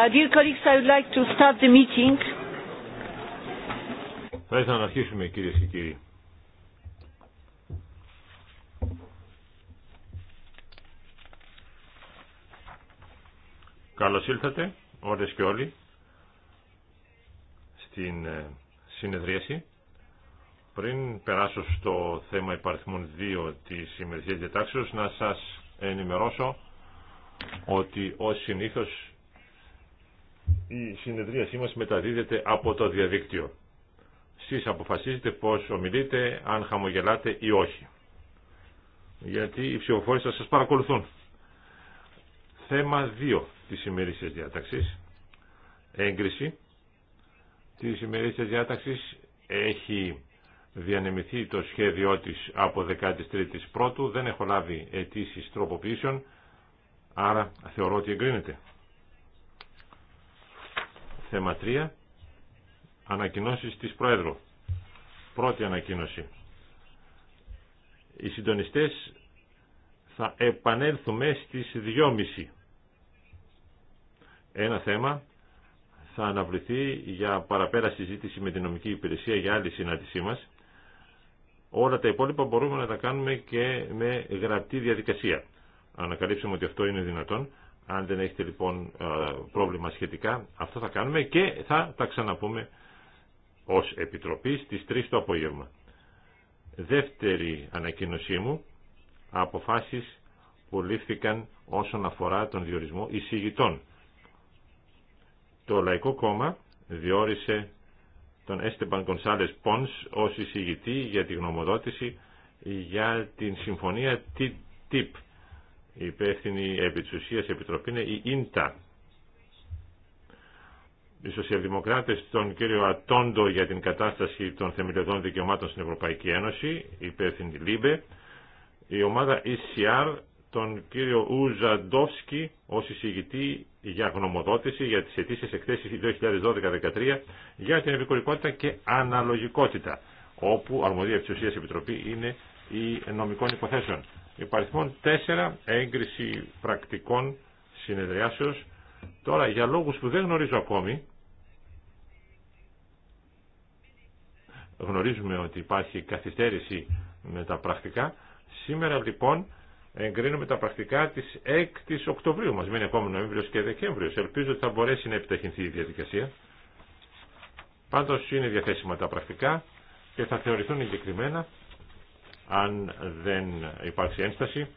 Uh, dear colleagues, I would like to start the meeting. Θα ήθελα να αρχίσουμε κυρίες και κύριοι. Καλώς ήλθατε όλες και όλοι στην ε, συνεδρίαση. Πριν περάσω στο θέμα υπαριθμών 2 της σημερινής διατάξεως, να σας ενημερώσω ότι ως συνήθως η συνεδρίασή μας μεταδίδεται από το διαδίκτυο. Σεις αποφασίζετε πώς ομιλείτε, αν χαμογελάτε ή όχι. Γιατί οι ψηφοφόροι θα σας παρακολουθούν. Θέμα 2 της ημερήσιας διάταξης. Έγκριση της ημερήσιας διάταξης έχει διανεμηθεί το σχέδιό της από 13ης πρώτου. Δεν έχω λάβει αιτήσει τροποποιήσεων, άρα θεωρώ ότι εγκρίνεται. Θέμα 3. Ανακοινώσεις της Προέδρου. Πρώτη ανακοίνωση. Οι συντονιστές θα επανέλθουμε στις 2.30. Ένα θέμα θα αναβληθεί για παραπέρα συζήτηση με την νομική υπηρεσία για άλλη συνάντησή μας. Όλα τα υπόλοιπα μπορούμε να τα κάνουμε και με γραπτή διαδικασία. Ανακαλύψουμε ότι αυτό είναι δυνατόν. Αν δεν έχετε λοιπόν ε, πρόβλημα σχετικά, αυτό θα κάνουμε και θα τα ξαναπούμε ως Επιτροπή στις 3 το απόγευμα. Δεύτερη ανακοίνωσή μου, αποφάσεις που λήφθηκαν όσον αφορά τον διορισμό εισηγητών. Το Λαϊκό Κόμμα διόρισε τον Έστεμπαν Κονσάλες Πόνς ως εισηγητή για τη γνωμοδότηση για την συμφωνία TTIP η υπεύθυνη επί της επιτροπή είναι η ΙΝΤΑ. Οι σοσιαλδημοκράτες τον κύριο Ατόντο για την κατάσταση των θεμελιωδών δικαιωμάτων στην Ευρωπαϊκή Ένωση, η υπεύθυνη ΛΥΜΠΕ, η ομάδα ECR τον κύριο Ουζαντόφσκι ως εισηγητή για γνωμοδότηση για τις αιτήσεις εκθέσεις 2012-2013 για την επικουρικότητα και αναλογικότητα, όπου αρμοδία της Επιτροπή είναι η νομικών υποθέσεων. Υπαριθμόν 4. Έγκριση πρακτικών συνεδριάσεως. Τώρα για λόγους που δεν γνωρίζω ακόμη, γνωρίζουμε ότι υπάρχει καθυστέρηση με τα πρακτικά. Σήμερα λοιπόν εγκρίνουμε τα πρακτικά της 6ης Οκτωβρίου. Μας μένει ακόμα Νοέμβριος και Δεκέμβριος. Ελπίζω ότι θα μπορέσει να επιταχυνθεί η διαδικασία. Πάντως είναι διαθέσιμα τα πρακτικά και θα θεωρηθούν εγκεκριμένα αν δεν υπάρξει ένσταση,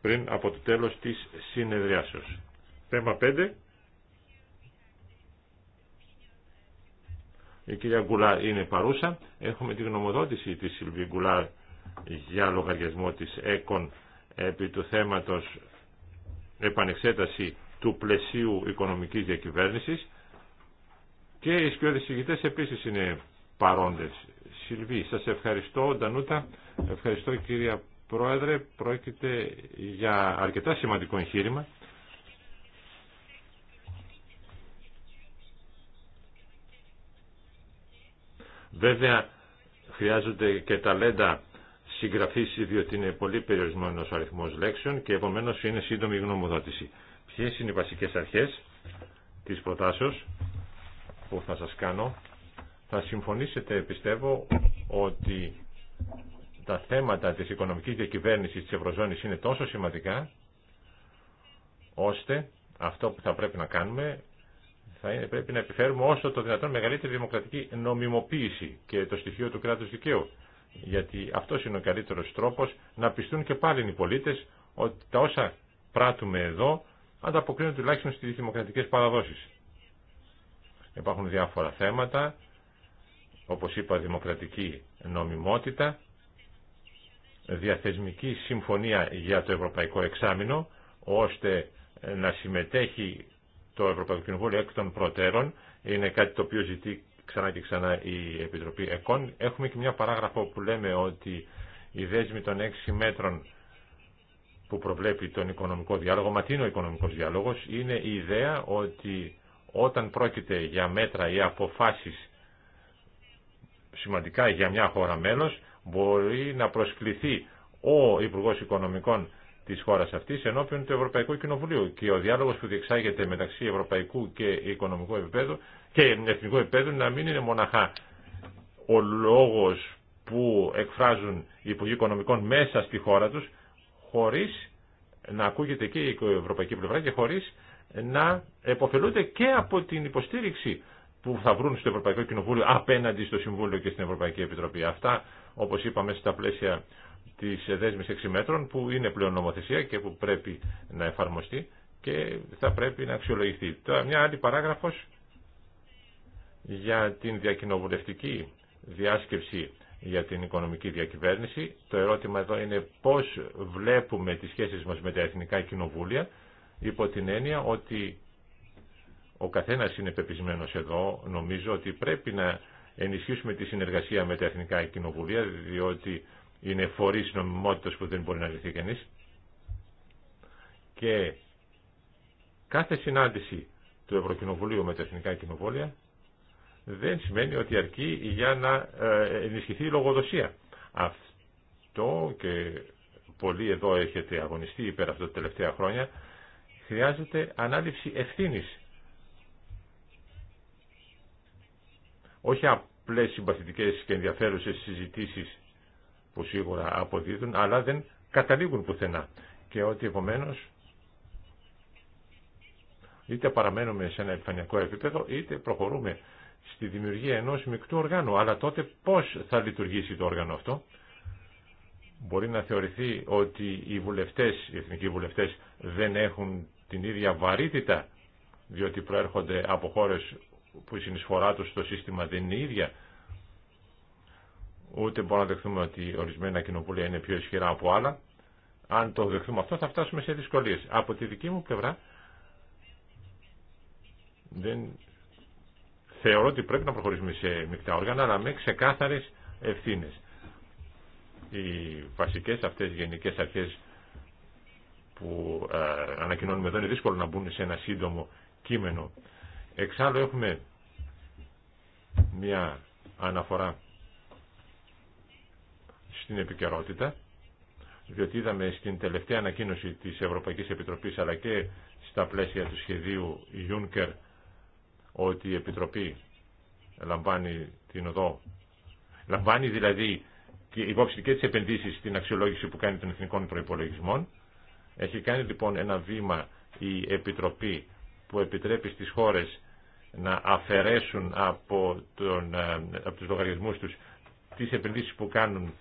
πριν από το τέλος της συνεδριάσεως. Θέμα 5. Η κυρία Γκουλάρ είναι παρούσα. Έχουμε τη γνωμοδότηση της Σιλβί Γκουλάρ για λογαριασμό της ΕΚΟΝ επί του θέματος επανεξέταση του πλαισίου οικονομικής διακυβέρνησης και οι σκιώδεις ηγητές επίσης είναι παρόντες Σιλβή. Σας ευχαριστώ, Ντανούτα. Ευχαριστώ, κυρία Πρόεδρε. Πρόκειται για αρκετά σημαντικό εγχείρημα. Βέβαια, χρειάζονται και ταλέντα συγγραφής, διότι είναι πολύ περιορισμένος ο αριθμός λέξεων και επομένως είναι σύντομη γνωμοδότηση. Ποιες είναι οι βασικές αρχές της προτάσεως που θα σας κάνω. Θα συμφωνήσετε, πιστεύω, ότι τα θέματα της οικονομικής διακυβέρνησης της Ευρωζώνης είναι τόσο σημαντικά, ώστε αυτό που θα πρέπει να κάνουμε θα είναι, πρέπει να επιφέρουμε όσο το δυνατόν μεγαλύτερη δημοκρατική νομιμοποίηση και το στοιχείο του κράτους δικαίου. Γιατί αυτό είναι ο καλύτερος τρόπος να πιστούν και πάλι οι πολίτε ότι τα όσα πράττουμε εδώ ανταποκρίνονται τουλάχιστον στι δημοκρατικέ παραδόσεις. Υπάρχουν διάφορα θέματα όπως είπα, δημοκρατική νομιμότητα, διαθεσμική συμφωνία για το Ευρωπαϊκό Εξάμεινο, ώστε να συμμετέχει το Ευρωπαϊκό Κοινοβούλιο εκ των προτέρων. Είναι κάτι το οποίο ζητεί ξανά και ξανά η Επιτροπή ΕΚΟΝ. Έχουμε και μια παράγραφο που λέμε ότι η δέσμη των έξι μέτρων που προβλέπει τον οικονομικό διάλογο, μα τι είναι ο οικονομικός διάλογος, είναι η ιδέα ότι όταν πρόκειται για μέτρα ή αποφάσεις σημαντικά για μια χώρα μέλος μπορεί να προσκληθεί ο Υπουργό Οικονομικών της χώρας αυτής ενώπιον του Ευρωπαϊκού Κοινοβουλίου και ο διάλογος που διεξάγεται μεταξύ Ευρωπαϊκού και Οικονομικού επίπεδου και Εθνικού επίπεδου να μην είναι μοναχά ο λόγος που εκφράζουν οι Υπουργοί Οικονομικών μέσα στη χώρα τους χωρίς να ακούγεται και η ευρωπαϊκή πλευρά και χωρίς να επωφελούνται και από την υποστήριξη που θα βρουν στο Ευρωπαϊκό Κοινοβούλιο απέναντι στο Συμβούλιο και στην Ευρωπαϊκή Επιτροπή. Αυτά, όπως είπαμε, στα πλαίσια της δέσμης 6 μέτρων που είναι πλέον νομοθεσία και που πρέπει να εφαρμοστεί και θα πρέπει να αξιολογηθεί. Τώρα μια άλλη παράγραφος για την διακοινοβουλευτική διάσκεψη για την οικονομική διακυβέρνηση. Το ερώτημα εδώ είναι πώς βλέπουμε τις σχέσεις μας με τα εθνικά κοινοβούλια υπό την έννοια ότι ο καθένας είναι πεπισμένος εδώ, νομίζω ότι πρέπει να ενισχύσουμε τη συνεργασία με τα Εθνικά Κοινοβουλία, διότι είναι φορείς νομιμότητας που δεν μπορεί να λυθεί κανείς. Και κάθε συνάντηση του Ευρωκοινοβουλίου με τα Εθνικά Κοινοβούλια δεν σημαίνει ότι αρκεί για να ε, ενισχυθεί η λογοδοσία. Αυτό και πολλοί εδώ έχετε αγωνιστεί υπέρ αυτό τα τελευταία χρόνια, χρειάζεται ανάληψη ευθύνης όχι απλές συμπαθητικές και ενδιαφέρουσες συζητήσεις που σίγουρα αποδίδουν, αλλά δεν καταλήγουν πουθενά. Και ότι επομένω είτε παραμένουμε σε ένα επιφανειακό επίπεδο, είτε προχωρούμε στη δημιουργία ενός μεικτού οργάνου. Αλλά τότε πώς θα λειτουργήσει το όργανο αυτό. Μπορεί να θεωρηθεί ότι οι βουλευτές, οι εθνικοί βουλευτές δεν έχουν την ίδια βαρύτητα διότι προέρχονται από χώρες που η συνεισφορά του στο σύστημα δεν είναι ίδια. Ούτε μπορούμε να δεχθούμε ότι ορισμένα κοινοβούλια είναι πιο ισχυρά από άλλα. Αν το δεχθούμε αυτό θα φτάσουμε σε δυσκολίες. Από τη δική μου πλευρά δεν θεωρώ ότι πρέπει να προχωρήσουμε σε μεικτά όργανα αλλά με ξεκάθαρες ευθύνες. Οι βασικές αυτές γενικές αρχές που ε, ανακοινώνουμε εδώ είναι δύσκολο να μπουν σε ένα σύντομο κείμενο. Εξάλλου έχουμε μια αναφορά στην επικαιρότητα, διότι είδαμε στην τελευταία ανακοίνωση της Ευρωπαϊκής Επιτροπής αλλά και στα πλαίσια του σχεδίου Juncker ότι η Επιτροπή λαμβάνει την οδό, λαμβάνει δηλαδή και υπόψη και τις επενδύσεις στην αξιολόγηση που κάνει των εθνικών προϋπολογισμών. Έχει κάνει λοιπόν ένα βήμα η Επιτροπή που επιτρέπει στις χώρες να αφαιρέσουν από, τον, ε, από τους λογαριασμούς τους τις επενδύσεις που κάνουν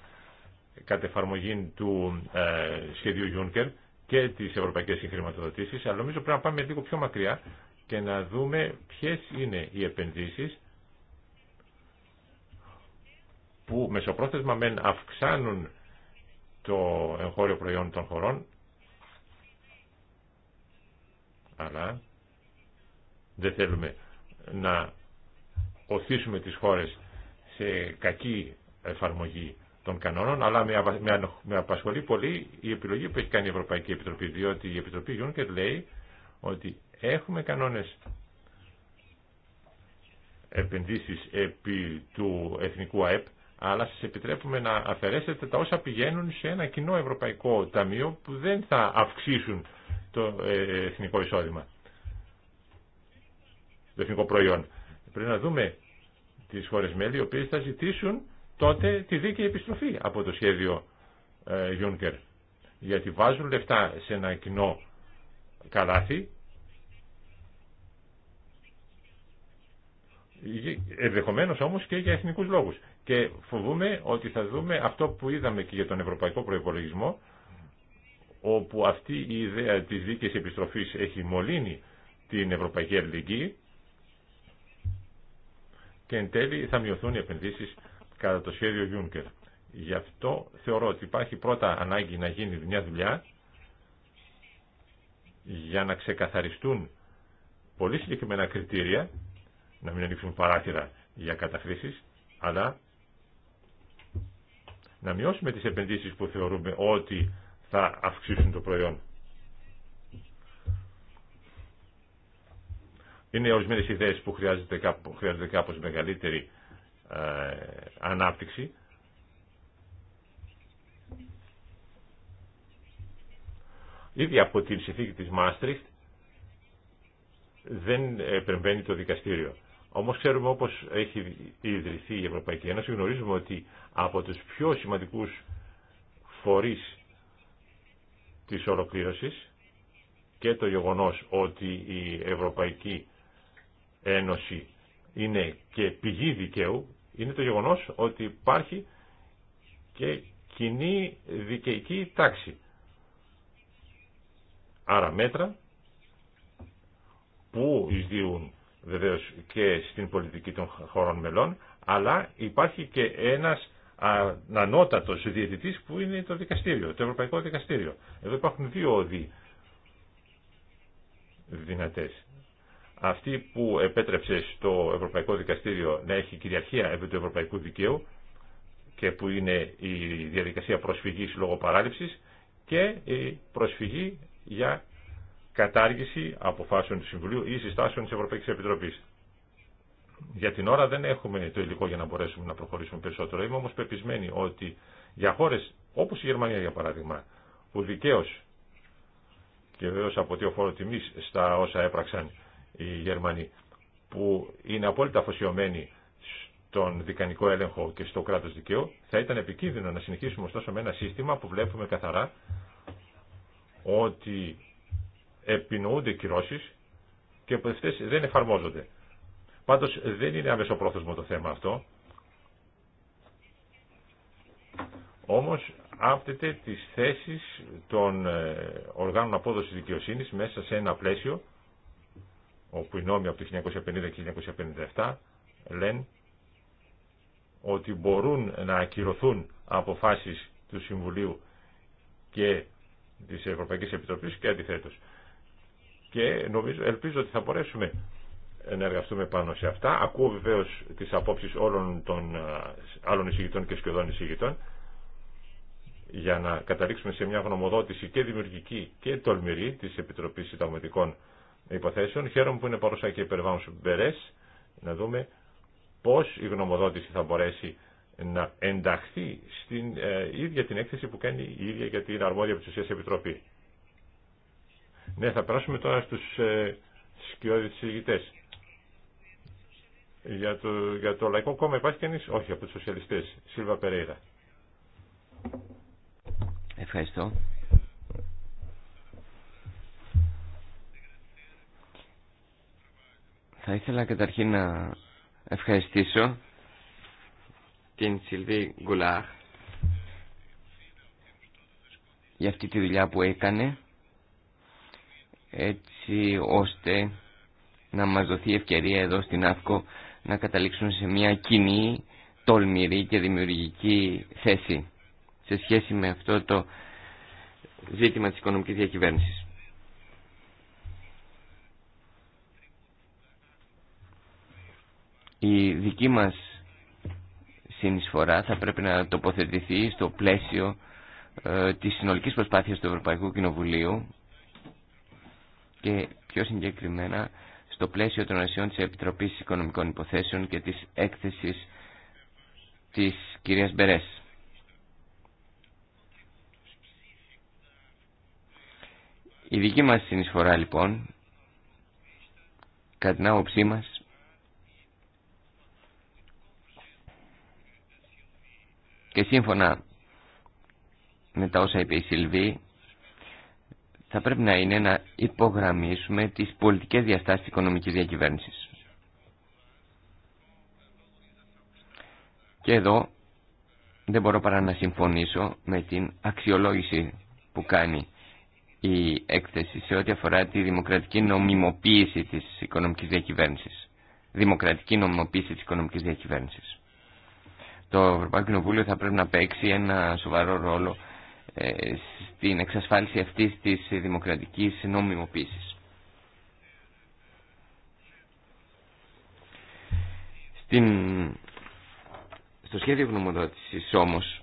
κατ' εφαρμογή του ε, σχεδίου Juncker και τις ευρωπαϊκές συγχρηματοδοτήσεις, αλλά νομίζω πρέπει να πάμε λίγο πιο μακριά και να δούμε ποιες είναι οι επενδύσεις που μεσοπρόθεσμα μεν αυξάνουν το εγχώριο προϊόν των χωρών, αλλά δεν θέλουμε να οθήσουμε τις χώρες σε κακή εφαρμογή των κανόνων, αλλά με απασχολεί πολύ η επιλογή που έχει κάνει η Ευρωπαϊκή Επιτροπή, διότι η Επιτροπή και λέει ότι έχουμε κανόνες επενδύσεις επί του Εθνικού ΑΕΠ, αλλά σας επιτρέπουμε να αφαιρέσετε τα όσα πηγαίνουν σε ένα κοινό ευρωπαϊκό ταμείο που δεν θα αυξήσουν το ε, εθνικό εισόδημα το εθνικό προϊόν. Πρέπει να δούμε τις χώρε μέλη οι οποίε θα ζητήσουν τότε τη δίκαιη επιστροφή από το σχέδιο ε, Juncker. Γιατί βάζουν λεφτά σε ένα κοινό καλάθι ενδεχομένω όμως και για εθνικού λόγους. Και φοβούμε ότι θα δούμε αυτό που είδαμε και για τον ευρωπαϊκό προπολογισμό, όπου αυτή η ιδέα τη δίκαιη επιστροφής έχει μολύνει την ευρωπαϊκή αλληλεγγύη και εν τέλει θα μειωθούν οι επενδύσεις κατά το σχέδιο Juncker. Γι' αυτό θεωρώ ότι υπάρχει πρώτα ανάγκη να γίνει μια δουλειά για να ξεκαθαριστούν πολύ συγκεκριμένα κριτήρια, να μην ανοίξουν παράθυρα για καταχρήσεις, αλλά να μειώσουμε τις επενδύσεις που θεωρούμε ότι θα αυξήσουν το προϊόν. Είναι ορισμένε ιδέες που χρειάζεται κάπως, μεγαλύτερη ε, ανάπτυξη. Ήδη από την συνθήκη της Μάστριχτ δεν επεμβαίνει το δικαστήριο. Όμως ξέρουμε όπως έχει ιδρυθεί η Ευρωπαϊκή Ένωση, γνωρίζουμε ότι από τους πιο σημαντικούς φορείς της ολοκλήρωσης και το γεγονός ότι η Ευρωπαϊκή Ένωση είναι και πηγή δικαίου είναι το γεγονός ότι υπάρχει και κοινή δικαιική τάξη. Άρα μέτρα που εισδύουν βεβαίως και στην πολιτική των χωρών μελών, αλλά υπάρχει και ένας ανώτατος διαιτητής που είναι το δικαστήριο, το Ευρωπαϊκό Δικαστήριο. Εδώ υπάρχουν δύο οδοί δυνατές αυτή που επέτρεψε στο Ευρωπαϊκό Δικαστήριο να έχει κυριαρχία επί του Ευρωπαϊκού Δικαίου και που είναι η διαδικασία προσφυγής λόγω παράληψης και η προσφυγή για κατάργηση αποφάσεων του Συμβουλίου ή συστάσεων της Ευρωπαϊκής Επιτροπής. Για την ώρα δεν έχουμε το υλικό για να μπορέσουμε να προχωρήσουμε περισσότερο. Είμαι όμως πεπισμένοι ότι για χώρες όπως η Γερμανία για παράδειγμα, που δικαίως και βεβαίω αποτείω φόρο τιμής στα όσα έπραξαν οι Γερμανοί, που είναι απόλυτα αφοσιωμένοι στον δικανικό έλεγχο και στο κράτος δικαίου, θα ήταν επικίνδυνο να συνεχίσουμε ωστόσο με ένα σύστημα που βλέπουμε καθαρά ότι επινοούνται κυρώσει και που αυτέ δεν εφαρμόζονται. Πάντω δεν είναι αμεσοπρόθεσμο το θέμα αυτό. Όμως άπτεται τις θέσεις των ε, οργάνων απόδοσης δικαιοσύνη μέσα σε ένα πλαίσιο όπου οι νόμοι από το 1950 και 1957 λένε ότι μπορούν να ακυρωθούν αποφάσεις του Συμβουλίου και της Ευρωπαϊκής Επιτροπής και αντιθέτως. Και ελπίζω ότι θα μπορέσουμε να εργαστούμε πάνω σε αυτά. Ακούω βεβαίω τις απόψεις όλων των άλλων εισηγητών και σχεδόν εισηγητών για να καταλήξουμε σε μια γνωμοδότηση και δημιουργική και τολμηρή της Επιτροπής Συνταγματικών υποθέσεων. Χαίρομαι που είναι παρουσία και η Περβάμ Μπερέ. να δούμε πώς η γνωμοδότηση θα μπορέσει να ενταχθεί στην ε, ίδια την έκθεση που κάνει η ίδια για την αρμόδια επιτουσίας επιτροπή. Ναι, θα περάσουμε τώρα στους ε, σκιώδεις Για το, για το Λαϊκό Κόμμα υπάρχει κανεί, Όχι, από του σοσιαλιστές. Σίλβα Περέιρα. Ευχαριστώ. Θα ήθελα καταρχήν να ευχαριστήσω την Σιλβί Γκουλάχ για αυτή τη δουλειά που έκανε έτσι ώστε να μας δοθεί ευκαιρία εδώ στην ΑΦΚΟ να καταλήξουν σε μια κοινή, τολμηρή και δημιουργική θέση σε σχέση με αυτό το ζήτημα της οικονομικής διακυβέρνησης. Η δική μας συνεισφορά θα πρέπει να τοποθετηθεί στο πλαίσιο ε, της συνολικής προσπάθειας του Ευρωπαϊκού Κοινοβουλίου και πιο συγκεκριμένα στο πλαίσιο των ασιών της Επιτροπής Οικονομικών Υποθέσεων και της έκθεσης της κυρίας Μπερές. Η δική μας συνεισφορά λοιπόν, κατά την άποψή μας, Και σύμφωνα με τα όσα είπε η Σιλβή, θα πρέπει να είναι να υπογραμμίσουμε τις πολιτικές διαστάσεις της οικονομικής διακυβέρνησης. Και εδώ δεν μπορώ παρά να συμφωνήσω με την αξιολόγηση που κάνει η έκθεση σε ό,τι αφορά τη δημοκρατική νομιμοποίηση της οικονομικής διακυβέρνησης. Δημοκρατική νομιμοποίηση της οικονομικής διακυβέρνησης το Ευρωπαϊκό Κοινοβούλιο θα πρέπει να παίξει ένα σοβαρό ρόλο ε, στην εξασφάλιση αυτής της δημοκρατικής νομιμοποίησης. Στο σχέδιο γνωμοδότησης όμως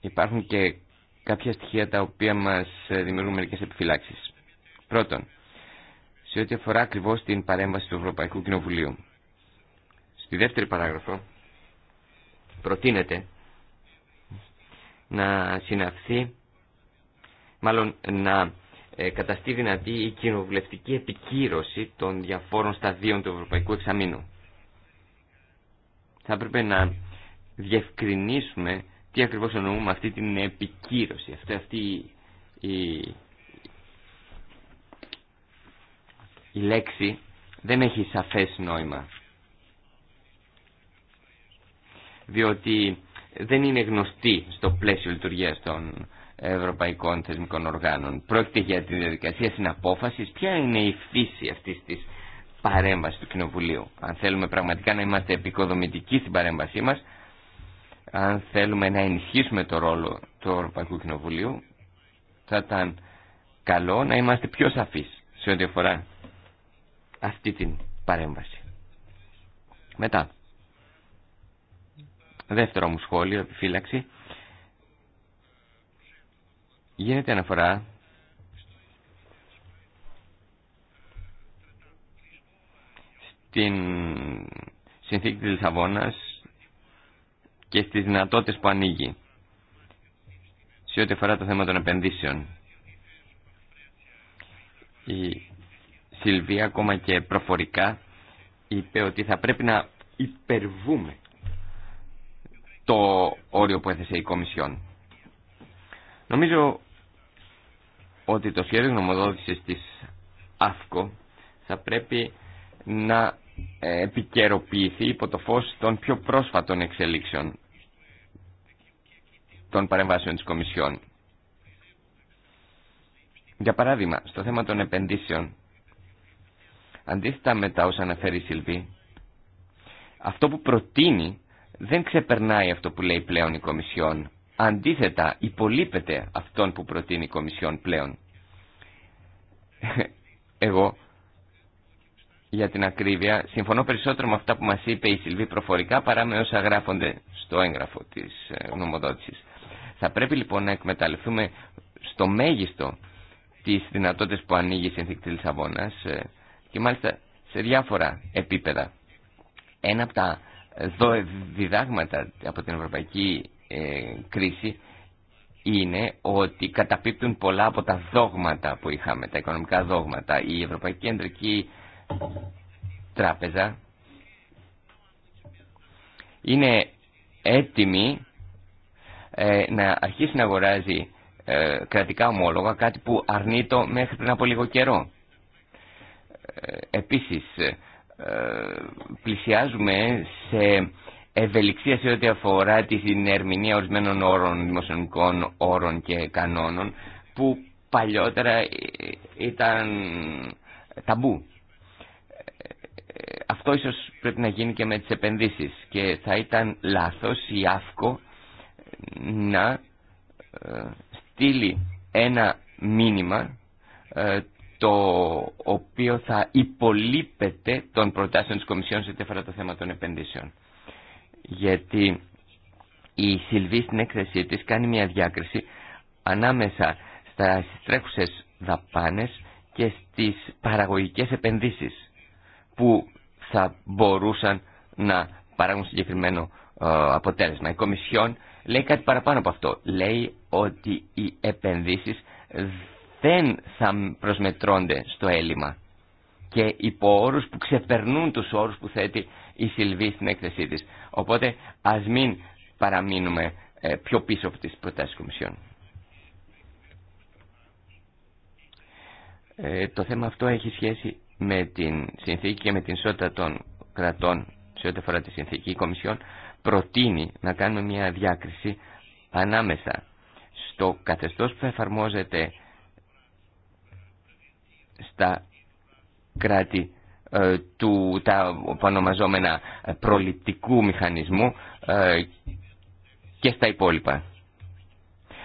υπάρχουν και κάποια στοιχεία τα οποία μας δημιουργούν μερικές επιφυλάξεις. Πρώτον, σε ό,τι αφορά ακριβώς την παρέμβαση του Ευρωπαϊκού Κοινοβουλίου. Στη δεύτερη παράγραφο προτείνεται να συναυθεί, μάλλον να ε, καταστεί δυνατή η κοινοβουλευτική επικύρωση των διαφόρων σταδίων του Ευρωπαϊκού Εξαμήνου. Θα έπρεπε να διευκρινίσουμε τι ακριβώς εννοούμε αυτή την επικύρωση, αυτή, αυτή η, η λέξη δεν έχει σαφές νόημα. διότι δεν είναι γνωστή στο πλαίσιο λειτουργίας των ευρωπαϊκών θεσμικών οργάνων. Πρόκειται για τη διαδικασία συναπόφασης. Ποια είναι η φύση αυτής της παρέμβασης του Κοινοβουλίου. Αν θέλουμε πραγματικά να είμαστε επικοδομητικοί στην παρέμβασή μας, αν θέλουμε να ενισχύσουμε το ρόλο του Ευρωπαϊκού Κοινοβουλίου, θα ήταν καλό να είμαστε πιο σαφείς σε ό,τι αφορά αυτή την παρέμβαση. Μετά. Δεύτερο μου σχόλιο, επιφύλαξη. Γίνεται αναφορά στην συνθήκη της Λισαβόνας και στις δυνατότητες που ανοίγει σε ό,τι αφορά το θέμα των επενδύσεων. Η Σιλβία ακόμα και προφορικά είπε ότι θα πρέπει να υπερβούμε το όριο που έθεσε η Κομισιόν. Νομίζω ότι το σχέδιο νομοδότησης της ΑΦΚΟ θα πρέπει να ε, επικαιροποιηθεί υπό το φως των πιο πρόσφατων εξελίξεων των παρεμβάσεων της Κομισιόν. Για παράδειγμα, στο θέμα των επενδύσεων, αντίθετα με τα όσα αναφέρει η Σιλβή, αυτό που προτείνει δεν ξεπερνάει αυτό που λέει πλέον η Κομισιόν. Αντίθετα, υπολείπεται αυτόν που προτείνει η Κομισιόν πλέον. Εγώ, για την ακρίβεια, συμφωνώ περισσότερο με αυτά που μας είπε η Σιλβή προφορικά παρά με όσα γράφονται στο έγγραφο της ε, νομοδότησης. Θα πρέπει λοιπόν να εκμεταλλευτούμε στο μέγιστο τις δυνατότητες που ανοίγει η συνθήκη της Λισαβόνας ε, και μάλιστα σε διάφορα επίπεδα. Ένα από τα διδάγματα από την ευρωπαϊκή ε, κρίση είναι ότι καταπίπτουν πολλά από τα δόγματα που είχαμε, τα οικονομικά δόγματα. Η Ευρωπαϊκή Κεντρική Τράπεζα είναι έτοιμη ε, να αρχίσει να αγοράζει ε, κρατικά ομόλογα, κάτι που αρνείτο μέχρι πριν από λίγο καιρό. Επίσης, πλησιάζουμε σε ευελιξία σε ό,τι αφορά την ερμηνεία ορισμένων όρων, δημοσιονομικών όρων και κανόνων που παλιότερα ε, ήταν ταμπού. Αυτό ίσως πρέπει να γίνει και με τις επενδύσεις και θα ήταν λάθος η ΑΦΚΟ να ε, στείλει ένα μήνυμα ε, το οποίο θα υπολείπεται των προτάσεων της Κομισιόν σε τέτοια το θέμα των επενδύσεων. Γιατί η Σιλβή στην έκθεσή της κάνει μια διάκριση ανάμεσα στα τρέχουσες δαπάνες και στις παραγωγικές επενδύσεις που θα μπορούσαν να παράγουν συγκεκριμένο ε, αποτέλεσμα. Η Κομισιόν λέει κάτι παραπάνω από αυτό. Λέει ότι οι επενδύσεις δεν θα προσμετρώνται στο έλλειμμα και υπό όρους που ξεπερνούν τους όρους που θέτει η Σιλβή στην έκθεσή της. Οπότε ας μην παραμείνουμε ε, πιο πίσω από τις προτάσεις Κομισιόν. Ε, το θέμα αυτό έχει σχέση με την συνθήκη και με την ισότητα των κρατών σε ό,τι αφορά τη συνθήκη. Η Κομισιόν προτείνει να κάνουμε μια διάκριση ανάμεσα στο καθεστώς που θα εφαρμόζεται στα κράτη ε, του τα ονομαζόμενα προληπτικού μηχανισμού ε, και στα υπόλοιπα.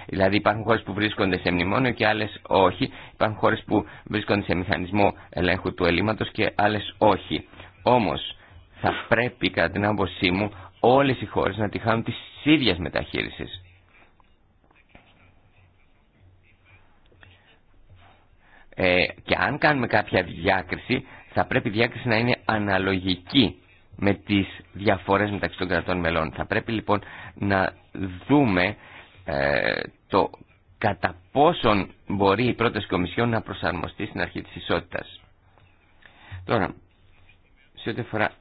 Δηλαδή υπάρχουν χώρες που βρίσκονται σε μνημόνιο και άλλες όχι. Υπάρχουν χώρες που βρίσκονται σε μηχανισμό ελέγχου του ελλείμματος και άλλες όχι. Όμως θα πρέπει κατά την άποψή μου όλες οι χώρες να τη χάνουν της ίδιας μεταχείρισης. Ε, και αν κάνουμε κάποια διάκριση, θα πρέπει η διάκριση να είναι αναλογική με τις διαφορές μεταξύ των κρατών μελών. Θα πρέπει λοιπόν να δούμε ε, το κατά πόσον μπορεί η πρώτη Κομισιόν να προσαρμοστεί στην αρχή της ισότητας. Τώρα, σε ό,τι φορά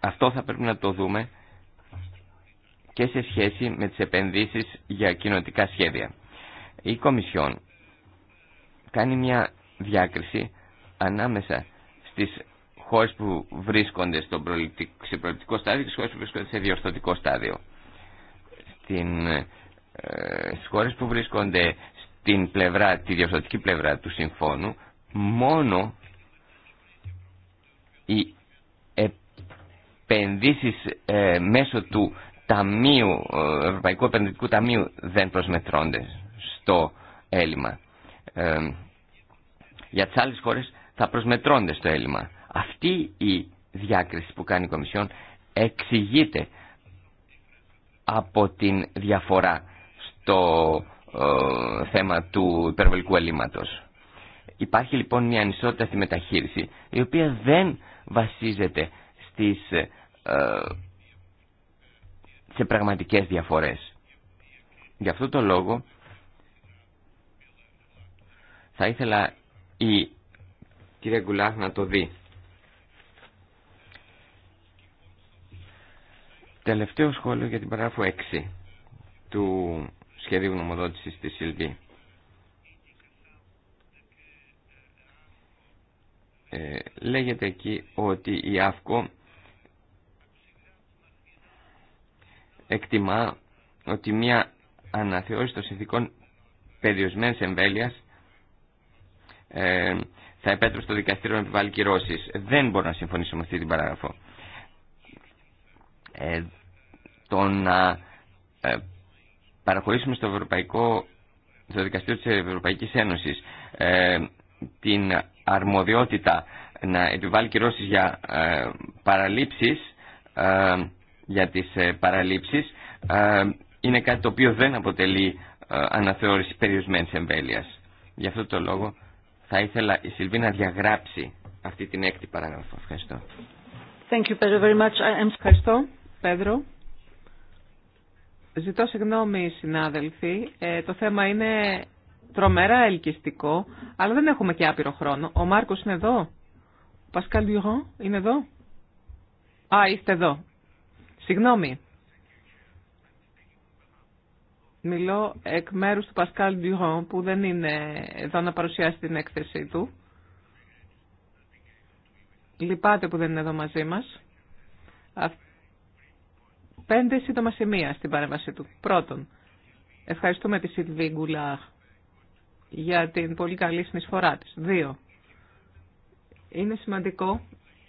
αυτό θα πρέπει να το δούμε και σε σχέση με τις επενδύσεις για κοινωτικά σχέδια. Η Κομισιόν κάνει μια διάκριση ανάμεσα στις χώρες που βρίσκονται στο προληπτικό, σε προληπτικό στάδιο και στις χώρες που βρίσκονται σε διορθωτικό στάδιο. Στην, ε, στις χώρες που βρίσκονται στην πλευρά, τη διορθωτική πλευρά του συμφώνου, μόνο οι επενδύσεις ε, μέσω του ταμείου, ε, Ευρωπαϊκού Επενδυτικού Ταμείου δεν προσμετρώνται στο έλλειμμα. Ε, για τι άλλε χώρε θα προσμετρώνται στο έλλειμμα. Αυτή η διάκριση που κάνει η Κομισιόν εξηγείται από την διαφορά στο ε, θέμα του υπερβολικού ελλείμματος. Υπάρχει λοιπόν μια ανισότητα στη μεταχείριση η οποία δεν βασίζεται στις, ε, σε πραγματικές διαφορές. Γι' αυτό το λόγο θα ήθελα η κυρία Γκουλάχ να το δει. Τελευταίο σχόλιο για την παράγραφο 6 του σχεδίου νομοδότησης της ΣΥΛΒΗ. Ε, λέγεται εκεί ότι η ΑΦΚΟ εκτιμά ότι μια αναθεώρηση των συνθήκων περιορισμένης εμβέλειας ε, θα επέτρεψε το δικαστήριο να επιβάλλει κυρώσει. Δεν μπορώ να συμφωνήσω με αυτή την παράγραφο. Ε, το να ε, παραχωρήσουμε στο, Ευρωπαϊκό, δικαστήριο της Ευρωπαϊκής Ένωσης ε, την αρμοδιότητα να επιβάλλει κυρώσεις για ε, ε για τις παραλήψεις, είναι κάτι το οποίο δεν αποτελεί αναθεώρηση περιορισμένης εμβέλειας. Γι' αυτό το λόγο θα ήθελα η Σιλβή να διαγράψει αυτή την έκτη παράγραφο. Ευχαριστώ. Thank you, very much. Ευχαριστώ, Πέδρο. Ζητώ συγγνώμη, συνάδελφοι. Ε, το θέμα είναι τρομερά ελκυστικό, αλλά δεν έχουμε και άπειρο χρόνο. Ο Μάρκος είναι εδώ. Ο Πασκάλ είναι εδώ. Α, είστε εδώ. Συγγνώμη. Μιλώ εκ μέρου του Πασκάλ Ντιγόν που δεν είναι εδώ να παρουσιάσει την έκθεσή του. Λυπάται που δεν είναι εδώ μαζί μα. Πέντε σύντομα σημεία στην παρέμβασή του. Πρώτον, ευχαριστούμε τη Σιλβί Γκουλάχ για την πολύ καλή συνεισφορά της. Δύο, είναι σημαντικό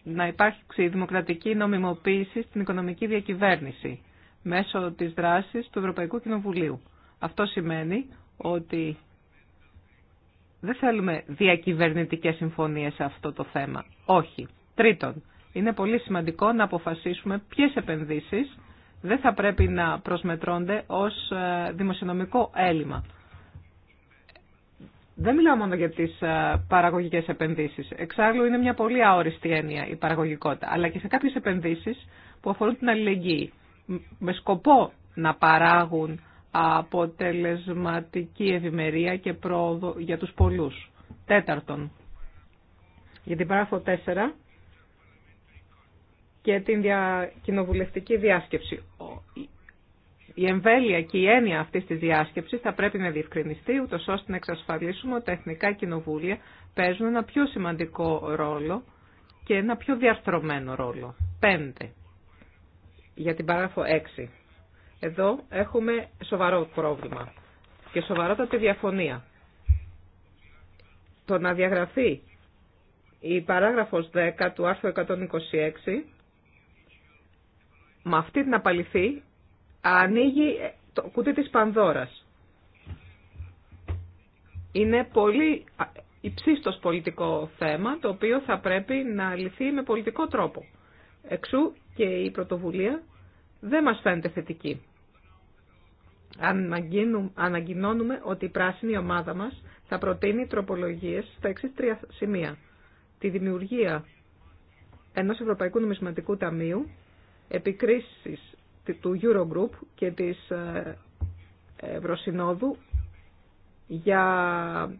να υπάρξει δημοκρατική νομιμοποίηση στην οικονομική διακυβέρνηση μέσω της δράσης του Ευρωπαϊκού Κοινοβουλίου. Αυτό σημαίνει ότι δεν θέλουμε διακυβερνητικές συμφωνίες σε αυτό το θέμα. Όχι. Τρίτον, είναι πολύ σημαντικό να αποφασίσουμε ποιες επενδύσεις δεν θα πρέπει να προσμετρώνται ως ε, δημοσιονομικό έλλειμμα. Δεν μιλάω μόνο για τις ε, παραγωγικές επενδύσεις. Εξάλλου είναι μια πολύ αόριστη έννοια η παραγωγικότητα, αλλά και σε κάποιες επενδύσεις που αφορούν την αλληλεγγύη με σκοπό να παράγουν αποτελεσματική ευημερία και πρόοδο για τους πολλούς. Τέταρτον, για την παράγραφο 4 και την δια... κοινοβουλευτική διάσκεψη. Η εμβέλεια και η έννοια αυτής της διάσκεψης θα πρέπει να διευκρινιστεί, ούτως ώστε να εξασφαλίσουμε ότι τα εθνικά κοινοβούλια παίζουν ένα πιο σημαντικό ρόλο και ένα πιο διαρθρωμένο ρόλο. Πέντε για την παράγραφο 6. Εδώ έχουμε σοβαρό πρόβλημα και σοβαρότατη διαφωνία. Το να διαγραφεί η παράγραφος 10 του άρθρου 126 με αυτή την απαλληφή ανοίγει το κουτί της Πανδώρας. Είναι πολύ υψίστος πολιτικό θέμα το οποίο θα πρέπει να λυθεί με πολιτικό τρόπο. Εξού και η πρωτοβουλία δεν μας φαίνεται θετική. Αναγκοινώνουμε ότι η πράσινη ομάδα μας θα προτείνει τροπολογίες στα εξής τρία σημεία. Τη δημιουργία ενός Ευρωπαϊκού Νομισματικού Ταμείου, επικρίσεις του Eurogroup και της ε, Ευρωσυνόδου για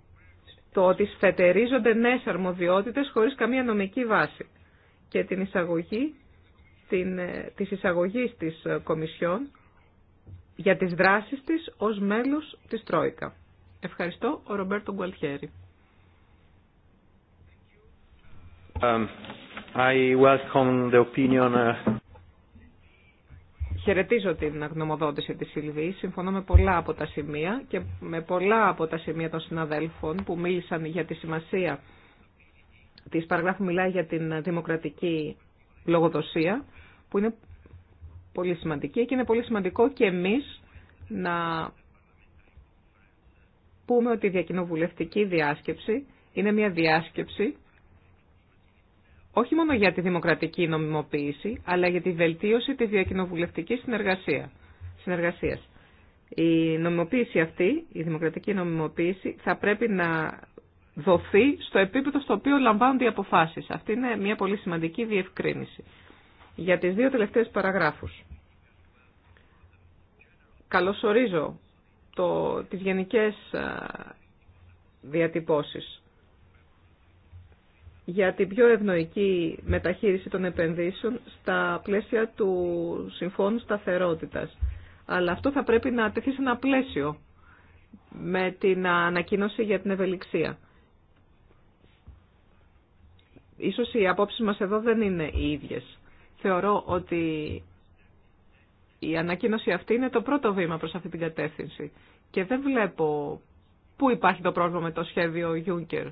το ότι σφετερίζονται νέες αρμοδιότητες χωρίς καμία νομική βάση και την εισαγωγή, την, ε, της εισαγωγής της ε, Κομισιόν για τις δράσεις της ως μέλος της Τρόικα. Ευχαριστώ, ο Ρομπέρτο Γκουαλτιέρη. Um, opinion. Uh, Χαιρετίζω την γνωμοδότηση της Σιλβή. Συμφωνώ με πολλά από τα σημεία και με πολλά από τα σημεία των συναδέλφων που μίλησαν για τη σημασία της παραγράφου μιλάει για την δημοκρατική λογοδοσία, που είναι πολύ σημαντική και είναι πολύ σημαντικό και εμείς να πούμε ότι η διακοινοβουλευτική διάσκεψη είναι μια διάσκεψη όχι μόνο για τη δημοκρατική νομιμοποίηση, αλλά για τη βελτίωση της διακοινοβουλευτικής συνεργασία, συνεργασίας. Η νομιμοποίηση αυτή, η δημοκρατική νομιμοποίηση, θα πρέπει να δοθεί στο επίπεδο στο οποίο λαμβάνονται οι αποφάσει. Αυτή είναι μια πολύ σημαντική διευκρίνηση. Για τι δύο τελευταίε παραγράφου. Καλωσορίζω το, τις γενικές διατυπώσεις για την πιο ευνοϊκή μεταχείριση των επενδύσεων στα πλαίσια του Συμφώνου Σταθερότητας. Αλλά αυτό θα πρέπει να τεθεί σε ένα πλαίσιο με την ανακοίνωση για την ευελιξία ίσως οι απόψεις μας εδώ δεν είναι οι ίδιες. Θεωρώ ότι η ανακοίνωση αυτή είναι το πρώτο βήμα προς αυτή την κατεύθυνση και δεν βλέπω πού υπάρχει το πρόβλημα με το σχέδιο Juncker.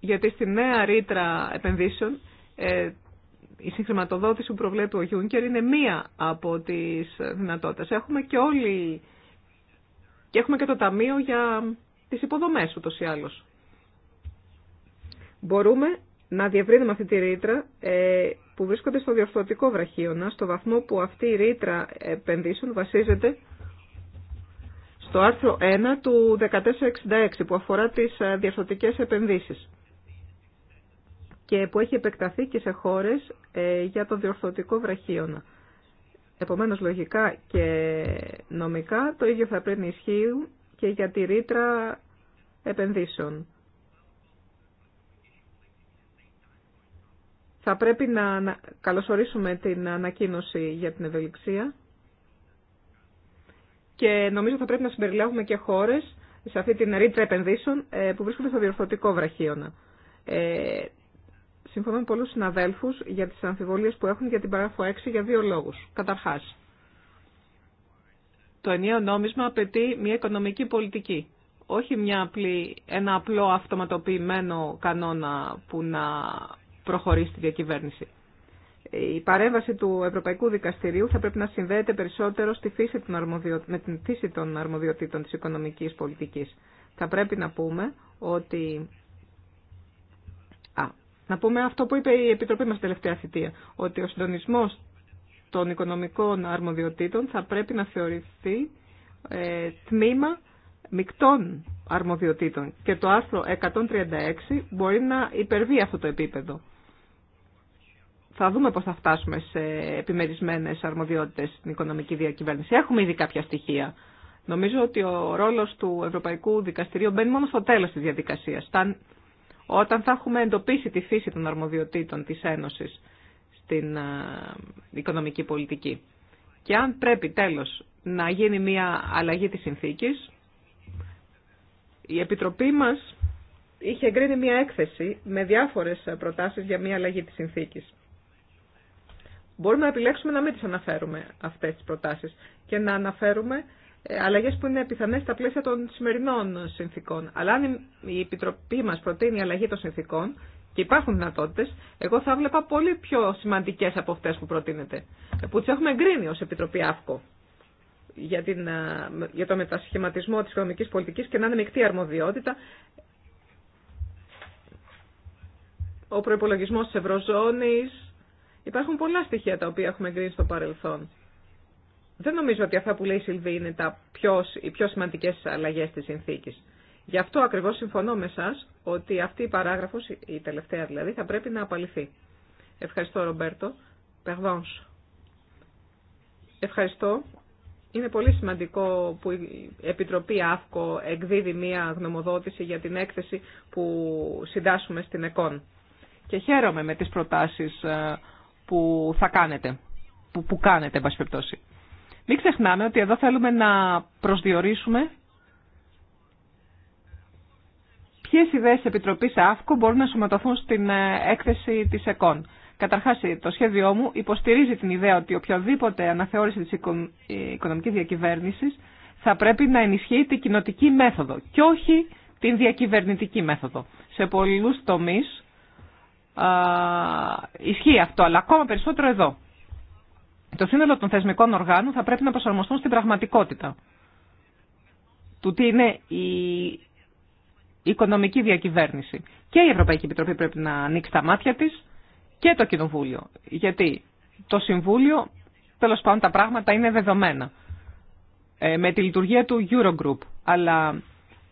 Γιατί στη νέα ρήτρα επενδύσεων ε, η συγχρηματοδότηση που προβλέπει ο Juncker είναι μία από τις δυνατότητες. Έχουμε και όλοι και έχουμε και το Ταμείο για τις υποδομές ούτως ή άλλως. Μπορούμε να διευρύνουμε αυτή τη ρήτρα ε, που βρίσκονται στο διορθωτικό βραχίωνα, στο βαθμό που αυτή η ρήτρα επενδύσεων βασίζεται στο άρθρο 1 του 1466 που αφορά τις ε, διορθωτικές επενδύσεις και που έχει επεκταθεί και σε χώρες ε, για το διορθωτικό βραχίωνα. Επομένως, λογικά και νομικά, το ίδιο θα πρέπει να ισχύει και για τη ρήτρα επενδύσεων. Θα πρέπει να καλωσορίσουμε την ανακοίνωση για την ευελιξία και νομίζω θα πρέπει να συμπεριλάβουμε και χώρες σε αυτή την ρήτρα επενδύσεων ε, που βρίσκονται στο διορθωτικό βραχίωνα. Ε, συμφωνώ με πολλούς συναδέλφους για τις αμφιβολίες που έχουν για την παράγραφο 6 για δύο λόγους. Καταρχάς, το ενιαίο νόμισμα απαιτεί μια οικονομική πολιτική. Όχι μια απλή, ένα απλό αυτοματοποιημένο κανόνα που να προχωρήσει τη διακυβέρνηση. Η παρέμβαση του Ευρωπαϊκού Δικαστηρίου θα πρέπει να συνδέεται περισσότερο στη φύση των αρμοδιο... με την φύση των αρμοδιοτήτων της οικονομικής πολιτικής. Θα πρέπει να πούμε ότι... Α, να πούμε αυτό που είπε η Επιτροπή μας τελευταία θητεία, ότι ο συντονισμός των οικονομικών αρμοδιοτήτων θα πρέπει να θεωρηθεί ε, τμήμα μεικτών αρμοδιοτήτων και το άρθρο 136 μπορεί να υπερβεί αυτό το επίπεδο. Θα δούμε πώς θα φτάσουμε σε επιμερισμένες αρμοδιότητες στην οικονομική διακυβέρνηση. Έχουμε ήδη κάποια στοιχεία. Νομίζω ότι ο ρόλος του Ευρωπαϊκού Δικαστηρίου μπαίνει μόνο στο τέλος της διαδικασίας. Όταν θα έχουμε εντοπίσει τη φύση των αρμοδιοτήτων της Ένωσης στην ε, οικονομική πολιτική. Και αν πρέπει τέλος να γίνει μια αλλαγή της συνθήκης, η Επιτροπή μας είχε εγκρίνει μια έκθεση με διάφορες προτάσεις για μια αλλαγή της συνθήκης. Μπορούμε να επιλέξουμε να μην τις αναφέρουμε αυτές τις προτάσεις και να αναφέρουμε ε, αλλαγές που είναι πιθανές στα πλαίσια των σημερινών συνθήκων. Αλλά αν η Επιτροπή μας προτείνει αλλαγή των συνθήκων και υπάρχουν δυνατότητε, εγώ θα βλέπα πολύ πιο σημαντικές από αυτές που προτείνεται, ε, που τις έχουμε εγκρίνει ως Επιτροπή ΑΦΚΟ για, την, ε, για το μετασχηματισμό της οικονομικής πολιτικής και να είναι μεικτή αρμοδιότητα. Ο προϋπολογισμός της Ευρωζώνης, Υπάρχουν πολλά στοιχεία τα οποία έχουμε εγκρίνει στο παρελθόν. Δεν νομίζω ότι αυτά που λέει η Σιλβή είναι τα πιο, οι πιο σημαντικές αλλαγές της συνθήκης. Γι' αυτό ακριβώς συμφωνώ με εσά ότι αυτή η παράγραφος, η τελευταία δηλαδή, θα πρέπει να απαλληθεί. Ευχαριστώ Ρομπέρτο. σου. Ευχαριστώ. Είναι πολύ σημαντικό που η Επιτροπή ΑΦΚΟ εκδίδει μία γνωμοδότηση για την έκθεση που συντάσσουμε στην ΕΚΟΝ. Και χαίρομαι με τις προτάσεις ε, που θα κάνετε, που, κάνετε, εν Μην ξεχνάμε ότι εδώ θέλουμε να προσδιορίσουμε ποιε ιδέε τη Επιτροπή ΑΦΚΟ μπορούν να σωματωθούν στην ε, έκθεση τη ΕΚΟΝ. Καταρχά, το σχέδιό μου υποστηρίζει την ιδέα ότι οποιοδήποτε αναθεώρηση τη ε, οικονομική διακυβέρνηση θα πρέπει να ενισχύει την κοινοτική μέθοδο και όχι την διακυβερνητική μέθοδο. Σε πολλού τομεί ισχύει αυτό, αλλά ακόμα περισσότερο εδώ. Το σύνολο των θεσμικών οργάνων θα πρέπει να προσαρμοστούν στην πραγματικότητα του τι είναι η οικονομική διακυβέρνηση. Και η Ευρωπαϊκή Επιτροπή πρέπει να ανοίξει τα μάτια της και το Κοινοβούλιο. Γιατί το Συμβούλιο, τέλο πάντων τα πράγματα είναι δεδομένα ε, με τη λειτουργία του Eurogroup. Αλλά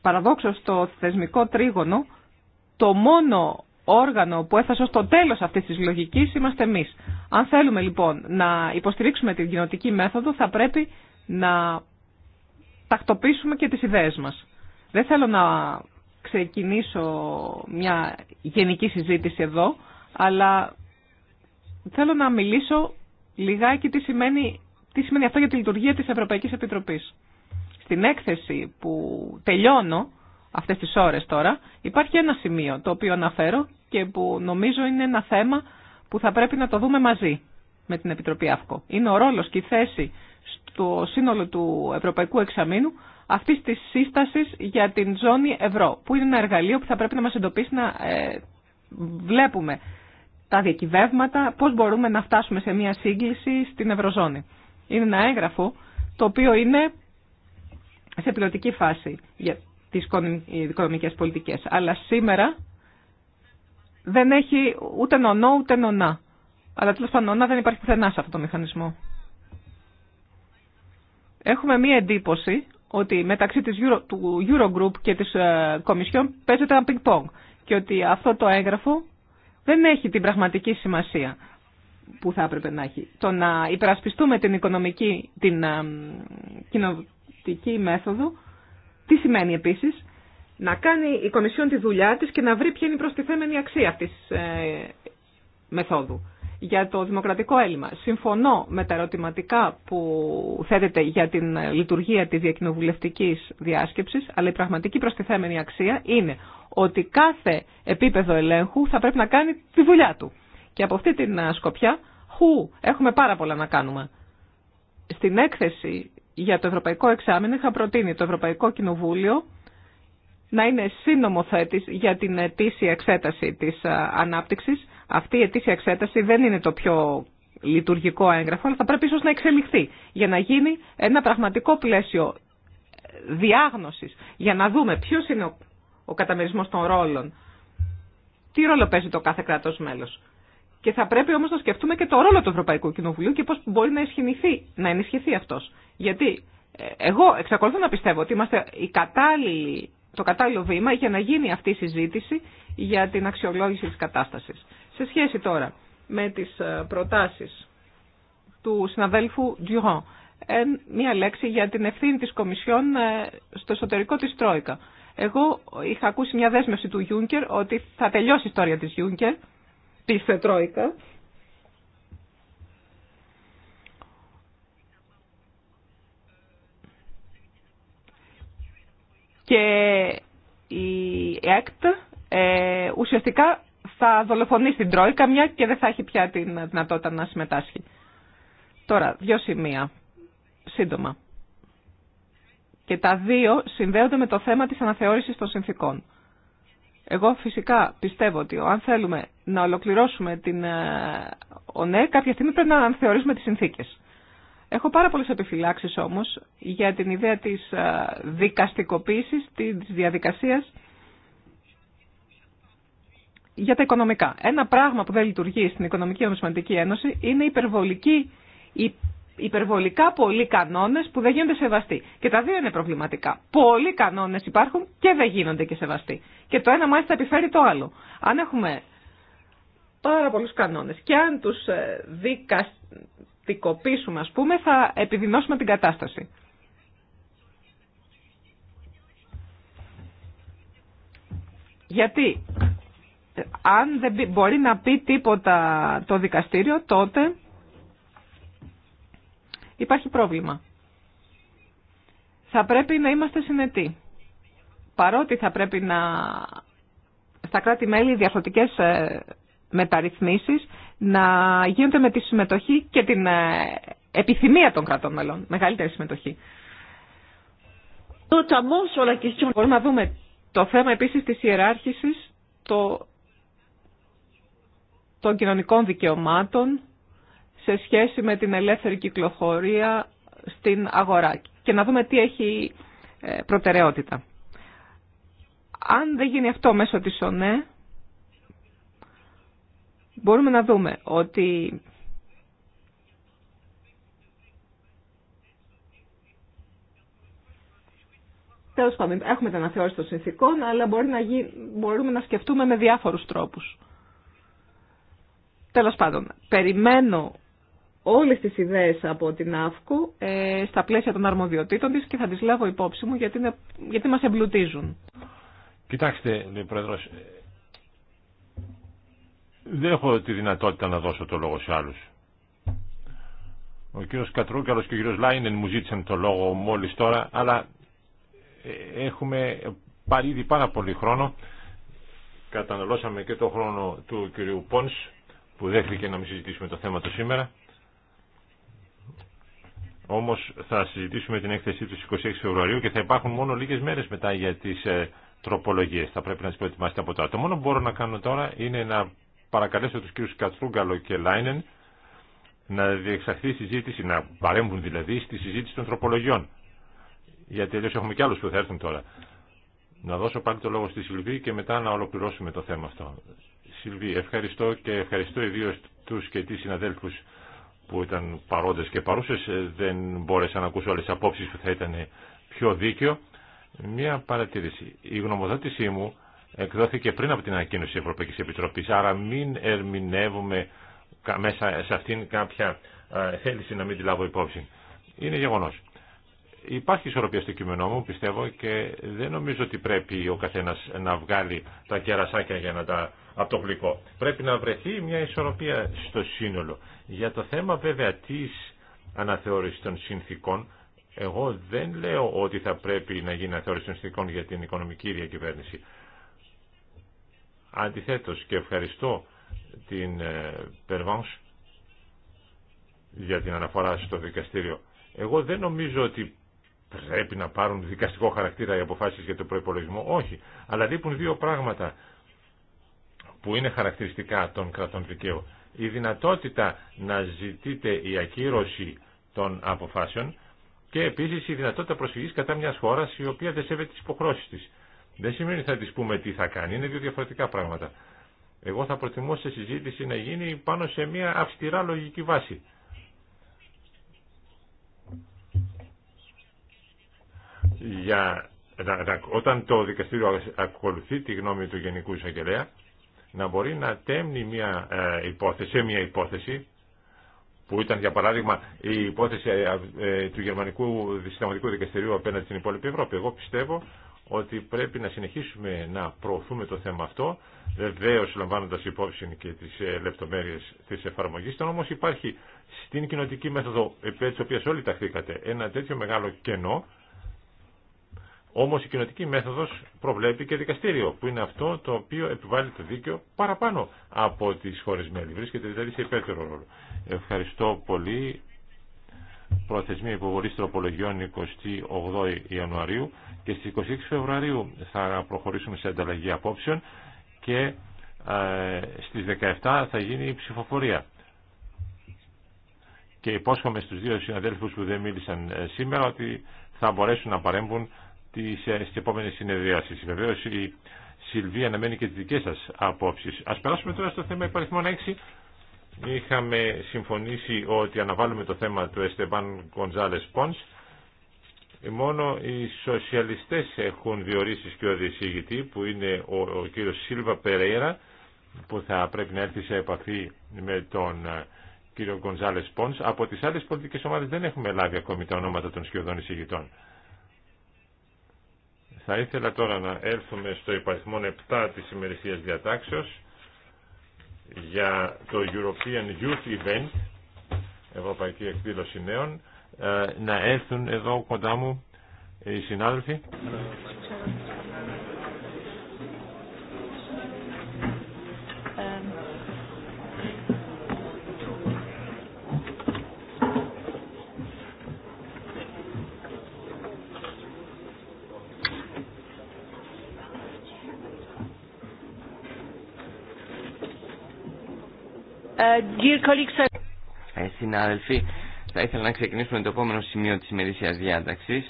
παραδόξως το θεσμικό τρίγωνο, το μόνο όργανο που έφτασε στο τέλος αυτής της λογικής είμαστε εμείς. Αν θέλουμε λοιπόν να υποστηρίξουμε την κοινοτική μέθοδο θα πρέπει να τακτοποιήσουμε και τις ιδέες μας. Δεν θέλω να ξεκινήσω μια γενική συζήτηση εδώ, αλλά θέλω να μιλήσω λιγάκι τι σημαίνει, τι σημαίνει αυτό για τη λειτουργία της Ευρωπαϊκής Επιτροπής. Στην έκθεση που τελειώνω αυτές τις ώρες τώρα, υπάρχει ένα σημείο το οποίο αναφέρω και που νομίζω είναι ένα θέμα που θα πρέπει να το δούμε μαζί με την Επιτροπή ΑΦΚΟ. Είναι ο ρόλος και η θέση στο σύνολο του Ευρωπαϊκού Εξαμήνου αυτή τη σύσταση για την ζώνη ευρώ, που είναι ένα εργαλείο που θα πρέπει να μα εντοπίσει να ε, βλέπουμε τα διακυβεύματα, πώ μπορούμε να φτάσουμε σε μια σύγκληση στην ευρωζώνη. Είναι ένα έγγραφο το οποίο είναι σε πιλωτική φάση για τις οικονομικές πολιτικές. Αλλά σήμερα δεν έχει ούτε νονό ούτε νονά. Αλλά τέλο πάντων νονά δεν υπάρχει πουθενά σε αυτό το μηχανισμό. Έχουμε μία εντύπωση ότι μεταξύ της Euro, του Eurogroup και της ε, Κομισιόν παίζεται ένα και ότι αυτό το έγγραφο δεν έχει την πραγματική σημασία που θα έπρεπε να έχει. Το να υπερασπιστούμε την οικονομική, την ε, κοινοτική μέθοδο, τι σημαίνει επίσης, να κάνει η Κομισιόν τη δουλειά της και να βρει ποια είναι η προστιθέμενη αξία αυτής της ε, μεθόδου. Για το δημοκρατικό έλλειμμα, συμφωνώ με τα ερωτηματικά που θέτεται για την λειτουργία τη διακοινοβουλευτικής διάσκεψης, αλλά η πραγματική προστιθέμενη αξία είναι ότι κάθε επίπεδο ελέγχου θα πρέπει να κάνει τη δουλειά του. Και από αυτή την ε, σκοπιά, χου, έχουμε πάρα πολλά να κάνουμε. Στην έκθεση για το Ευρωπαϊκό Εξάμεινο είχα προτείνει το Ευρωπαϊκό Κοινοβούλιο να είναι σύνομοθέτης για την ετήσια εξέταση της ε, ανάπτυξης. Αυτή η ετήσια εξέταση δεν είναι το πιο λειτουργικό έγγραφο, αλλά θα πρέπει ίσως να εξελιχθεί για να γίνει ένα πραγματικό πλαίσιο ε, διάγνωσης, για να δούμε ποιος είναι ο καταμερισμός των ρόλων, τι ρόλο παίζει το κάθε κράτος μέλος. Και θα πρέπει όμως να σκεφτούμε και το ρόλο του Ευρωπαϊκού Κοινοβουλίου και πώς μπορεί να ενισχυθεί, να ενισχυθεί αυτός. Γιατί ε, εγώ εξακολουθώ να πιστεύω ότι είμαστε η κατάλληλοι το κατάλληλο βήμα για να γίνει αυτή η συζήτηση για την αξιολόγηση της κατάστασης. Σε σχέση τώρα με τις ε, προτάσεις του συναδέλφου Τζιγόν, ε, μία λέξη για την ευθύνη της Κομισιόν ε, στο εσωτερικό της Τρόικα. Εγώ είχα ακούσει μια δέσμευση του Γιούνκερ ότι θα τελειώσει η ιστορία της Γιούνκερ, της Τρόικα, και η ΕΚΤ ε, ουσιαστικά θα δολοφονεί στην Τρόικα μια και δεν θα έχει πια την δυνατότητα να συμμετάσχει. Τώρα, δύο σημεία, σύντομα. Και τα δύο συνδέονται με το θέμα της αναθεώρησης των συνθήκων. Εγώ φυσικά πιστεύω ότι αν θέλουμε να ολοκληρώσουμε την ε, ΟΝΕ, κάποια στιγμή πρέπει να αναθεωρήσουμε τις συνθήκες. Έχω πάρα πολλές επιφυλάξεις όμως για την ιδέα της ε, δικαστικοποίησης, της διαδικασίας για τα οικονομικά. Ένα πράγμα που δεν λειτουργεί στην Οικονομική Ομισματική Ένωση είναι υπερβολική, υπερβολικά πολλοί κανόνες που δεν γίνονται σεβαστοί. Και τα δύο είναι προβληματικά. Πολλοί κανόνες υπάρχουν και δεν γίνονται και σεβαστοί. Και το ένα μάλιστα επιφέρει το άλλο. Αν έχουμε πάρα πολλούς κανόνες και αν τους ε, δικασ ας πούμε, θα επιδεινώσουμε την κατάσταση. Γιατί αν δεν μπορεί να πει τίποτα το δικαστήριο, τότε υπάρχει πρόβλημα. Θα πρέπει να είμαστε συνετοί. Παρότι θα πρέπει να στα κράτη-μέλη διαφορετικές ε, μεταρρυθμίσεις να γίνονται με τη συμμετοχή και την ε, επιθυμία των κρατών μελών. Μεγαλύτερη συμμετοχή. Μπορούμε να δούμε το θέμα επίσης της ιεράρχησης το, των κοινωνικών δικαιωμάτων σε σχέση με την ελεύθερη κυκλοφορία στην αγορά και να δούμε τι έχει ε, προτεραιότητα. Αν δεν γίνει αυτό μέσω της ΟΝΕ, μπορούμε να δούμε ότι Τέλο πάντων, έχουμε την αναθεώρηση των συνθήκων, αλλά μπορεί να γι... μπορούμε να σκεφτούμε με διάφορους τρόπους. Τέλος πάντων, περιμένω όλες τις ιδέες από την ΑΦΚΟ ε, στα πλαίσια των αρμοδιοτήτων της και θα τις λάβω υπόψη μου γιατί, είναι, γιατί μας εμπλουτίζουν. Κοιτάξτε, Πρόεδρος, δεν έχω τη δυνατότητα να δώσω το λόγο σε άλλους. Ο κύριος Κατρούκαλος και ο κύριος Λάινεν μου ζήτησαν το λόγο μόλις τώρα, αλλά ε, έχουμε πάρει ήδη πάρα πολύ χρόνο. Καταναλώσαμε και το χρόνο του κυρίου Πόνς, που δέχτηκε να μην συζητήσουμε το θέμα του σήμερα. Όμως θα συζητήσουμε την έκθεσή του 26 Φεβρουαρίου και θα υπάρχουν μόνο λίγες μέρες μετά για τις ε, τροπολογίες. Θα πρέπει να τις προετοιμάσετε από τώρα. Το μόνο που μπορώ να κάνω τώρα είναι να παρακαλέσω τους κύριους Κατσρούγκαλο και Λάινεν να διεξαχθεί η συζήτηση, να παρέμβουν δηλαδή στη συζήτηση των τροπολογιών. Γιατί αλλιώς έχουμε κι άλλους που θα έρθουν τώρα. Να δώσω πάλι το λόγο στη Σιλβή και μετά να ολοκληρώσουμε το θέμα αυτό. Σιλβή, ευχαριστώ και ευχαριστώ ιδίω τους και τις συναδέλφους που ήταν παρόντες και παρούσες. Δεν μπόρεσα να ακούσω όλες τις απόψεις που θα ήταν πιο δίκαιο. Μία παρατήρηση. Η γνωμοδότησή μου εκδόθηκε πριν από την ανακοίνωση της Ευρωπαϊκής Επιτροπής. Άρα μην ερμηνεύουμε μέσα σε αυτήν κάποια ε, θέληση να μην τη λάβω υπόψη. Είναι γεγονός. Υπάρχει ισορροπία στο κείμενό μου, πιστεύω, και δεν νομίζω ότι πρέπει ο καθένας να βγάλει τα κερασάκια για να τα από το γλυκό. Πρέπει να βρεθεί μια ισορροπία στο σύνολο. Για το θέμα βέβαια της αναθεώρησης των συνθήκων, εγώ δεν λέω ότι θα πρέπει να γίνει αναθεώρηση των συνθήκων για την οικονομική διακυβέρνηση. Αντιθέτως και ευχαριστώ την ε, Περβάνς για την αναφορά στο δικαστήριο. Εγώ δεν νομίζω ότι πρέπει να πάρουν δικαστικό χαρακτήρα οι αποφάσεις για το προϋπολογισμό. Όχι. Αλλά λείπουν δύο πράγματα που είναι χαρακτηριστικά των κρατών δικαίου. Η δυνατότητα να ζητείτε η ακύρωση των αποφάσεων και επίσης η δυνατότητα προσφυγής κατά μιας χώρας η οποία δεν σέβεται τις υποχρώσεις της. Δεν σημαίνει θα τη πούμε τι θα κάνει, είναι δύο διαφορετικά πράγματα. Εγώ θα προτιμούσα συζήτηση να γίνει πάνω σε μια αυστηρά λογική βάση. Για, όταν το δικαστήριο ακολουθεί τη γνώμη του Γενικού Εισαγγελέα, να μπορεί να τέμνει μια, ε, υπόθεση, σε μια υπόθεση, που ήταν για παράδειγμα η υπόθεση ε, ε, του Γερμανικού Συνταγματικού Δικαστηρίου απέναντι στην υπόλοιπη Ευρώπη. Εγώ πιστεύω ότι πρέπει να συνεχίσουμε να προωθούμε το θέμα αυτό, βεβαίω λαμβάνοντα υπόψη και τι ε, λεπτομέρειε τη εφαρμογή. όμως όμω υπάρχει στην κοινοτική μέθοδο, επί τη οποία όλοι ταχθήκατε, ένα τέτοιο μεγάλο κενό. Όμω η κοινοτική μέθοδο προβλέπει και δικαστήριο, που είναι αυτό το οποίο επιβάλλει το δίκαιο παραπάνω από τι χώρε μέλη. Βρίσκεται δηλαδή σε υπέρτερο ρόλο. Ευχαριστώ πολύ. Προθεσμία υποβολή τροπολογιών 28 Ιανουαρίου. Και στις 26 Φεβρουαρίου θα προχωρήσουμε σε ανταλλαγή απόψεων και ε, στις 17 θα γίνει η ψηφοφορία. Και υπόσχομαι στους δύο συναδέλφους που δεν μίλησαν ε, σήμερα ότι θα μπορέσουν να παρέμβουν τις, ε, στις επόμενες συνεδριάσεις. Βεβαίως η Σιλβία αναμένει και τις δικές σας απόψεις. Ας περάσουμε τώρα στο θέμα υπαριθμών 6. Είχαμε συμφωνήσει ότι αναβάλουμε το θέμα του Εστεμπάν Γκονζάλες Πόντ. Ε, μόνο οι σοσιαλιστές έχουν διορίσει και ο που είναι ο, ο κύριος Σίλβα Περέιρα που θα πρέπει να έρθει σε επαφή με τον ε, κύριο Γκονζάλε Πόνς. Από τις άλλες πολιτικές ομάδες δεν έχουμε λάβει ακόμη τα ονόματα των σκιωδών εισηγητών. Θα ήθελα τώρα να έρθουμε στο υπαριθμό 7 της ημερησίας διατάξεως για το European Youth Event, Ευρωπαϊκή Εκδήλωση Νέων. Ε, να έρθουν εδώ κοντά μου οι συνάδελφοι. Ε, ε, συνάδελφοι, θα ήθελα να ξεκινήσουμε το επόμενο σημείο της ημερήσιας διάταξης.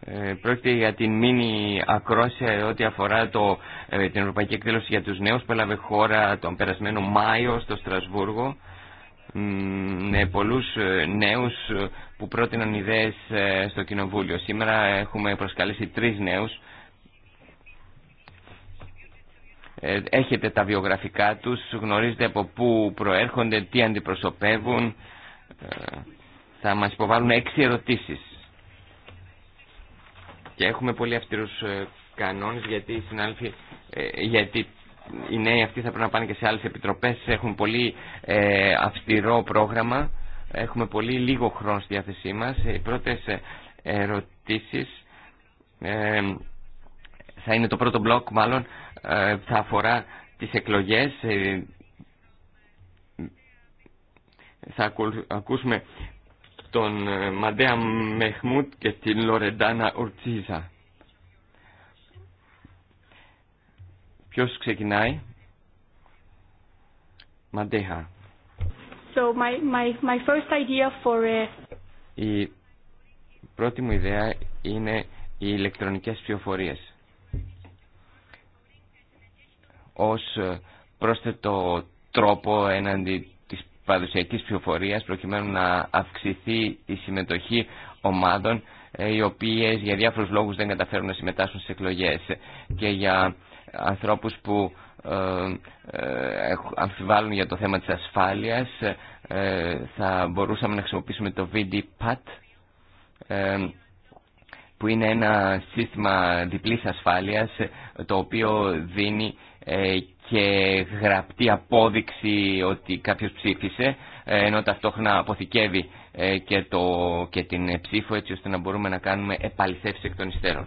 Ε, πρόκειται για την μήνυ ακρόσια ό,τι αφορά το, ε, την Ευρωπαϊκή Εκδήλωση για τους Νέους που έλαβε χώρα τον περασμένο Μάιο στο Στρασβούργο με πολλούς ε, νέους που πρότειναν ιδέες στο Κοινοβούλιο. Σήμερα έχουμε προσκαλέσει τρεις νέους ε, έχετε τα βιογραφικά τους, γνωρίζετε από πού προέρχονται, τι αντιπροσωπεύουν. Ε, θα μας υποβάλουν έξι ερωτήσεις. Και έχουμε πολύ αυστηρούς ε, κανόνες γιατί οι γιατί νέοι αυτοί θα πρέπει να πάνε και σε άλλες επιτροπές, έχουν πολύ αυστηρό πρόγραμμα, έχουμε πολύ λίγο χρόνο στη διάθεσή μας. Οι πρώτες ερωτήσεις θα είναι το πρώτο μπλοκ μάλλον ε, θα αφορά τις εκλογές. Ε, θα ακούσουμε τον ε, Μαντέα Μεχμούτ και την Λορεντάνα Ορτσίζα. Ποιος ξεκινάει? Μαντέα. So my, my, my Η πρώτη μου ιδέα είναι οι ηλεκτρονικές πληροφορίες. ως ε, πρόσθετο τρόπο έναντι της παραδοσιακής ψηφοφορία προκειμένου να αυξηθεί η συμμετοχή ομάδων ε, οι οποίες για διάφορους λόγους δεν καταφέρουν να συμμετάσχουν στις εκλογές και για ανθρώπους που ε, αμφιβάλλουν για το θέμα της ασφάλειας θα μπορούσαμε να χρησιμοποιήσουμε το vd που είναι ένα σύστημα διπλής ασφάλειας το οποίο δίνει ε, και γραπτή απόδειξη ότι κάποιος ψήφισε ε, ενώ ταυτόχρονα αποθηκεύει ε, και, το, και την ψήφο έτσι ώστε να μπορούμε να κάνουμε επαληθεύσεις εκ των υστέρων.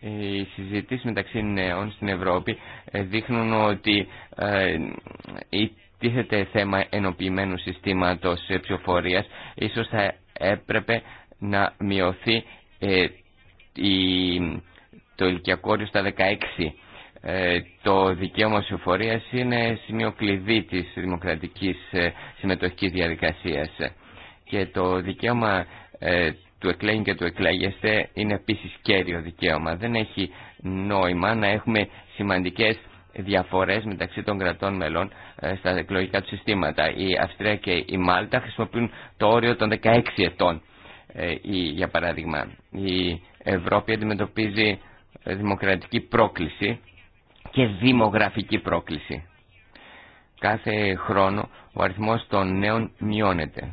οι συζητήσεις μεταξύ νέων στην Ευρώπη δείχνουν ότι τίθεται θέμα ενοποιημένου συστήματος ψηφοφορία. Ίσως θα έπρεπε να μειωθεί ε, το ηλικιακό όριο στα 16. Ε, το δικαίωμα ψηφοφορία είναι σημείο κλειδί της δημοκρατικής ε, συμμετοχικής διαδικασίας. Και το δικαίωμα ε, του εκλέγει και του εκλέγεστε είναι επίσης κέριο δικαίωμα. Δεν έχει νόημα να έχουμε σημαντικές διαφορές μεταξύ των κρατών μελών ε, στα εκλογικά του συστήματα. Η Αυστρία και η Μάλτα χρησιμοποιούν το όριο των 16 ετών, ε, για παράδειγμα. Η Ευρώπη αντιμετωπίζει ε, δημοκρατική πρόκληση και δημογραφική πρόκληση. Κάθε χρόνο ο αριθμός των νέων μειώνεται.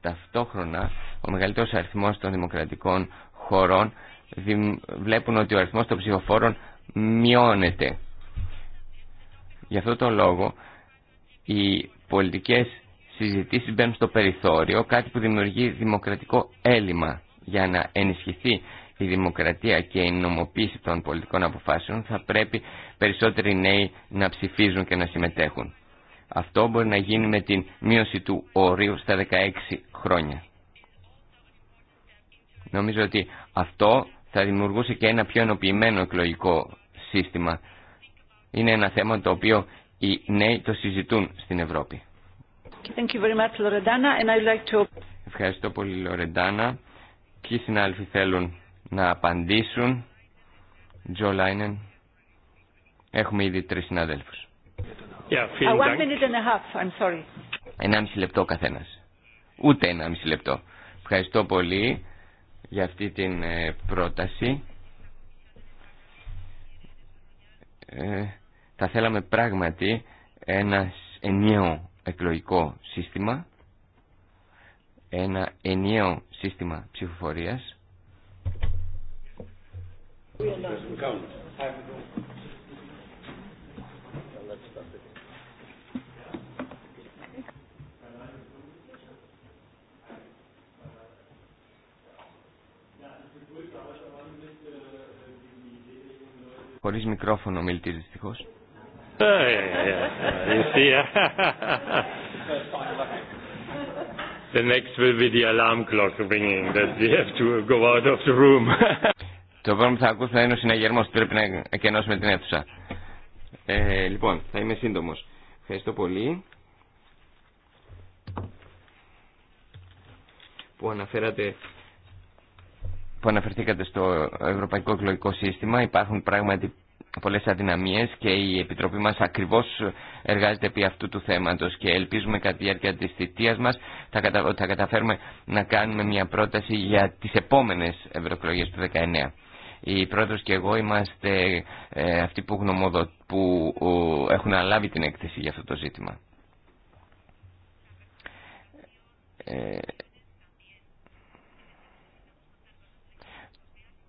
Ταυτόχρονα ο μεγαλύτερος αριθμός των δημοκρατικών χωρών βλέπουν ότι ο αριθμός των ψηφοφόρων μειώνεται. Γι' αυτό το λόγο οι πολιτικές συζητήσεις μπαίνουν στο περιθώριο, κάτι που δημιουργεί δημοκρατικό έλλειμμα. Για να ενισχυθεί η δημοκρατία και η νομοποίηση των πολιτικών αποφάσεων θα πρέπει περισσότεροι νέοι να ψηφίζουν και να συμμετέχουν. Αυτό μπορεί να γίνει με την μείωση του ορίου στα 16 χρόνια. Νομίζω ότι αυτό θα δημιουργούσε και ένα πιο ενοποιημένο εκλογικό σύστημα είναι ένα θέμα το οποίο οι νέοι το συζητούν στην Ευρώπη. Ευχαριστώ πολύ Λορεντάνα. Ποιοι συνάδελφοι θέλουν να απαντήσουν. Τζο Λάινεν. Έχουμε ήδη τρεις συναδέλφους. Yeah, uh, one minute λεπτό καθένας. Ούτε ένα μισή λεπτό. Ευχαριστώ πολύ για αυτή την ε, πρόταση. Ε, θα θέλαμε πράγματι ένα ενιαίο εκλογικό σύστημα, ένα ενιαίο σύστημα ψηφοφορίας. Χωρίς μικρόφωνο μιλτής δυστυχώς. Oh, yeah, yeah, You see, the next will be the alarm clock ringing that we have to go out of the room. Το πρώτο που θα ακούσουμε είναι ο συναγερμός που πρέπει να εκενώσουμε την αίθουσα. Ε, λοιπόν, θα είμαι σύντομος. Ευχαριστώ πολύ που αναφέρατε που αναφερθήκατε στο Ευρωπαϊκό Εκλογικό Σύστημα. Υπάρχουν πράγματι πολλές αδυναμίες και η Επιτροπή μας ακριβώς εργάζεται επί αυτού του θέματος και ελπίζουμε κατά τη διάρκεια της θητείας μας θα, θα καταφέρουμε να κάνουμε μια πρόταση για τις επόμενες ευρωεκλογέ του 19. Οι πρόεδρος και εγώ είμαστε ε, αυτοί που, γνωμοδο... που έχουν αναλάβει την έκθεση για αυτό το ζήτημα. Ε,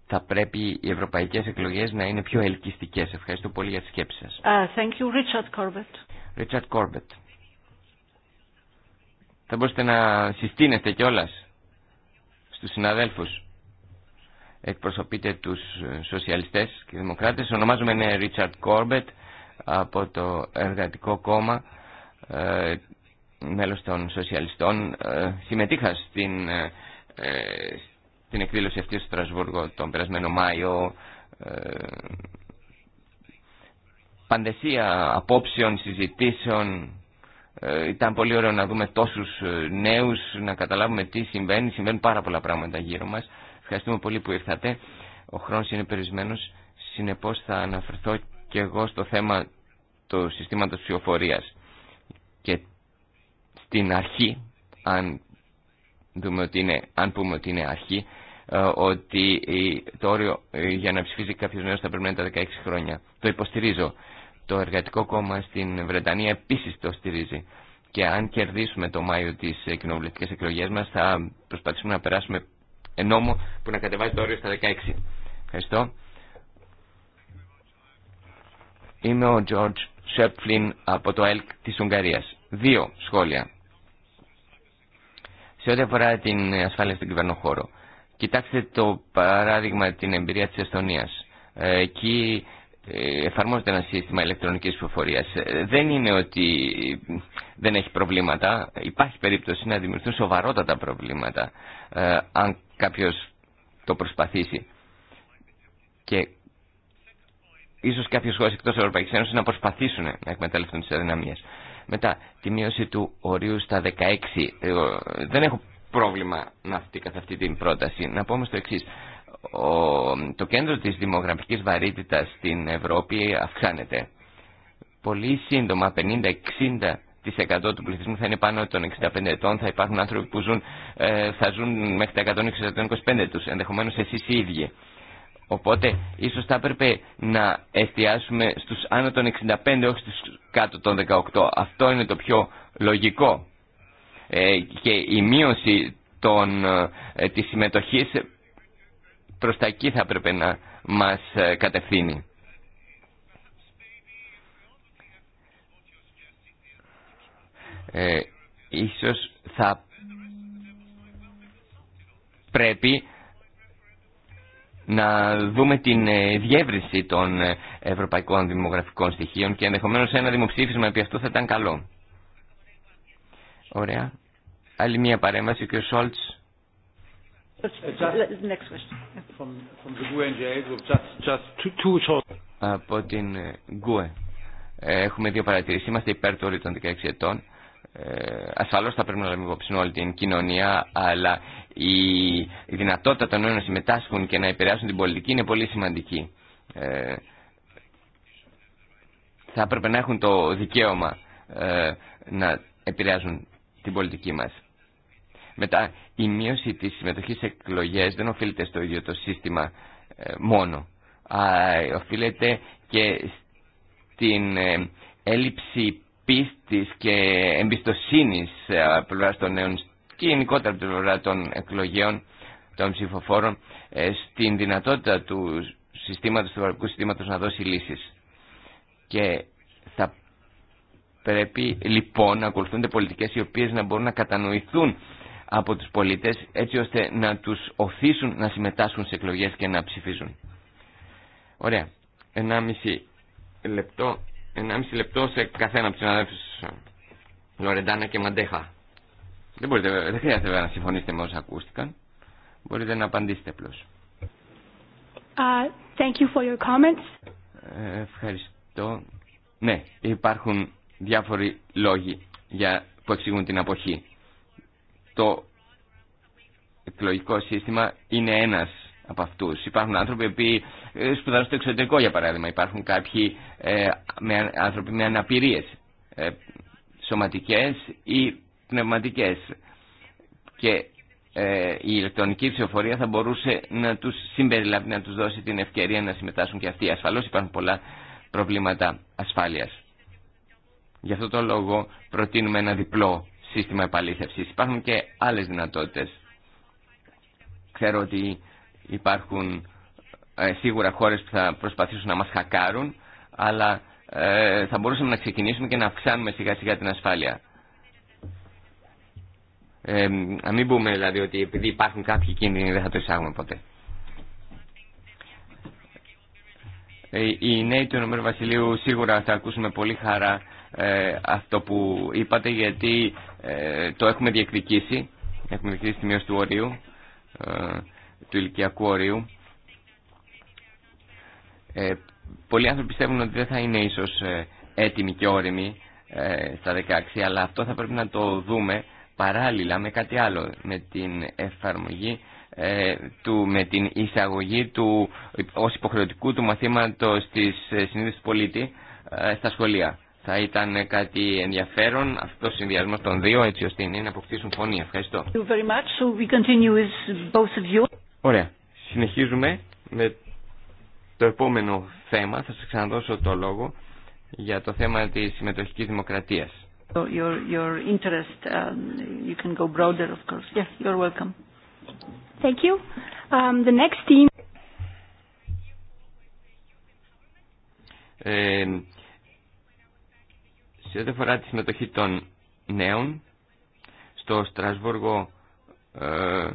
θα πρέπει οι ευρωπαϊκές εκλογές να είναι πιο ελκυστικές. Ευχαριστώ πολύ για τη σκέψη σας. Uh, thank you, Richard Corbett. Richard Corbett. Θα μπορούσατε να συστήνετε κιόλα στους συναδέλφους. Εκπροσωπείτε τους σοσιαλιστές και δημοκράτες. Ονομάζομαι είναι Richard Corbett από το Εργατικό Κόμμα, ε, μέλος των σοσιαλιστών. Ε, συμμετείχα στην, ε, την εκδήλωση αυτή στο Στρασβούργο τον περασμένο Μάιο. Ε, Παντεσία απόψεων, συζητήσεων. Ε, ήταν πολύ ωραίο να δούμε τόσους ε, νέους, να καταλάβουμε τι συμβαίνει. Συμβαίνουν πάρα πολλά πράγματα γύρω μας. Ευχαριστούμε πολύ που ήρθατε. Ο χρόνος είναι περισμένος. Συνεπώς θα αναφερθώ και εγώ στο θέμα του συστήματος ψηφοφορία. Και στην αρχή, αν δούμε ότι είναι, αν πούμε ότι είναι αρχή, ε, ότι το όριο ε, για να ψηφίζει κάποιο νέο θα πρέπει να είναι τα 16 χρόνια. Το υποστηρίζω. Το Εργατικό Κόμμα στην Βρετανία επίση το στηρίζει. Και αν κερδίσουμε το Μάιο τι ε, κοινοβουλευτικέ εκλογέ μα θα προσπαθήσουμε να περάσουμε νόμο που να κατεβάζει το όριο στα 16. Ευχαριστώ. Είμαι ο George Σέπφλιν από το ΕΛΚ της Ουγγαρίας. Δύο σχόλια. Σε ό,τι αφορά την ασφάλεια στον κυβερνοχώρο, κοιτάξτε το παράδειγμα την εμπειρία της Εστονίας. Ε, εκεί ε, εφαρμόζεται ένα σύστημα ηλεκτρονικής ψηφοφορίας. Ε, δεν είναι ότι δεν έχει προβλήματα. Υπάρχει περίπτωση να δημιουργηθούν σοβαρότατα προβλήματα αν κάποιος το προσπαθήσει. Και ίσως κάποιες χώρες εκτός Ευρωπαϊκής Ένωσης να προσπαθήσουν να εκμεταλλευτούν τις αδυναμίες. Μετά, τη μείωση του ορίου στα 16. δεν έχω πρόβλημα με αυτή, καθ' αυτή την πρόταση. Να πω όμως το εξής. το κέντρο της δημογραφικής βαρύτητας στην Ευρώπη αυξάνεται. Πολύ σύντομα, 50-60% του πληθυσμού θα είναι πάνω των 65 ετών. Θα υπάρχουν άνθρωποι που ζουν, ε, θα ζουν μέχρι τα 125 τους, ενδεχομένως εσείς οι ίδιοι. Οπότε ίσως θα έπρεπε να εστιάσουμε στους άνω των 65 όχι στους κάτω των 18. Αυτό είναι το πιο λογικό. Ε, και η μείωση των, ε, της συμμετοχής προς τα εκεί θα έπρεπε να μας ε, κατευθύνει. Ε, ίσως θα πρέπει να δούμε την ε, διεύρυνση των ε, ευρωπαϊκών δημογραφικών στοιχείων και ενδεχομένως ένα δημοψήφισμα επί αυτού θα ήταν καλό. Ωραία. Άλλη μία παρέμβαση, ο κ. Σόλτς. Από την Γκουε. E. Έχουμε δύο παρατηρήσεις. Είμαστε υπέρ του όλη των 16 ετών. Ε, ασφαλώς θα πρέπει να λάβουμε υπόψη όλη την κοινωνία, αλλά η, δυνατότητα των νέων να συμμετάσχουν και να επηρεάσουν την πολιτική είναι πολύ σημαντική. Ε, θα έπρεπε να έχουν το δικαίωμα ε, να επηρεάζουν την πολιτική μας. Μετά, η μείωση της συμμετοχής σε εκλογές δεν οφείλεται στο ίδιο το σύστημα ε, μόνο. Α, οφείλεται και στην έλλειψη πίστης και εμπιστοσύνης ε, από πλευρά των νέων και γενικότερα από πλευρά των εκλογέων των ψηφοφόρων ε, στην δυνατότητα του συστήματος, του ευρωπαϊκού συστήματος να δώσει λύσεις. Και θα πρέπει λοιπόν να ακολουθούνται πολιτικές οι οποίες να μπορούν να κατανοηθούν από τους πολίτες έτσι ώστε να τους οθήσουν να συμμετάσχουν σε εκλογές και να ψηφίζουν. Ωραία. 1,5 λεπτό 1,5 λεπτό σε καθένα από του συναδέλφου Λορεντάνα και Μαντέχα. Δεν, μπορείτε, δεν χρειάζεται να συμφωνήσετε με όσα ακούστηκαν. Μπορείτε να απαντήσετε απλώ. Uh, you ε, ευχαριστώ. Ναι, υπάρχουν διάφοροι λόγοι για, που εξηγούν την αποχή. Το εκλογικό σύστημα είναι ένας από αυτού. Υπάρχουν άνθρωποι που ε, σπουδάζουν στο εξωτερικό, για παράδειγμα. Υπάρχουν κάποιοι ε, με, άνθρωποι με αναπηρίε ε, σωματικέ ή πνευματικέ. Και ε, η ηλεκτρονική ψηφοφορία θα μπορούσε να του συμπεριλάβει, να του δώσει την ευκαιρία να συμμετάσχουν και αυτοί. Ασφαλώ υπάρχουν πολλά προβλήματα ασφάλεια. Γι' αυτό το λόγο προτείνουμε ένα διπλό σύστημα επαλήθευση. Υπάρχουν και άλλε δυνατότητε. Ξέρω ότι Υπάρχουν ε, σίγουρα χώρες που θα προσπαθήσουν να μας χακάρουν, αλλά ε, θα μπορούσαμε να ξεκινήσουμε και να αυξάνουμε σιγά σιγά την ασφάλεια. Ε, να μην πούμε δηλαδή ότι επειδή υπάρχουν κάποιοι κίνδυνοι δεν θα το εισάγουμε ποτέ. Ε, οι νέοι του Ηνωμένου Βασιλείου σίγουρα θα ακούσουμε πολύ χαρά αυτό που είπατε γιατί το έχουμε διεκδικήσει. Έχουμε διεκδικήσει τη μείωση του ορίου. Ε, του ηλικιακού ορίου. Ε, πολλοί άνθρωποι πιστεύουν ότι δεν θα είναι ίσως ε, έτοιμοι και όριμοι ε, στα 16, αλλά αυτό θα πρέπει να το δούμε παράλληλα με κάτι άλλο, με την εφαρμογή ε, του, με την εισαγωγή του ως υποχρεωτικού του μαθήματος στις ε, συνείδησης πολίτη ε, στα σχολεία. Θα ήταν κάτι ενδιαφέρον αυτό ο συνδυασμό των δύο έτσι ώστε είναι να αποκτήσουν φωνή. Ευχαριστώ. Ωραία. Συνεχίζουμε με το επόμενο θέμα. Θα σας ξαναδώσω το λόγο για το θέμα της συμμετοχικής δημοκρατίας. Your, your interest, um, you can go broader, of course. Yes, you're welcome. Thank you. Um, the next team. Ε, σε ό,τι αφορά τη συμμετοχή των νέων, στο Στρασβούργο ε,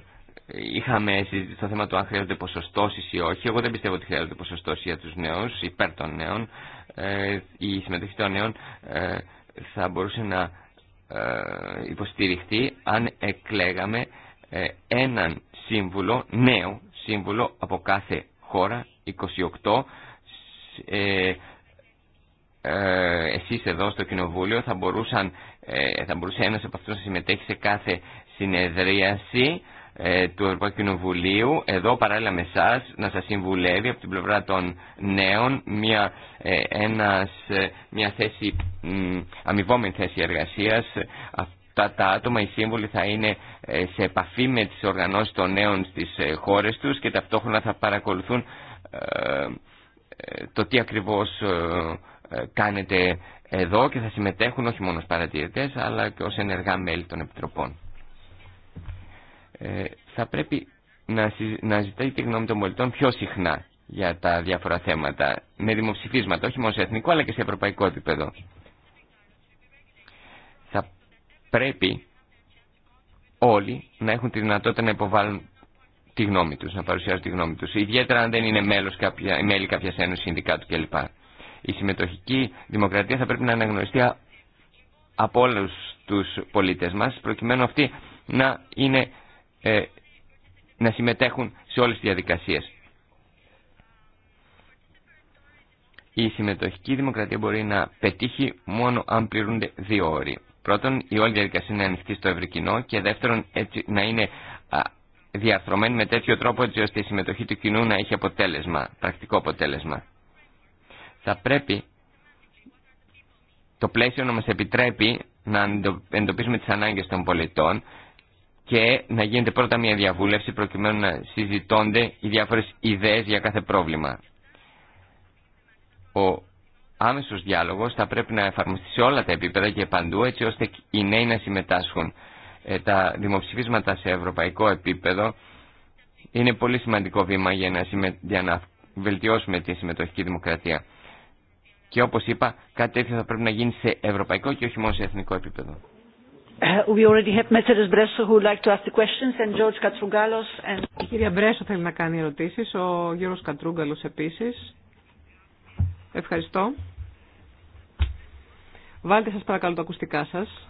Είχαμε συζητήσει το θέμα του αν χρειάζονται ποσοστώσεις ή όχι. Εγώ δεν πιστεύω ότι χρειάζονται ποσοστώσεις για τους νέους, υπέρ των νέων. Ε, η συμμετοχή των νέων ε, θα μπορούσε να ε, υποστηριχθεί αν εκλέγαμε έναν σύμβουλο, νέο σύμβουλο από κάθε χώρα, 28. Ε, ε, εσείς εδώ στο Κοινοβούλιο θα, μπορούσαν, θα μπορούσε ένας από αυτούς να συμμετέχει σε κάθε συνεδρίαση ε, του Ευρωπαϊκού Κοινοβουλίου εδώ παράλληλα με εσά να σας συμβουλεύει από την πλευρά των νέων μια, ε, ένας, ε, μια θέση, αμοιβόμενη θέση εργασίας αυτά τα άτομα, οι σύμβουλοι θα είναι σε επαφή με τις οργανώσεις των νέων στις χώρες τους και ταυτόχρονα θα παρακολουθούν το τι ακριβώς κάνετε εδώ και θα συμμετέχουν όχι μόνο ως παρατηρητές αλλά και ως ενεργά μέλη των επιτροπών. Ε, θα πρέπει να, να ζητάει τη γνώμη των πολιτών πιο συχνά για τα διάφορα θέματα, με δημοψηφίσματα, όχι μόνο σε εθνικό αλλά και σε ευρωπαϊκό επίπεδο. Θα πρέπει όλοι να έχουν τη δυνατότητα να υποβάλουν τη γνώμη τους, να παρουσιάζουν τη γνώμη τους, ιδιαίτερα αν δεν είναι μέλος κάποια, μέλη κάποιας ένωσης συνδικάτου κλπ. Η συμμετοχική δημοκρατία θα πρέπει να αναγνωριστεί από όλου τους πολίτες μας, προκειμένου αυτή να είναι ε, να συμμετέχουν σε όλες τις διαδικασίες. Η συμμετοχική δημοκρατία μπορεί να πετύχει μόνο αν πληρούνται δύο όροι. Πρώτον, η όλη διαδικασία είναι ανοιχτή στο ευρύ κοινό και δεύτερον, έτσι, να είναι διαρθρωμένη με τέτοιο τρόπο έτσι ώστε η συμμετοχή του κοινού να έχει αποτέλεσμα, πρακτικό αποτέλεσμα. Θα πρέπει το πλαίσιο να μας επιτρέπει να εντοπίσουμε τις ανάγκες των πολιτών, και να γίνεται πρώτα μια διαβούλευση προκειμένου να συζητώνται οι διάφορες ιδέες για κάθε πρόβλημα. Ο άμεσος διάλογος θα πρέπει να εφαρμοστεί σε όλα τα επίπεδα και παντού έτσι ώστε οι νέοι να συμμετάσχουν. Ε, τα δημοψηφίσματα σε ευρωπαϊκό επίπεδο είναι πολύ σημαντικό βήμα για να, για να βελτιώσουμε τη συμμετοχική δημοκρατία. Και όπως είπα, κάτι τέτοιο θα πρέπει να γίνει σε ευρωπαϊκό και όχι μόνο σε εθνικό επίπεδο. Uh, we already have Bresso who like to ask the questions and George and... Η κυρία Μπρέσο θέλει να κάνει ερωτήσεις, ο Γιώργος Κατρούγκαλος επίσης. Ευχαριστώ. Βάλτε σας παρακαλώ τα ακουστικά σας.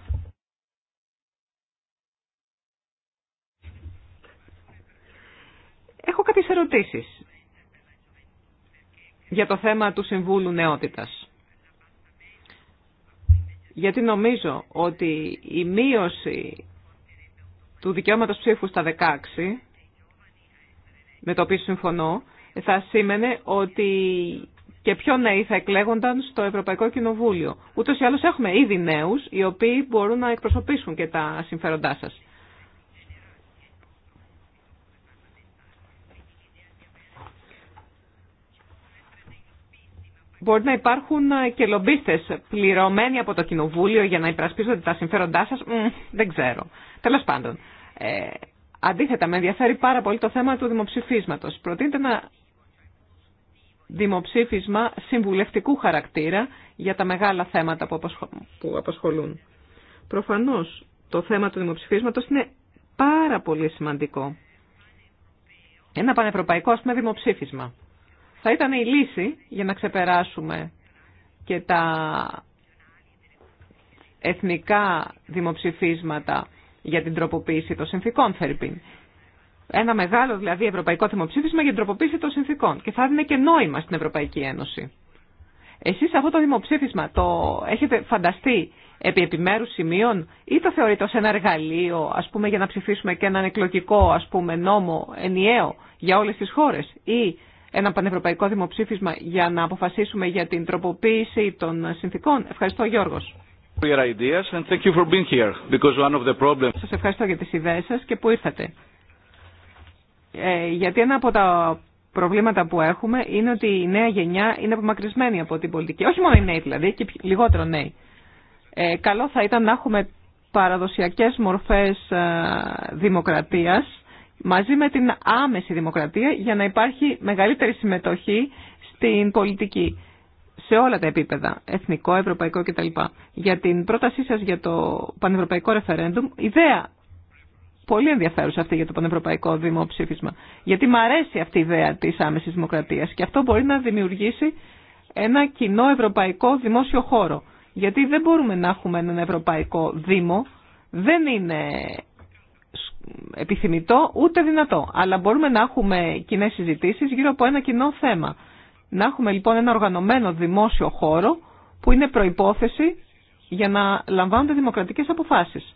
Έχω κάποιες ερωτήσεις για το θέμα του Συμβούλου Νεότητας γιατί νομίζω ότι η μείωση του δικαιώματος ψήφου στα 16, με το οποίο συμφωνώ, θα σήμαινε ότι και πιο νέοι θα εκλέγονταν στο Ευρωπαϊκό Κοινοβούλιο. Ούτως ή άλλως έχουμε ήδη νέους οι οποίοι μπορούν να εκπροσωπήσουν και τα συμφέροντά σας. Μπορεί να υπάρχουν ε, και λομπίστε πληρωμένοι από το Κοινοβούλιο για να υπερασπίζονται τα συμφέροντά σα. δεν ξέρω. Τέλο πάντων. Ε, αντίθετα, με ενδιαφέρει πάρα πολύ το θέμα του δημοψηφίσματος. Προτείνεται ένα δημοψήφισμα συμβουλευτικού χαρακτήρα για τα μεγάλα θέματα που απασχολούν. Προφανώς, το θέμα του δημοψηφίσματο είναι πάρα πολύ σημαντικό. Ένα πανευρωπαϊκό, α πούμε, δημοψήφισμα θα ήταν η λύση για να ξεπεράσουμε και τα εθνικά δημοψηφίσματα για την τροποποίηση των συνθήκων, Φερρυπίν. Ένα μεγάλο δηλαδή ευρωπαϊκό δημοψήφισμα για την τροποποίηση των συνθήκων και θα έδινε και νόημα στην Ευρωπαϊκή Ένωση. Εσείς αυτό το δημοψήφισμα το έχετε φανταστεί επί επιμέρου σημείων ή το θεωρείτε ω ένα εργαλείο α πούμε για να ψηφίσουμε και έναν εκλογικό ας πούμε νόμο ενιαίο για όλε τι χώρε ή ένα πανευρωπαϊκό δημοψήφισμα για να αποφασίσουμε για την τροποποίηση των συνθήκων. Ευχαριστώ Γιώργος. Σας ευχαριστώ για τις ιδέες σας και που ήρθατε. Ε, γιατί ένα από τα προβλήματα που έχουμε είναι ότι η νέα γενιά είναι απομακρυσμένη από την πολιτική. Όχι μόνο οι νέοι δηλαδή, και λιγότερο νέοι. Ε, καλό θα ήταν να έχουμε παραδοσιακές μορφές ε, δημοκρατίας μαζί με την άμεση δημοκρατία για να υπάρχει μεγαλύτερη συμμετοχή στην πολιτική σε όλα τα επίπεδα, εθνικό, ευρωπαϊκό κτλ. Για την πρότασή σας για το πανευρωπαϊκό ρεφερέντουμ, ιδέα πολύ ενδιαφέρουσα αυτή για το πανευρωπαϊκό δημοψήφισμα. Γιατί μου αρέσει αυτή η ιδέα της άμεσης δημοκρατίας και αυτό μπορεί να δημιουργήσει ένα κοινό ευρωπαϊκό δημόσιο χώρο. Γιατί δεν μπορούμε να έχουμε έναν ευρωπαϊκό δήμο, δεν είναι επιθυμητό ούτε δυνατό. Αλλά μπορούμε να έχουμε κοινέ συζητήσει γύρω από ένα κοινό θέμα. Να έχουμε λοιπόν ένα οργανωμένο δημόσιο χώρο που είναι προϋπόθεση για να λαμβάνονται δημοκρατικές αποφάσεις.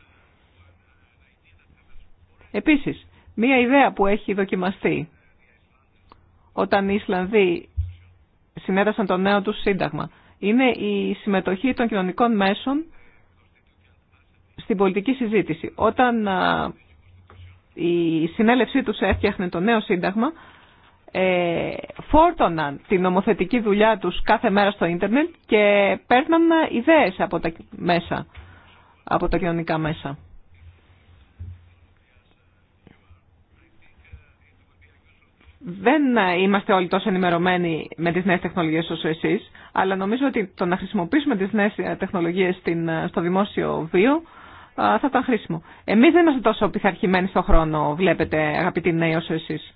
Επίσης, μία ιδέα που έχει δοκιμαστεί όταν οι Ισλανδοί συνέτασαν το νέο του σύνταγμα είναι η συμμετοχή των κοινωνικών μέσων στην πολιτική συζήτηση. Όταν η συνέλευσή τους έφτιαχνε το νέο σύνταγμα, ε, φόρτωναν την νομοθετική δουλειά τους κάθε μέρα στο ίντερνετ και παίρναν ιδέες από τα μέσα, από τα κοινωνικά μέσα. Δεν είμαστε όλοι τόσο ενημερωμένοι με τις νέες τεχνολογίες όσο εσείς, αλλά νομίζω ότι το να χρησιμοποιήσουμε τις νέες τεχνολογίες στο δημόσιο βίο θα ήταν χρήσιμο. Εμείς δεν είμαστε τόσο πειθαρχημένοι στον χρόνο, βλέπετε αγαπητοί νέοι όσο εσείς.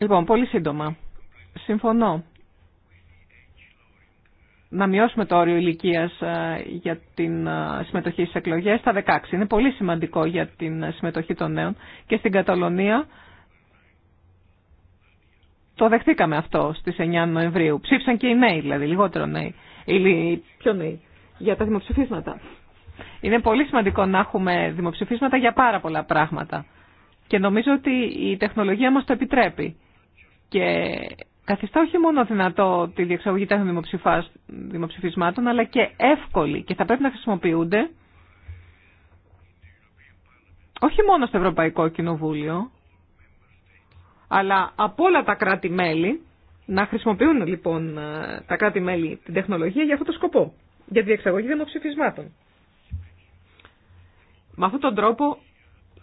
Λοιπόν, πολύ σύντομα. Συμφωνώ να μειώσουμε το όριο ηλικία για την συμμετοχή στι εκλογέ στα 16. Είναι πολύ σημαντικό για την συμμετοχή των νέων και στην Καταλωνία το δεχτήκαμε αυτό στι 9 Νοεμβρίου. Ψήφισαν και οι νέοι, δηλαδή λιγότερο νέοι, οι πιο νέοι για τα δημοψηφίσματα. Είναι πολύ σημαντικό να έχουμε δημοψηφίσματα για πάρα πολλά πράγματα. Και νομίζω ότι η τεχνολογία μας το επιτρέπει. Και καθιστά όχι μόνο δυνατό τη διεξαγωγή των δημοψηφισμάτων, αλλά και εύκολη και θα πρέπει να χρησιμοποιούνται όχι μόνο στο Ευρωπαϊκό Κοινοβούλιο, αλλά από όλα τα κράτη-μέλη, να χρησιμοποιούν λοιπόν ε, τα κράτη-μέλη την τεχνολογία για αυτό το σκοπό για τη διεξαγωγή δημοψηφισμάτων. Με αυτόν τον τρόπο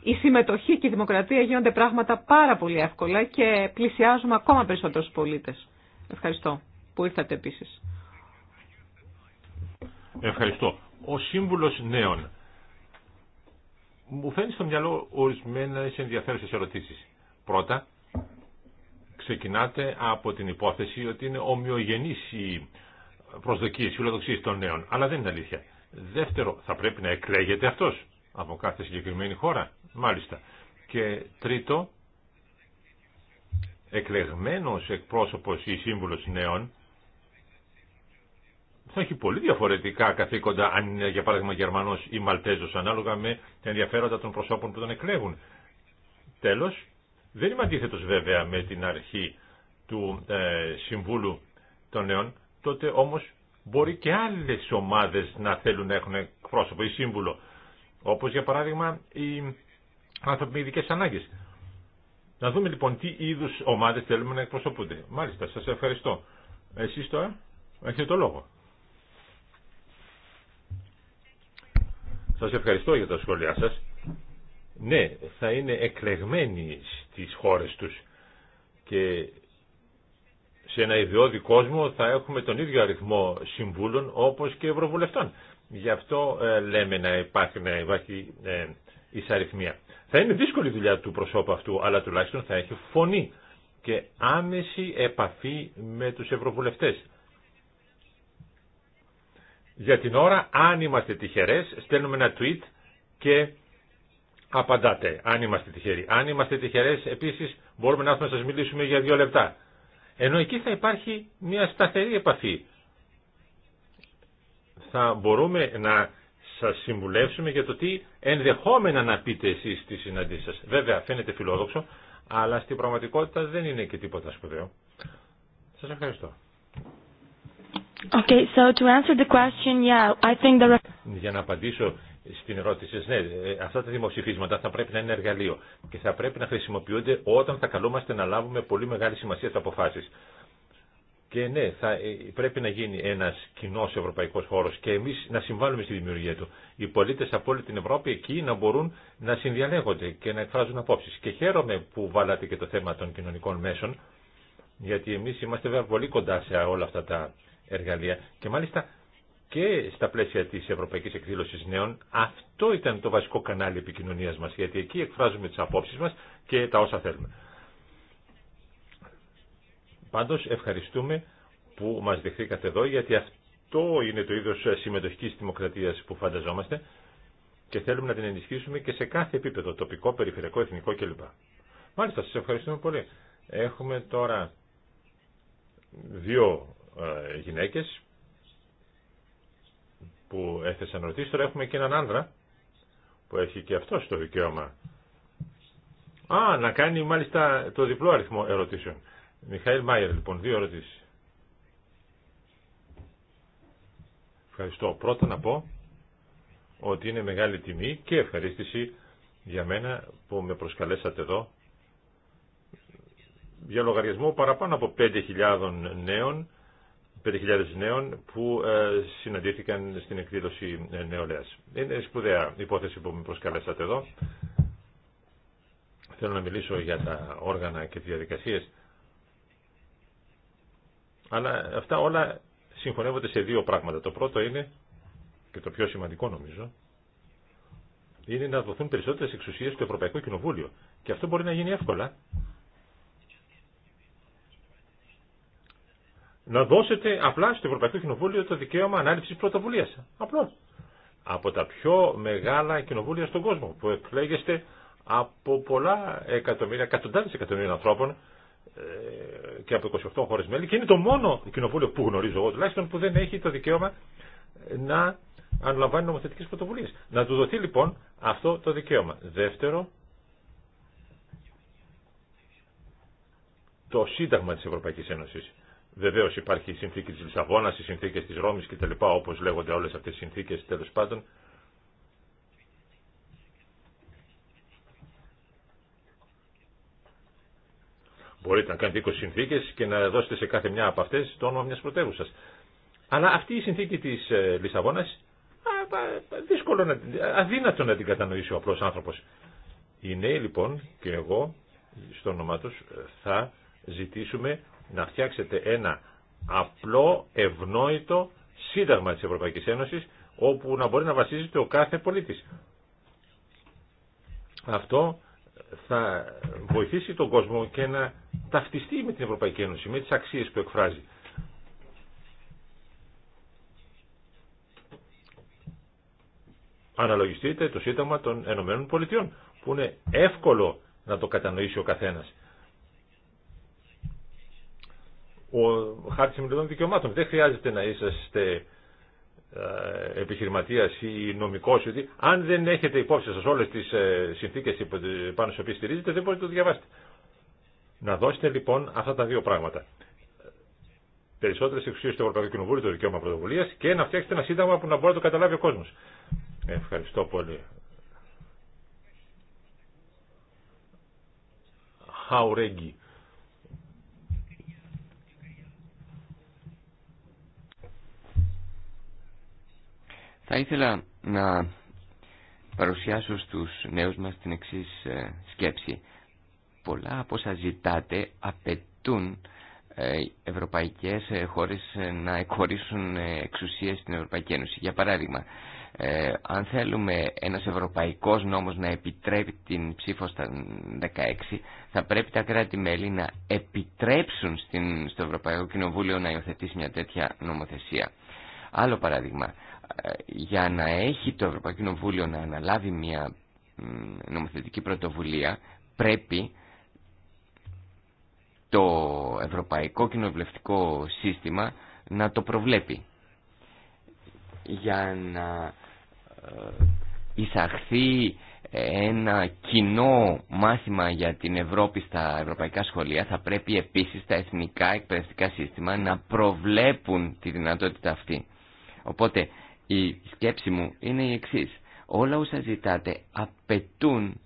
η συμμετοχή και η δημοκρατία γίνονται πράγματα πάρα πολύ εύκολα και πλησιάζουμε ακόμα περισσότερους πολίτες. Ευχαριστώ που ήρθατε επίσης. Ευχαριστώ. Ο Σύμβουλος Νέων. Μου φαίνει στο μυαλό ορισμένε ενδιαφέρουσες ερωτήσεις. Πρώτα, ξεκινάτε από την υπόθεση ότι είναι ομοιογενή η προσδοκίε, φιλοδοξίε των νέων. Αλλά δεν είναι αλήθεια. Δεύτερο, θα πρέπει να εκλέγεται αυτός από κάθε συγκεκριμένη χώρα. Μάλιστα. Και τρίτο, εκλεγμένο εκπρόσωπο ή σύμβουλο νέων θα έχει πολύ διαφορετικά καθήκοντα αν είναι για παράδειγμα Γερμανός ή Μαλτέζος ανάλογα με τα ενδιαφέροντα των προσώπων που τον εκλέγουν. Τέλο, δεν είμαι αντίθετο βέβαια με την αρχή του ε, Συμβούλου των Νέων τότε όμως μπορεί και άλλες ομάδες να θέλουν να έχουν πρόσωπο ή σύμβουλο. Όπως για παράδειγμα οι άνθρωποι με ανάγκες. Να δούμε λοιπόν τι είδους ομάδες θέλουμε να εκπροσωπούνται. Μάλιστα, σας ευχαριστώ. Εσείς τώρα έχετε το λόγο. Σας ευχαριστώ για τα σχόλιά σας. Ναι, θα είναι εκλεγμένοι στις χώρες τους και σε ένα ιδιώδη κόσμο θα έχουμε τον ίδιο αριθμό συμβούλων όπως και ευρωβουλευτών. Γι' αυτό ε, λέμε να υπάρχει, να υπάρχει ε, εισαριθμία. Θα είναι δύσκολη δουλειά του προσώπου αυτού, αλλά τουλάχιστον θα έχει φωνή και άμεση επαφή με τους ευρωβουλευτές. Για την ώρα, αν είμαστε τυχερές, στέλνουμε ένα tweet και απαντάτε, αν είμαστε τυχεροί. Αν είμαστε τυχερές, επίσης, μπορούμε να έρθουμε να σας μιλήσουμε για δύο λεπτά. Ενώ εκεί θα υπάρχει μια σταθερή επαφή. Θα μπορούμε να σας συμβουλεύσουμε για το τι ενδεχόμενα να πείτε εσείς στη συναντήση σας. Βέβαια φαίνεται φιλόδοξο, αλλά στην πραγματικότητα δεν είναι και τίποτα σπουδαίο. Σας ευχαριστώ. Okay, so to answer the question, yeah, I think the... Για να απαντήσω στην ερώτηση ναι, ε, αυτά τα δημοψηφίσματα θα πρέπει να είναι εργαλείο και θα πρέπει να χρησιμοποιούνται όταν θα καλούμαστε να λάβουμε πολύ μεγάλη σημασία στις αποφάσεις. Και ναι, θα, ε, πρέπει να γίνει ένας κοινός ευρωπαϊκός χώρο και εμεί να συμβάλλουμε στη δημιουργία του. Οι πολίτες από όλη την Ευρώπη εκεί να μπορούν να συνδιαλέγονται και να εκφράζουν απόψεις. Και χαίρομαι που βάλατε και το θέμα των κοινωνικών μέσων, γιατί εμείς είμαστε βέβαια πολύ κοντά σε όλα αυτά τα εργαλεία. Και μάλιστα και στα πλαίσια της Ευρωπαϊκής Εκδήλωσης Νέων αυτό ήταν το βασικό κανάλι επικοινωνίας μας γιατί εκεί εκφράζουμε τις απόψεις μας και τα όσα θέλουμε. Πάντως ευχαριστούμε που μας δεχθήκατε εδώ γιατί αυτό είναι το είδος συμμετοχικής δημοκρατίας που φανταζόμαστε και θέλουμε να την ενισχύσουμε και σε κάθε επίπεδο, τοπικό, περιφερειακό, εθνικό κλπ. Μάλιστα, σας ευχαριστούμε πολύ. Έχουμε τώρα δύο ε, γυναίκες που έθεσαν ερωτήσει. Τώρα έχουμε και έναν άντρα που έχει και αυτό το δικαίωμα. Α, να κάνει μάλιστα το διπλό αριθμό ερωτήσεων. Μιχαήλ Μάιερ, λοιπόν, δύο ερωτήσει. Ευχαριστώ. Πρώτα να πω ότι είναι μεγάλη τιμή και ευχαρίστηση για μένα που με προσκαλέσατε εδώ για λογαριασμό παραπάνω από 5.000 νέων 5.000 νέων που ε, συναντήθηκαν στην εκδήλωση ε, νεολαία. Είναι σπουδαία υπόθεση που με προσκαλέσατε εδώ. Θέλω να μιλήσω για τα όργανα και τι διαδικασίες. Αλλά αυτά όλα συγχωνεύονται σε δύο πράγματα. Το πρώτο είναι, και το πιο σημαντικό νομίζω, είναι να δοθούν περισσότερες εξουσίες στο Ευρωπαϊκό Κοινοβούλιο. Και αυτό μπορεί να γίνει εύκολα να δώσετε απλά στο Ευρωπαϊκό Κοινοβούλιο το δικαίωμα ανάληψη πρωτοβουλία απλώ. Από τα πιο μεγάλα κοινοβούλια στον κόσμο που εκλέγεστε από πολλά εκατομμύρια, εκατοντάδε εκατομμύρια ανθρώπων ε, και από 28 χώρε μέλη και είναι το μόνο κοινοβούλιο που γνωρίζω εγώ τουλάχιστον που δεν έχει το δικαίωμα να αναλαμβάνει νομοθετικέ πρωτοβουλίε. Να του δοθεί λοιπόν αυτό το δικαίωμα. Δεύτερο, το Σύνταγμα της Ευρωπαϊκής Ένωσης. Βεβαίω υπάρχει η συνθήκη τη Λισαβόνα, οι συνθήκε τη Ρώμη κτλ. Όπω λέγονται όλε αυτέ οι συνθήκε τέλο πάντων. Μπορείτε να κάνετε 20 συνθήκε και να δώσετε σε κάθε μια από αυτέ το όνομα μια πρωτεύουσα. Αλλά αυτή η συνθήκη τη ε, Λισαβόνα, δύσκολο, να, αδύνατο να την κατανοήσει ο απλό άνθρωπο. Οι νέοι λοιπόν και εγώ, στο όνομά του, ε, θα ζητήσουμε να φτιάξετε ένα απλό, ευνόητο σύνταγμα της Ευρωπαϊκής Ένωσης όπου να μπορεί να βασίζεται ο κάθε πολίτης. Αυτό θα βοηθήσει τον κόσμο και να ταυτιστεί με την Ευρωπαϊκή Ένωση, με τις αξίες που εκφράζει. Αναλογιστείτε το Σύνταγμα των Ενωμένων Πολιτειών, που είναι εύκολο να το κατανοήσει ο καθένας. ο χάρτης των δικαιωμάτων. Δεν χρειάζεται να είσαστε ε, επιχειρηματίας ή νομικός ότι αν δεν έχετε υπόψη σας όλες τις ε, συνθήκες πάνω σε οποίες στηρίζετε δεν μπορείτε να το διαβάσετε. Να δώσετε λοιπόν αυτά τα δύο πράγματα. Περισσότερε εξουσίε στο Ευρωπαϊκό Κοινοβούλιο, το δικαίωμα πρωτοβουλία και να φτιάξετε ένα σύνταγμα που να μπορεί να το καταλάβει ο κόσμο. Ευχαριστώ πολύ. Χαουρέγγι. Θα ήθελα να παρουσιάσω στους νέους μας την εξής ε, σκέψη. Πολλά από όσα ζητάτε απαιτούν ε, ευρωπαϊκές ε, χώρες να εκχωρήσουν εξουσίες στην Ευρωπαϊκή Ένωση. Για παράδειγμα, αν θέλουμε ένας ευρωπαϊκός νόμος να επιτρέπει την ψήφο στα 16, θα πρέπει τα κράτη-μέλη να επιτρέψουν στην, στο Ευρωπαϊκό Κοινοβούλιο να υιοθετήσει μια τέτοια νομοθεσία. Άλλο παράδειγμα, για να έχει το Ευρωπαϊκό Κοινοβούλιο να αναλάβει μια νομοθετική πρωτοβουλία πρέπει το Ευρωπαϊκό Κοινοβουλευτικό Σύστημα να το προβλέπει για να ε, εισαχθεί ένα κοινό μάθημα για την Ευρώπη στα ευρωπαϊκά σχολεία θα πρέπει επίσης τα εθνικά εκπαιδευτικά σύστημα να προβλέπουν τη δυνατότητα αυτή. Οπότε η σκέψη μου είναι η εξής. Όλα όσα ζητάτε απαιτούν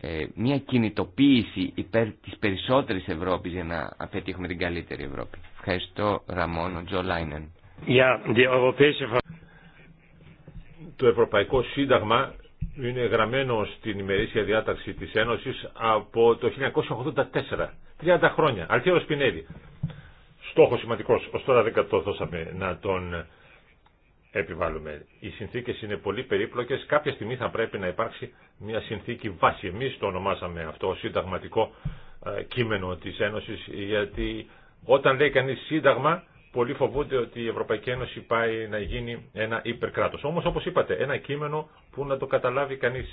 ε, μια κινητοποίηση υπέρ της περισσότερης Ευρώπης για να πετύχουμε την καλύτερη Ευρώπη. Ευχαριστώ Ραμόνο Τζο Λάινεν. Το Ευρωπαϊκό Σύνταγμα είναι γραμμένο στην ημερήσια διάταξη της Ένωσης από το 1984. 30 χρόνια. αρχαίος πινέδι. Στόχος σημαντικός. Ως τώρα δεν κατόρθωσαμε να τον επιβάλλουμε. Οι συνθήκε είναι πολύ περίπλοκε. Κάποια στιγμή θα πρέπει να υπάρξει μια συνθήκη βάση. Εμεί το ονομάσαμε αυτό συνταγματικό ε, κείμενο τη Ένωση, γιατί όταν λέει κανεί σύνταγμα πολλοί φοβούνται ότι η Ευρωπαϊκή Ένωση πάει να γίνει ένα υπερκράτο. Όμω όπω είπατε ένα κείμενο που να το καταλάβει κανεί.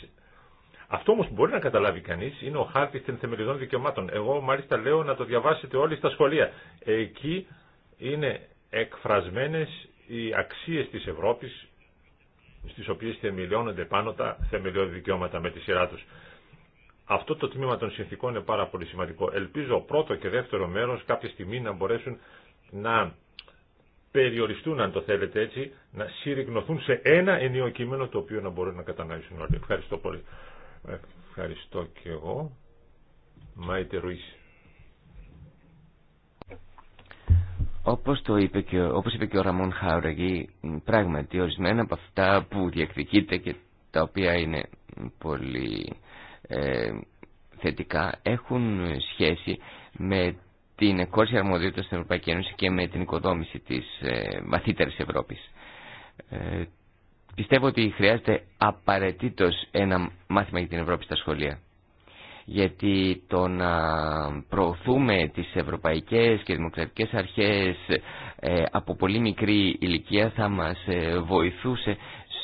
Αυτό όμω που μπορεί να καταλάβει κανεί είναι ο χάρτη των θεμελιδών δικαιωμάτων. Εγώ μάλιστα λέω να το διαβάσετε όλοι στα σχολεία. Εκεί είναι εκφρασμένες οι αξίες της Ευρώπης στις οποίες θεμελιώνονται πάνω τα θεμελιώδη δικαιώματα με τη σειρά τους. Αυτό το τμήμα των συνθήκων είναι πάρα πολύ σημαντικό. Ελπίζω πρώτο και δεύτερο μέρος κάποια στιγμή να μπορέσουν να περιοριστούν, αν το θέλετε έτσι, να συρρυγνωθούν σε ένα ενίο κείμενο το οποίο να μπορούν να κατανοήσουν όλοι. Ευχαριστώ πολύ. Ευχαριστώ και εγώ. Μάιτε Ρουίση. Όπως, το είπε και, όπως είπε και ο Ραμόν Χάουραγη, πράγματι ορισμένα από αυτά που διεκδικείται και τα οποία είναι πολύ ε, θετικά έχουν σχέση με την εκόρση αρμοδιότητα στην Ευρωπαϊκή Ένωση και με την οικοδόμηση της ε, μαθύτερης Ευρώπης. Ε, πιστεύω ότι χρειάζεται απαραίτητος ένα μάθημα για την Ευρώπη στα σχολεία γιατί το να προωθούμε τις ευρωπαϊκές και δημοκρατικές αρχές ε, από πολύ μικρή ηλικία θα μας ε, βοηθούσε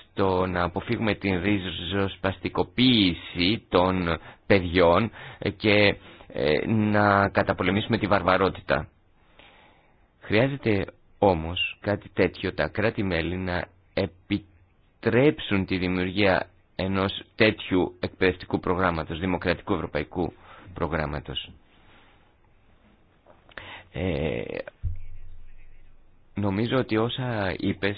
στο να αποφύγουμε την ριζοσπαστικοποίηση των παιδιών και ε, να καταπολεμήσουμε τη βαρβαρότητα. Χρειάζεται όμως κάτι τέτοιο τα κράτη-μέλη να επιτρέψουν τη δημιουργία ενός τέτοιου εκπαιδευτικού προγράμματος, δημοκρατικού ευρωπαϊκού προγράμματος. Ε, νομίζω ότι όσα είπες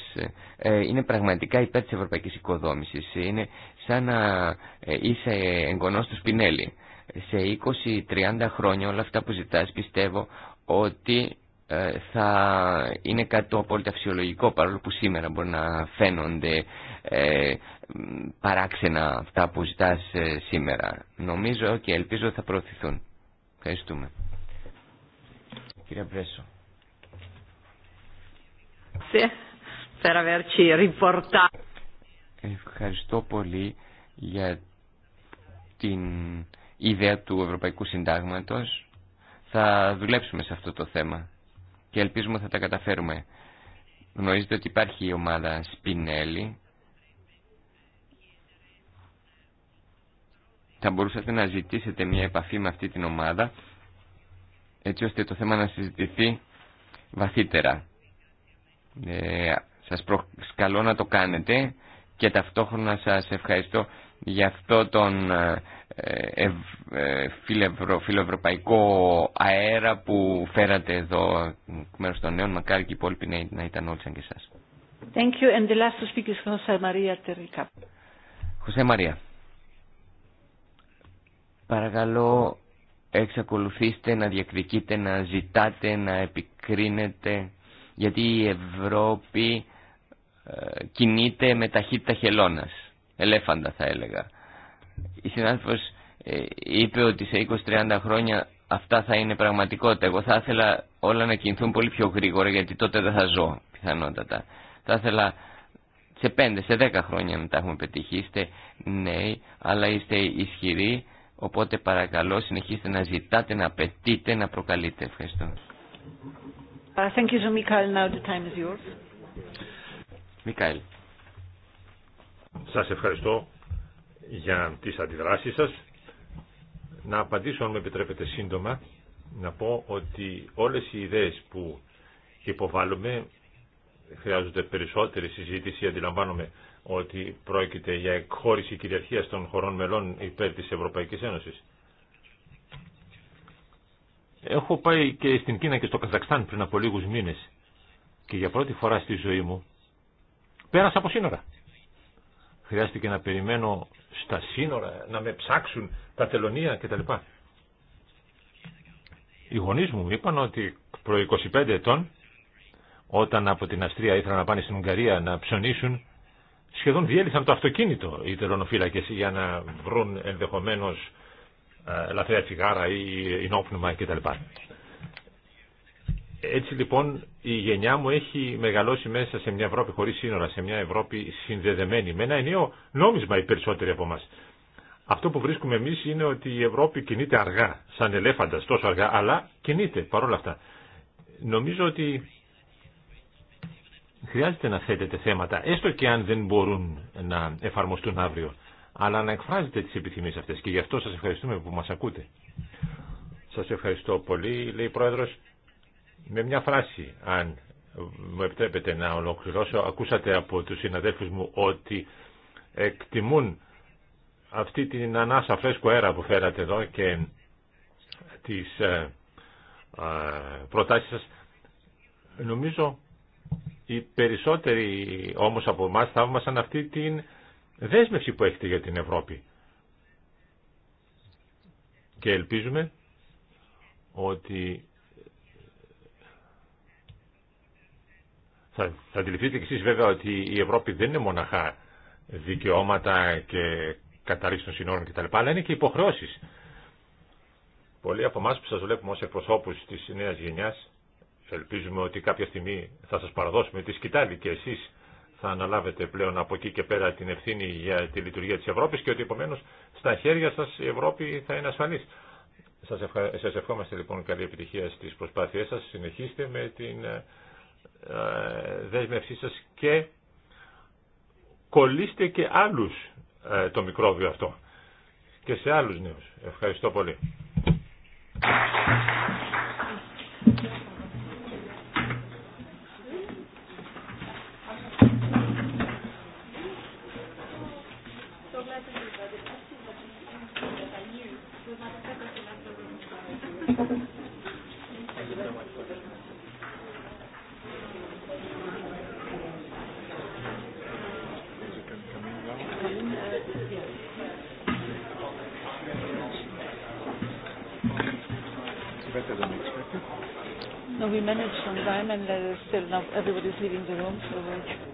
ε, είναι πραγματικά υπέρ της ευρωπαϊκής οικοδόμησης. Είναι σαν να ε, είσαι εγγονός του Σπινέλη. Σε 20-30 χρόνια όλα αυτά που ζητάς πιστεύω ότι ε, θα είναι κάτι το απόλυτα φυσιολογικό παρόλο που σήμερα μπορεί να φαίνονται ε, παράξενα αυτά που ζητάς ε, σήμερα. Νομίζω και ελπίζω ότι θα προωθηθούν. Ευχαριστούμε. Κύριε Πρέσο. Ευχαριστώ πολύ για την ιδέα του Ευρωπαϊκού Συντάγματος. Θα δουλέψουμε σε αυτό το θέμα και ελπίζουμε θα τα καταφέρουμε. Γνωρίζετε ότι υπάρχει η ομάδα Σπινέλη. Θα μπορούσατε να ζητήσετε μια επαφή με αυτή την ομάδα έτσι ώστε το θέμα να συζητηθεί βαθύτερα. Ε, σας προσκαλώ να το κάνετε και ταυτόχρονα σας ευχαριστώ για αυτό τον ε, ε, ε, φιλοευρωπαϊκό αέρα που φέρατε εδώ μέρος των νέων. Μακάρι και οι υπόλοιποι να ήταν όλοι σαν και εσά. χωσέ Μαρία Παρακαλώ εξακολουθήστε να διακρικείτε, να ζητάτε, να επικρίνετε γιατί η Ευρώπη ε, κινείται με ταχύτητα χελώνας. Ελέφαντα θα έλεγα. Η συνάδελφος ε, είπε ότι σε 20-30 χρόνια αυτά θα είναι πραγματικότητα. Εγώ θα ήθελα όλα να κινηθούν πολύ πιο γρήγορα γιατί τότε δεν θα ζω πιθανότατα. Θα ήθελα σε 5, σε 10 χρόνια να τα έχουμε πετύχει. Είστε νέοι αλλά είστε ισχυροί οπότε παρακαλώ συνεχίστε να ζητάτε, να απαιτείτε, να προκαλείτε. Ευχαριστώ. Uh, thank Σας ευχαριστώ για τις αντιδράσεις σας. Να απαντήσω αν με επιτρέπετε σύντομα. Να πω ότι όλες οι ιδέες που υποβάλλουμε χρειάζονται περισσότερη συζήτηση. Αντιλαμβάνομαι ότι πρόκειται για εκχώρηση κυριαρχίας των χωρών μελών υπέρ της Ευρωπαϊκής Ένωσης. Έχω πάει και στην Κίνα και στο Καζακστάν πριν από λίγους μήνες και για πρώτη φορά στη ζωή μου πέρασα από σύνορα. Χρειάστηκε να περιμένω στα σύνορα, να με ψάξουν τα τελωνία κτλ. Οι γονεί μου είπαν ότι προ 25 ετών, όταν από την Αστρία ήθελαν να πάνε στην Ουγγαρία να ψωνίσουν, σχεδόν διέλυσαν το αυτοκίνητο οι τελωνοφύλακε για να βρουν ενδεχομένως ε, λαθρέα τσιγάρα ή ενόπνευμα κτλ. Έτσι λοιπόν η γενιά μου έχει μεγαλώσει μέσα σε μια Ευρώπη χωρίς σύνορα, σε μια Ευρώπη συνδεδεμένη, με ένα ενίο νόμισμα οι περισσότεροι από μας. Αυτό που βρίσκουμε εμείς είναι ότι η Ευρώπη κινείται αργά, σαν ελέφαντας τόσο αργά, αλλά κινείται παρόλα αυτά. Νομίζω ότι χρειάζεται να θέτετε θέματα, έστω και αν δεν μπορούν να εφαρμοστούν αύριο, αλλά να εκφράζετε τις επιθυμίες αυτές και γι' αυτό σας ευχαριστούμε που μας ακούτε. Σας ευχαριστώ πολύ, λέει η Πρόεδρος. Με μια φράση, αν μου επιτρέπετε να ολοκληρώσω, ακούσατε από τους συναδέλφους μου ότι εκτιμούν αυτή την ανάσα φρέσκο αέρα που φέρατε εδώ και τις ε, ε, προτάσεις σας. Νομίζω οι περισσότεροι όμως από εμά θαύμασαν αυτή την δέσμευση που έχετε για την Ευρώπη. Και ελπίζουμε ότι Θα αντιληφθείτε κι εσείς βέβαια ότι η Ευρώπη δεν είναι μοναχά δικαιώματα και καταρρύψει των συνόρων κτλ. Αλλά είναι και υποχρεώσεις. Πολλοί από εμά που σας βλέπουμε ως εκπροσώπους της νέας γενιάς ελπίζουμε ότι κάποια στιγμή θα σας παραδώσουμε τη σκητάλη και εσείς θα αναλάβετε πλέον από εκεί και πέρα την ευθύνη για τη λειτουργία της Ευρώπης και ότι επομένω στα χέρια σας η Ευρώπη θα είναι ασφαλής. Σας, ευχα... σας ευχόμαστε λοιπόν καλή επιτυχία στις προσπάθειές σας. Συνεχίστε με την ε, ε, δέσμευσή σας και κολλήστε και άλλους ε, το μικρόβιο αυτό και σε άλλους νέους. Ευχαριστώ πολύ. No, we managed on time, and uh, still now everybody's leaving the room, so. we'll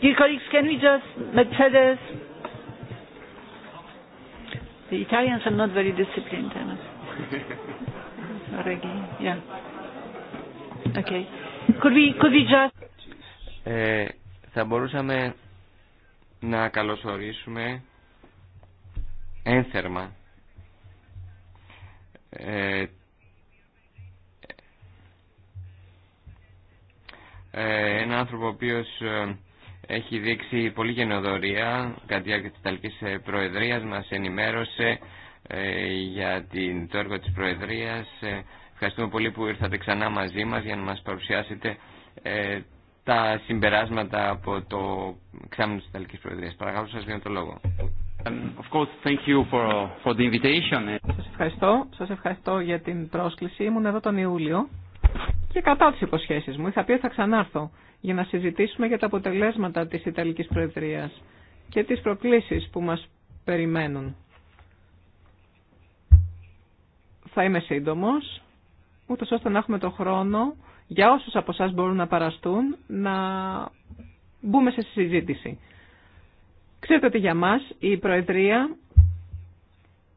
Dear colleagues, can we just, Mercedes? The Italians are not very disciplined, I must. Again. Yeah. Okay. Could we, could we just... Ε, θα μπορούσαμε να καλωσορίσουμε ένθερμα ε, ε, ένα άνθρωπο ο οποίος έχει δείξει πολύ γενοδορία κατά τη διάρκεια της Ιταλικής ε, Προεδρίας, μας ενημέρωσε ε, για την, το έργο της Προεδρίας. Ε, ευχαριστούμε πολύ που ήρθατε ξανά μαζί μας για να μας παρουσιάσετε τα συμπεράσματα από το εξάμεινο της Ιταλικής Προεδρίας. Παρακαλώ σας δίνω το λόγο. Of course, thank you for, for the invitation. ευχαριστώ. Σας ευχαριστώ για την πρόσκληση. Ήμουν εδώ τον Ιούλιο και κατά τις υποσχέσει μου. Είχα πει θα ξανάρθω για να συζητήσουμε για τα αποτελέσματα της ιταλική Προεδρίας και τις προκλήσεις που μας περιμένουν. Θα είμαι σύντομο, ούτω ώστε να έχουμε το χρόνο για όσους από εσά μπορούν να παραστούν να μπούμε σε συζήτηση. Ξέρετε ότι για μας η Προεδρία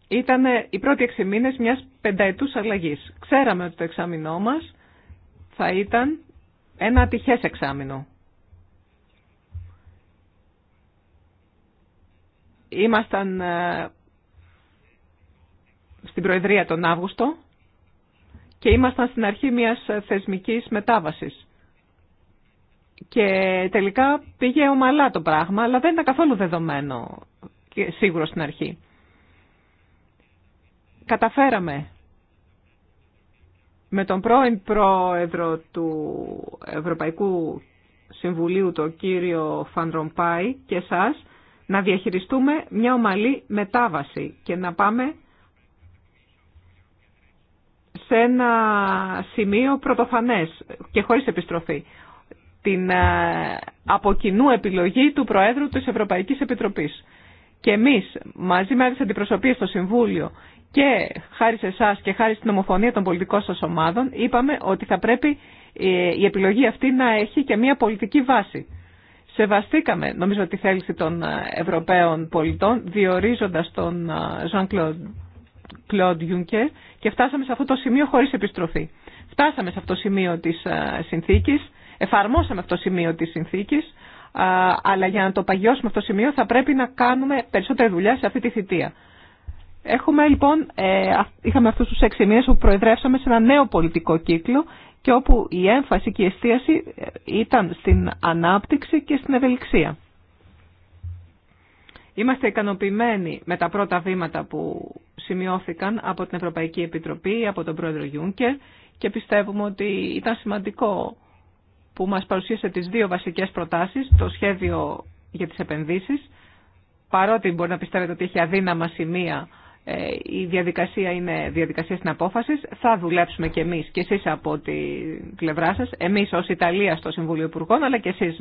ήταν οι πρώτοι έξι μήνες μιας πενταετούς αλλαγής. Ξέραμε ότι το εξάμεινό μας θα ήταν ένα ατυχές εξάμεινο. Ήμασταν ε, στην Προεδρία τον Αύγουστο και ήμασταν στην αρχή μιας ε, θεσμικής μετάβασης. Και τελικά πήγε ομαλά το πράγμα, αλλά δεν ήταν καθόλου δεδομένο σίγουρο στην αρχή. Καταφέραμε με τον πρώην πρόεδρο του Ευρωπαϊκού Συμβουλίου, τον κύριο Φανρομπάη και σας να διαχειριστούμε μια ομαλή μετάβαση και να πάμε σε ένα σημείο πρωτοφανές και χωρίς επιστροφή. Την ε, αποκοινού επιλογή του Προέδρου της Ευρωπαϊκής Επιτροπής και εμείς μαζί με άλλες αντιπροσωπείες στο Συμβούλιο και χάρη σε εσά και χάρη στην ομοφωνία των πολιτικών σας ομάδων είπαμε ότι θα πρέπει ε, η επιλογή αυτή να έχει και μια πολιτική βάση. Σεβαστήκαμε νομίζω τη θέληση των ε, Ευρωπαίων πολιτών διορίζοντας τον ε, Jean-Claude Juncker και φτάσαμε σε αυτό το σημείο χωρίς επιστροφή. Φτάσαμε σε αυτό το σημείο της συνθήκης, εφαρμόσαμε αυτό το σημείο της συνθήκης αλλά για να το παγιώσουμε αυτό το σημείο θα πρέπει να κάνουμε περισσότερη δουλειά σε αυτή τη θητεία. Έχουμε λοιπόν, ε, είχαμε αυτούς τους έξι μήνες που προεδρεύσαμε σε ένα νέο πολιτικό κύκλο και όπου η έμφαση και η εστίαση ε, ήταν στην ανάπτυξη και στην ευελιξία. Είμαστε ικανοποιημένοι με τα πρώτα βήματα που σημειώθηκαν από την Ευρωπαϊκή Επιτροπή, από τον πρόεδρο Γιούνκερ και πιστεύουμε ότι ήταν σημαντικό που μας παρουσίασε τις δύο βασικές προτάσεις, το σχέδιο για τις επενδύσεις, παρότι μπορεί να πιστεύετε ότι έχει αδύναμα σημεία, ε, η διαδικασία είναι διαδικασία στην απόφαση. Θα δουλέψουμε κι εμείς και εσείς από τη πλευρά σας, εμείς ως Ιταλία στο Συμβούλιο Υπουργών, αλλά και εσείς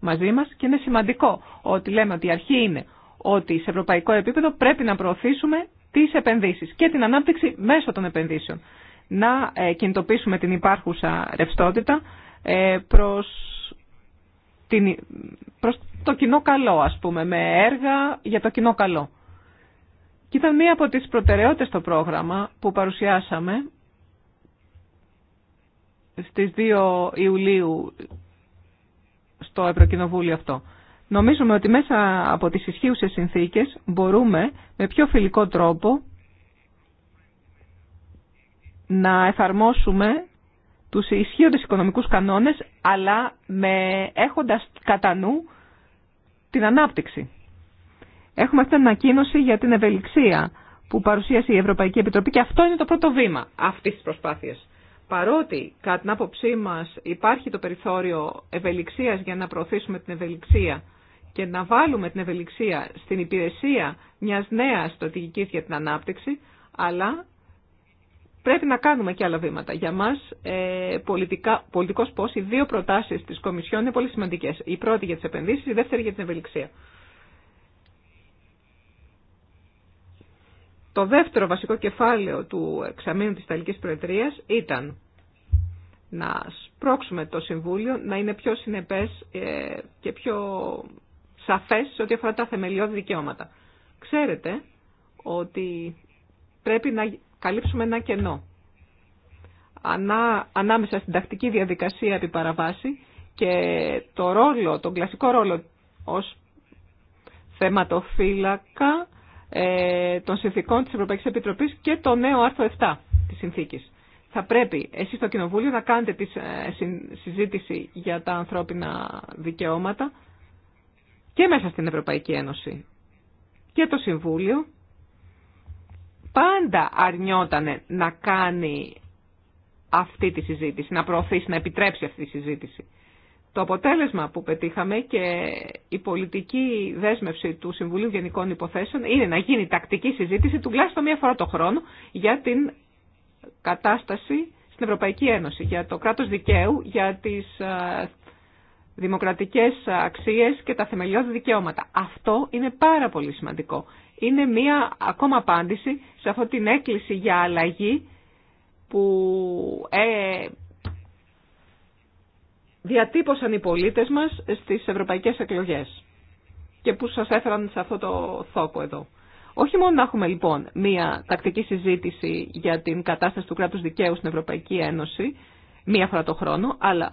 μαζί μας. Και είναι σημαντικό ότι λέμε ότι η αρχή είναι ότι σε ευρωπαϊκό επίπεδο πρέπει να προωθήσουμε τις επενδύσεις και την ανάπτυξη μέσω των επενδύσεων. Να ε, κινητοποιήσουμε την υπάρχουσα ρευστότητα, ε, προς, την, προς το κοινό καλό, ας πούμε, με έργα για το κοινό καλό. Και ήταν μία από τις προτεραιότητες στο πρόγραμμα που παρουσιάσαμε στις 2 Ιουλίου στο Ευρωκοινοβούλιο αυτό. Νομίζουμε ότι μέσα από τις ισχύουσες συνθήκες μπορούμε με πιο φιλικό τρόπο να εφαρμόσουμε τους ισχύοντες οικονομικούς κανόνες, αλλά με, έχοντας κατά νου την ανάπτυξη. Έχουμε αυτή την ανακοίνωση για την ευελιξία που παρουσίασε η Ευρωπαϊκή Επιτροπή και αυτό είναι το πρώτο βήμα αυτής της προσπάθειας. Παρότι, κατά την άποψή μας, υπάρχει το περιθώριο ευελιξίας για να προωθήσουμε την ευελιξία και να βάλουμε την ευελιξία στην υπηρεσία μιας νέας στρατηγικής για την ανάπτυξη, αλλά πρέπει να κάνουμε και άλλα βήματα. Για μας, ε, πολιτικά, πολιτικός οι δύο προτάσεις τη Κομισιόν είναι πολύ σημαντικέ. Η πρώτη για τι επενδύσει, η δεύτερη για την ευελιξία. Το δεύτερο βασικό κεφάλαιο του εξαμήνου της Ιταλικής Προεδρίας ήταν να σπρώξουμε το Συμβούλιο να είναι πιο συνεπές ε, και πιο σαφές σε ό,τι αφορά τα θεμελιώδη δικαιώματα. Ξέρετε ότι πρέπει να καλύψουμε ένα κενό ανά, ανάμεσα στην τακτική διαδικασία επί και το ρόλο, τον κλασικό ρόλο ως θεματοφύλακα ε, των συνθήκων της Ευρωπαϊκής Επιτροπής και το νέο άρθρο 7 της συνθήκης. Θα πρέπει εσείς στο Κοινοβούλιο να κάνετε τη ε, συζήτηση για τα ανθρώπινα δικαιώματα και μέσα στην Ευρωπαϊκή Ένωση και το Συμβούλιο πάντα αρνιότανε να κάνει αυτή τη συζήτηση, να προωθήσει, να επιτρέψει αυτή τη συζήτηση. Το αποτέλεσμα που πετύχαμε και η πολιτική δέσμευση του Συμβουλίου Γενικών Υποθέσεων είναι να γίνει τακτική συζήτηση τουλάχιστον μία φορά το χρόνο για την κατάσταση στην Ευρωπαϊκή Ένωση, για το κράτος δικαίου, για τις ε, δημοκρατικές αξίες και τα θεμελιώδη δικαιώματα. Αυτό είναι πάρα πολύ σημαντικό είναι μία ακόμα απάντηση σε αυτή την έκκληση για αλλαγή που ε, διατύπωσαν οι πολίτες μας στις ευρωπαϊκές εκλογές και που σας έφεραν σε αυτό το θόκο εδώ. Όχι μόνο να έχουμε λοιπόν μία τακτική συζήτηση για την κατάσταση του κράτους δικαίου στην Ευρωπαϊκή Ένωση μία φορά το χρόνο, αλλά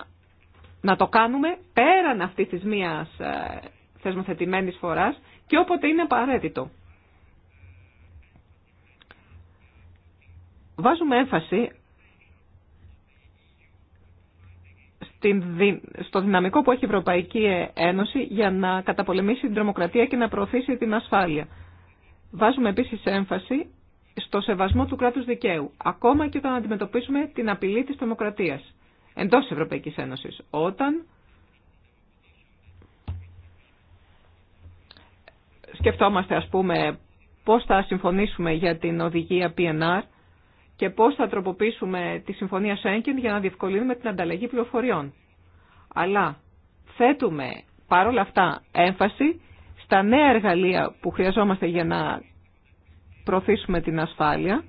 να το κάνουμε πέραν αυτή της μίας ε, θεσμοθετημένης φοράς και όποτε είναι απαραίτητο. βάζουμε έμφαση στο δυναμικό που έχει η Ευρωπαϊκή Ένωση για να καταπολεμήσει την τρομοκρατία και να προωθήσει την ασφάλεια. Βάζουμε επίσης έμφαση στο σεβασμό του κράτους δικαίου, ακόμα και όταν αντιμετωπίζουμε την απειλή της τρομοκρατίας εντός Ευρωπαϊκής Ένωσης, όταν σκεφτόμαστε ας πούμε πώς θα συμφωνήσουμε για την οδηγία PNR και πώς θα τροποποιήσουμε τη Συμφωνία Σέγγεν για να διευκολύνουμε την ανταλλαγή πληροφοριών. Αλλά θέτουμε παρόλα αυτά έμφαση στα νέα εργαλεία που χρειαζόμαστε για να προωθήσουμε την ασφάλεια.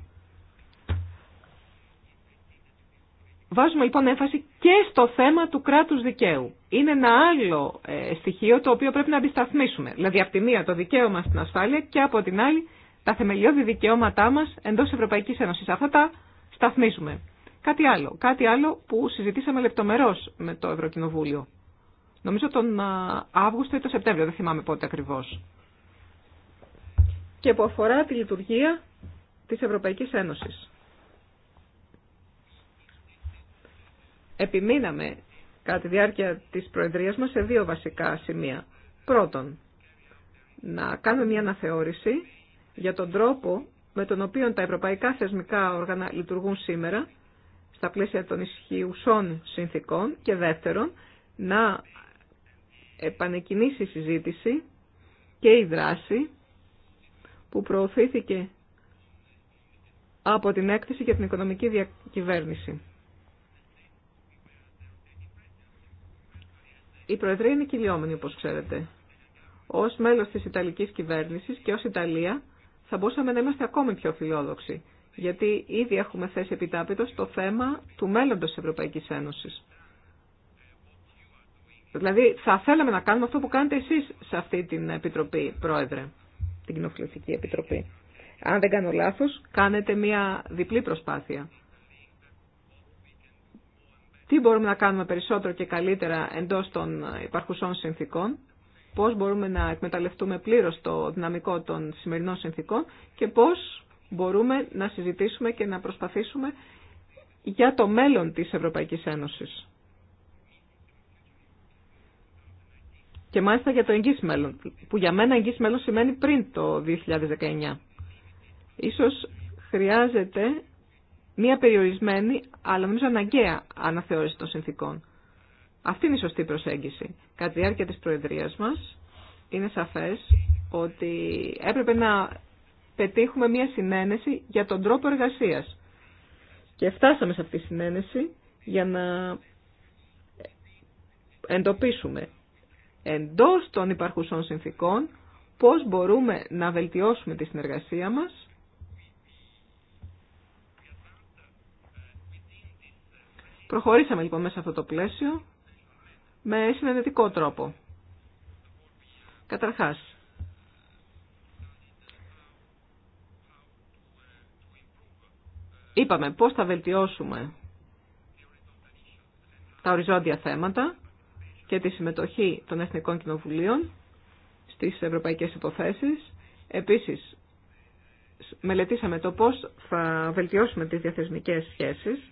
Βάζουμε λοιπόν έμφαση και στο θέμα του κράτους δικαίου. Είναι ένα άλλο ε, στοιχείο το οποίο πρέπει να αντισταθμίσουμε. Δηλαδή από τη μία το δικαίωμα στην ασφάλεια και από την άλλη τα θεμελιώδη δικαιώματά μας εντός Ευρωπαϊκής Ένωση. Αυτά τα σταθμίζουμε. Κάτι άλλο, κάτι άλλο που συζητήσαμε λεπτομερώς με το Ευρωκοινοβούλιο. Νομίζω τον Αύγουστο ή τον Σεπτέμβριο, δεν θυμάμαι πότε ακριβώς. Και που αφορά τη λειτουργία της Ευρωπαϊκής Ένωσης. Επιμείναμε κατά τη διάρκεια της Προεδρίας μας σε δύο βασικά σημεία. Πρώτον, να κάνουμε μια αναθεώρηση για τον τρόπο με τον οποίο τα ευρωπαϊκά θεσμικά όργανα λειτουργούν σήμερα στα πλαίσια των ισχυουσών συνθήκων και δεύτερον να επανεκκινήσει η συζήτηση και η δράση που προωθήθηκε από την έκθεση για την οικονομική διακυβέρνηση. Η Προεδρία είναι κυλιόμενη, όπως ξέρετε. Ως μέλος της Ιταλικής κυβέρνησης και ως Ιταλία θα μπορούσαμε να είμαστε ακόμη πιο φιλόδοξοι, γιατί ήδη έχουμε θέσει επιτάπητο το θέμα του μέλλοντος της Ευρωπαϊκής Ένωσης. Δηλαδή, θα θέλαμε να κάνουμε αυτό που κάνετε εσείς σε αυτή την Επιτροπή, Πρόεδρε, την Κοινοβουλευτική Επιτροπή. Αν δεν κάνω λάθος, κάνετε μία διπλή προσπάθεια. Τι μπορούμε να κάνουμε περισσότερο και καλύτερα εντός των υπαρχουσών συνθήκων, πώς μπορούμε να εκμεταλλευτούμε πλήρως το δυναμικό των σημερινών συνθήκων και πώς μπορούμε να συζητήσουμε και να προσπαθήσουμε για το μέλλον της Ευρωπαϊκής Ένωσης. Και μάλιστα για το εγγύς μέλλον, που για μένα εγγύς μέλλον σημαίνει πριν το 2019. Ίσως χρειάζεται μία περιορισμένη, αλλά νομίζω αναγκαία αναθεώρηση των συνθήκων. Αυτή είναι η σωστή προσέγγιση. Κατά τη διάρκεια της Προεδρίας μας είναι σαφές ότι έπρεπε να πετύχουμε μια συνένεση για τον τρόπο εργασίας. Και φτάσαμε σε αυτή τη συνένεση για να εντοπίσουμε εντός των υπαρχουσών συνθήκων πώς μπορούμε να βελτιώσουμε τη συνεργασία μας Προχωρήσαμε λοιπόν μέσα σε αυτό το πλαίσιο με συνενετικό τρόπο. Καταρχάς, είπαμε πώς θα βελτιώσουμε τα οριζόντια θέματα και τη συμμετοχή των Εθνικών Κοινοβουλίων στις ευρωπαϊκές υποθέσεις. Επίσης, μελετήσαμε το πώς θα βελτιώσουμε τις διαθεσμικές σχέσεις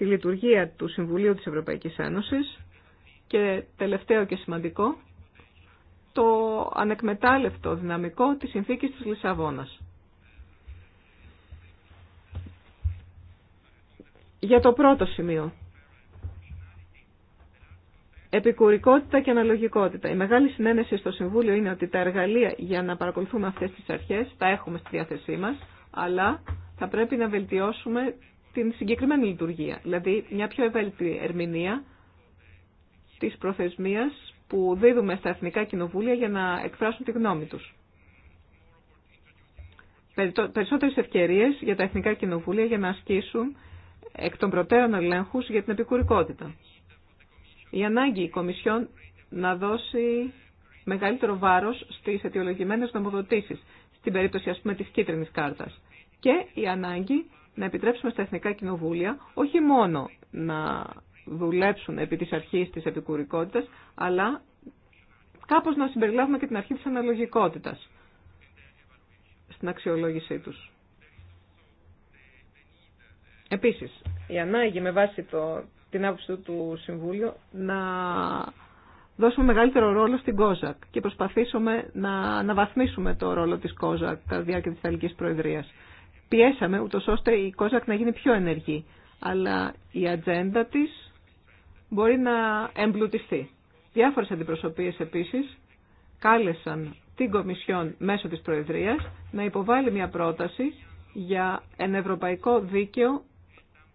τη λειτουργία του Συμβουλίου της Ευρωπαϊκής Ένωσης και τελευταίο και σημαντικό, το ανεκμετάλλευτο δυναμικό της συνθήκης της Λισαβόνας. Για το πρώτο σημείο. Επικουρικότητα και αναλογικότητα. Η μεγάλη συνένεση στο Συμβούλιο είναι ότι τα εργαλεία για να παρακολουθούμε αυτές τις αρχές τα έχουμε στη διάθεσή μας, αλλά θα πρέπει να βελτιώσουμε την συγκεκριμένη λειτουργία. Δηλαδή μια πιο ευέλικτη ερμηνεία της προθεσμίας που δίδουμε στα εθνικά κοινοβούλια για να εκφράσουν τη γνώμη τους. Περισσότερες ευκαιρίες για τα εθνικά κοινοβούλια για να ασκήσουν εκ των προτέρων ελέγχους για την επικουρικότητα. Η ανάγκη η Κομισιόν να δώσει μεγαλύτερο βάρος στις αιτιολογημένες νομοδοτήσεις, στην περίπτωση ας πούμε της κίτρινης κάρτας. Και η ανάγκη να επιτρέψουμε στα εθνικά κοινοβούλια όχι μόνο να δουλέψουν επί της αρχής της επικουρικότητας, αλλά κάπως να συμπεριλάβουμε και την αρχή της αναλογικότητας στην αξιολόγησή τους. Επίσης, η ανάγκη με βάση το, την άποψη του, του Συμβούλιο να δώσουμε μεγαλύτερο ρόλο στην Κόζακ και προσπαθήσουμε να αναβαθμίσουμε το ρόλο της Κόζακ κατά διάρκεια της Ιταλικής Προεδρίας πιέσαμε ούτω ώστε η Κόζακ να γίνει πιο ενεργή. Αλλά η ατζέντα της μπορεί να εμπλουτιστεί. Διάφορε αντιπροσωπείε επίση κάλεσαν την Κομισιόν μέσω της Προεδρίας να υποβάλει μια πρόταση για ένα ευρωπαϊκό δίκαιο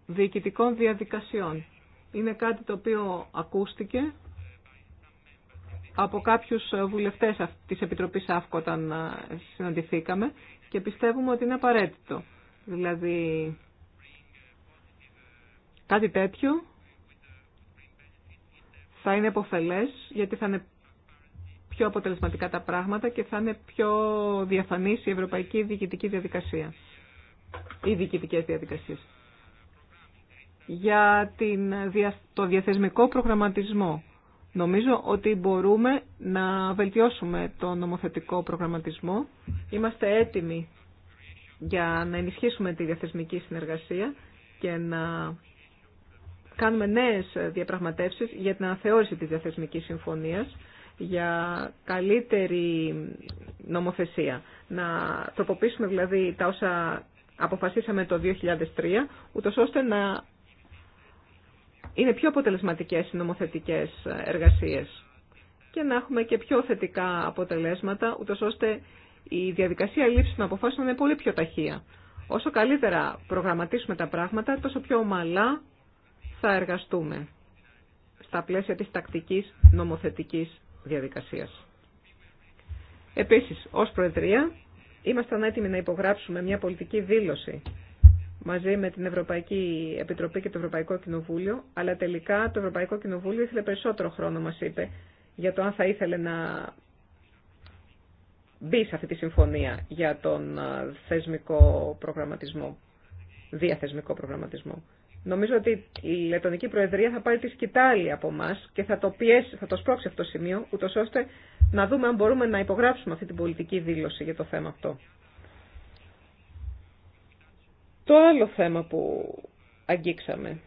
διοικητικών διαδικασιών. Είναι κάτι το οποίο ακούστηκε από κάποιους βουλευτές της Επιτροπής ΑΦΚΟ όταν ε, συναντηθήκαμε και πιστεύουμε ότι είναι απαραίτητο. Δηλαδή, κάτι τέτοιο θα είναι επωφελές γιατί θα είναι πιο αποτελεσματικά τα πράγματα και θα είναι πιο διαφανής η ευρωπαϊκή διοικητική διαδικασία ή διοικητικές διαδικασίες. Για την, το διαθεσμικό προγραμματισμό Νομίζω ότι μπορούμε να βελτιώσουμε τον νομοθετικό προγραμματισμό. Είμαστε έτοιμοι για να ενισχύσουμε τη διαθεσμική συνεργασία και να κάνουμε νέες διαπραγματεύσεις για την αναθεώρηση της διαθεσμικής συμφωνίας για καλύτερη νομοθεσία. Να τροποποιήσουμε δηλαδή τα όσα αποφασίσαμε το 2003, ούτως ώστε να είναι πιο αποτελεσματικές οι νομοθετικές εργασίες και να έχουμε και πιο θετικά αποτελέσματα, ούτω ώστε η διαδικασία λήψη των αποφάσεων να είναι πολύ πιο ταχεία. Όσο καλύτερα προγραμματίσουμε τα πράγματα, τόσο πιο ομαλά θα εργαστούμε στα πλαίσια της τακτικής νομοθετικής διαδικασίας. Επίσης, ως Προεδρία, ήμασταν έτοιμοι να υπογράψουμε μια πολιτική δήλωση μαζί με την Ευρωπαϊκή Επιτροπή και το Ευρωπαϊκό Κοινοβούλιο, αλλά τελικά το Ευρωπαϊκό Κοινοβούλιο ήθελε περισσότερο χρόνο, μας είπε, για το αν θα ήθελε να μπει σε αυτή τη συμφωνία για τον θεσμικό προγραμματισμό, διαθεσμικό προγραμματισμό. Νομίζω ότι η Λετωνική Προεδρία θα πάρει τη σκητάλη από εμά και θα το, πιέσει, θα το σπρώξει αυτό το σημείο, ούτω ώστε να δούμε αν μπορούμε να υπογράψουμε αυτή την πολιτική δήλωση για το θέμα αυτό. Το άλλο θέμα που αγγίξαμε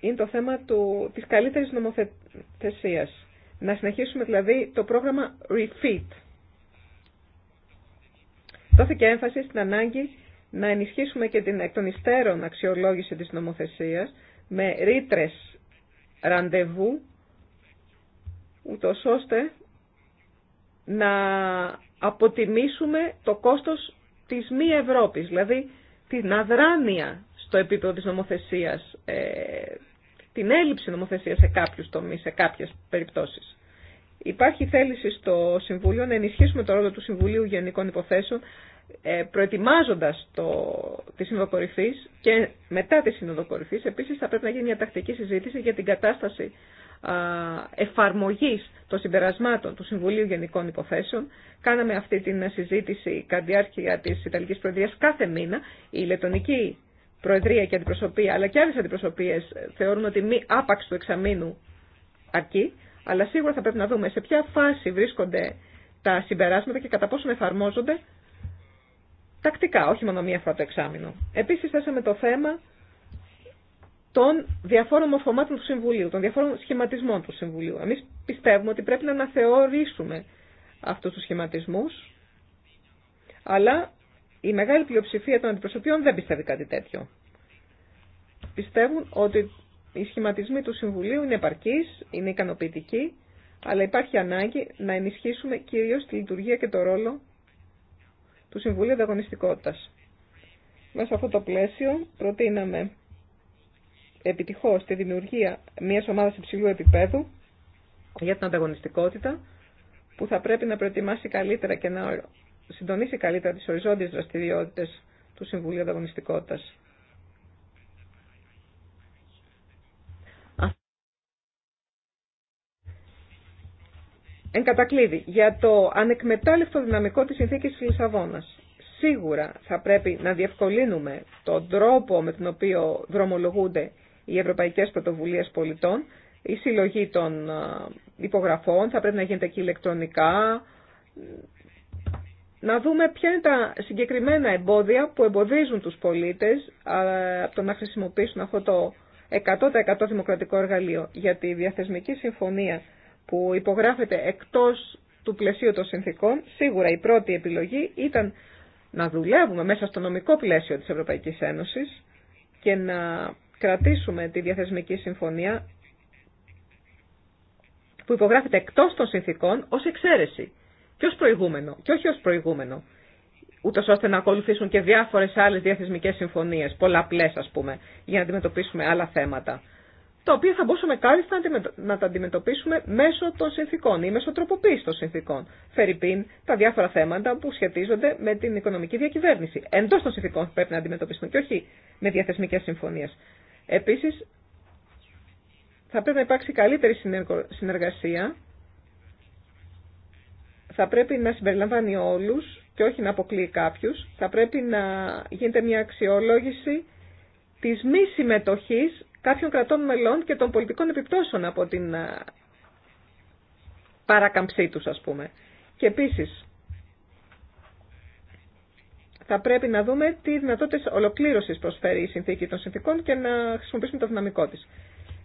είναι το θέμα του, της καλύτερης νομοθεσίας. Να συνεχίσουμε δηλαδή το πρόγραμμα REFIT. Δόθηκε έμφαση στην ανάγκη να ενισχύσουμε και την εκ των υστέρων αξιολόγηση της νομοθεσίας με ρήτρε ραντεβού, ούτω ώστε να αποτιμήσουμε το κόστος της μη Ευρώπης, δηλαδή την αδράνεια στο επίπεδο της νομοθεσίας, ε, την έλλειψη νομοθεσίας σε κάποιους τομείς, σε κάποιες περιπτώσεις. Υπάρχει θέληση στο Συμβούλιο να ενισχύσουμε το ρόλο του Συμβουλίου Γενικών Υποθέσεων ε, προετοιμάζοντας το, τη Σύνοδο και μετά τη Σύνοδο Επίσης θα πρέπει να γίνει μια τακτική συζήτηση για την κατάσταση εφαρμογής των συμπερασμάτων του Συμβουλίου Γενικών Υποθέσεων. Κάναμε αυτή την συζήτηση κατά τη διάρκεια της Ιταλικής Προεδρίας κάθε μήνα. Η Λετωνική Προεδρία και Αντιπροσωπεία, αλλά και άλλες αντιπροσωπείες ε, θεωρούν ότι μη άπαξ του εξαμήνου αρκεί, αλλά σίγουρα θα πρέπει να δούμε σε ποια φάση βρίσκονται τα συμπεράσματα και κατά πόσο εφαρμόζονται τακτικά, όχι μόνο μία φορά το εξάμεινο. Επίσης θέσαμε το θέμα των διαφόρων μορφωμάτων του Συμβουλίου, των διαφόρων σχηματισμών του Συμβουλίου. Εμεί πιστεύουμε ότι πρέπει να αναθεωρήσουμε αυτού του σχηματισμού, αλλά η μεγάλη πλειοψηφία των αντιπροσωπείων δεν πιστεύει κάτι τέτοιο. Πιστεύουν ότι οι σχηματισμοί του Συμβουλίου είναι επαρκεί, είναι ικανοποιητικοί, αλλά υπάρχει ανάγκη να ενισχύσουμε κυρίω τη λειτουργία και το ρόλο του Συμβουλίου διαγωνιστικότητα. Μέσα σε αυτό το πλαίσιο προτείναμε επιτυχώς τη δημιουργία μιας ομάδας υψηλού επίπεδου για την ανταγωνιστικότητα που θα πρέπει να προετοιμάσει καλύτερα και να συντονίσει καλύτερα τις οριζόντιες δραστηριότητες του Συμβουλίου Ανταγωνιστικότητας. Εν κατακλείδη, για το ανεκμετάλλευτο δυναμικό της συνθήκης της Λισαβόνας. Σίγουρα θα πρέπει να διευκολύνουμε τον τρόπο με τον οποίο δρομολογούνται οι Ευρωπαϊκές Πρωτοβουλίες Πολιτών. Η συλλογή των ε, υπογραφών θα πρέπει να γίνεται και ηλεκτρονικά. Να δούμε ποια είναι τα συγκεκριμένα εμπόδια που εμποδίζουν τους πολίτες από το να χρησιμοποιήσουν αυτό το 100% δημοκρατικό εργαλείο για τη διαθεσμική συμφωνία που υπογράφεται εκτός του πλαισίου των συνθήκων. Σίγουρα η πρώτη επιλογή ήταν να δουλεύουμε μέσα στο νομικό πλαίσιο της Ευρωπαϊκής Ένωσης και να κρατήσουμε τη διαθεσμική συμφωνία που υπογράφεται εκτός των συνθήκων ως εξαίρεση και ως προηγούμενο και όχι ως προηγούμενο ούτως ώστε να ακολουθήσουν και διάφορες άλλες διαθεσμικές συμφωνίες, πολλαπλές ας πούμε, για να αντιμετωπίσουμε άλλα θέματα, τα οποία θα μπορούσαμε κάλλιστα να τα αντιμετωπίσουμε μέσω των συνθήκων ή μέσω τροποποίηση των συνθήκων. Φερρυπίν, τα διάφορα θέματα που σχετίζονται με την οικονομική διακυβέρνηση. Εντό των συνθήκων πρέπει να αντιμετωπιστούν και όχι με διαθεσμικέ συμφωνίε. Επίσης, θα πρέπει να υπάρξει καλύτερη συνεργασία. Θα πρέπει να συμπεριλαμβάνει όλους και όχι να αποκλείει κάποιους. Θα πρέπει να γίνεται μια αξιολόγηση της μη συμμετοχής κάποιων κρατών μελών και των πολιτικών επιπτώσεων από την ε, παρακαμψή τους, ας πούμε. Και επίσης, θα πρέπει να δούμε τι δυνατότητε ολοκλήρωση προσφέρει η συνθήκη των συνθήκων και να χρησιμοποιήσουμε το δυναμικό τη.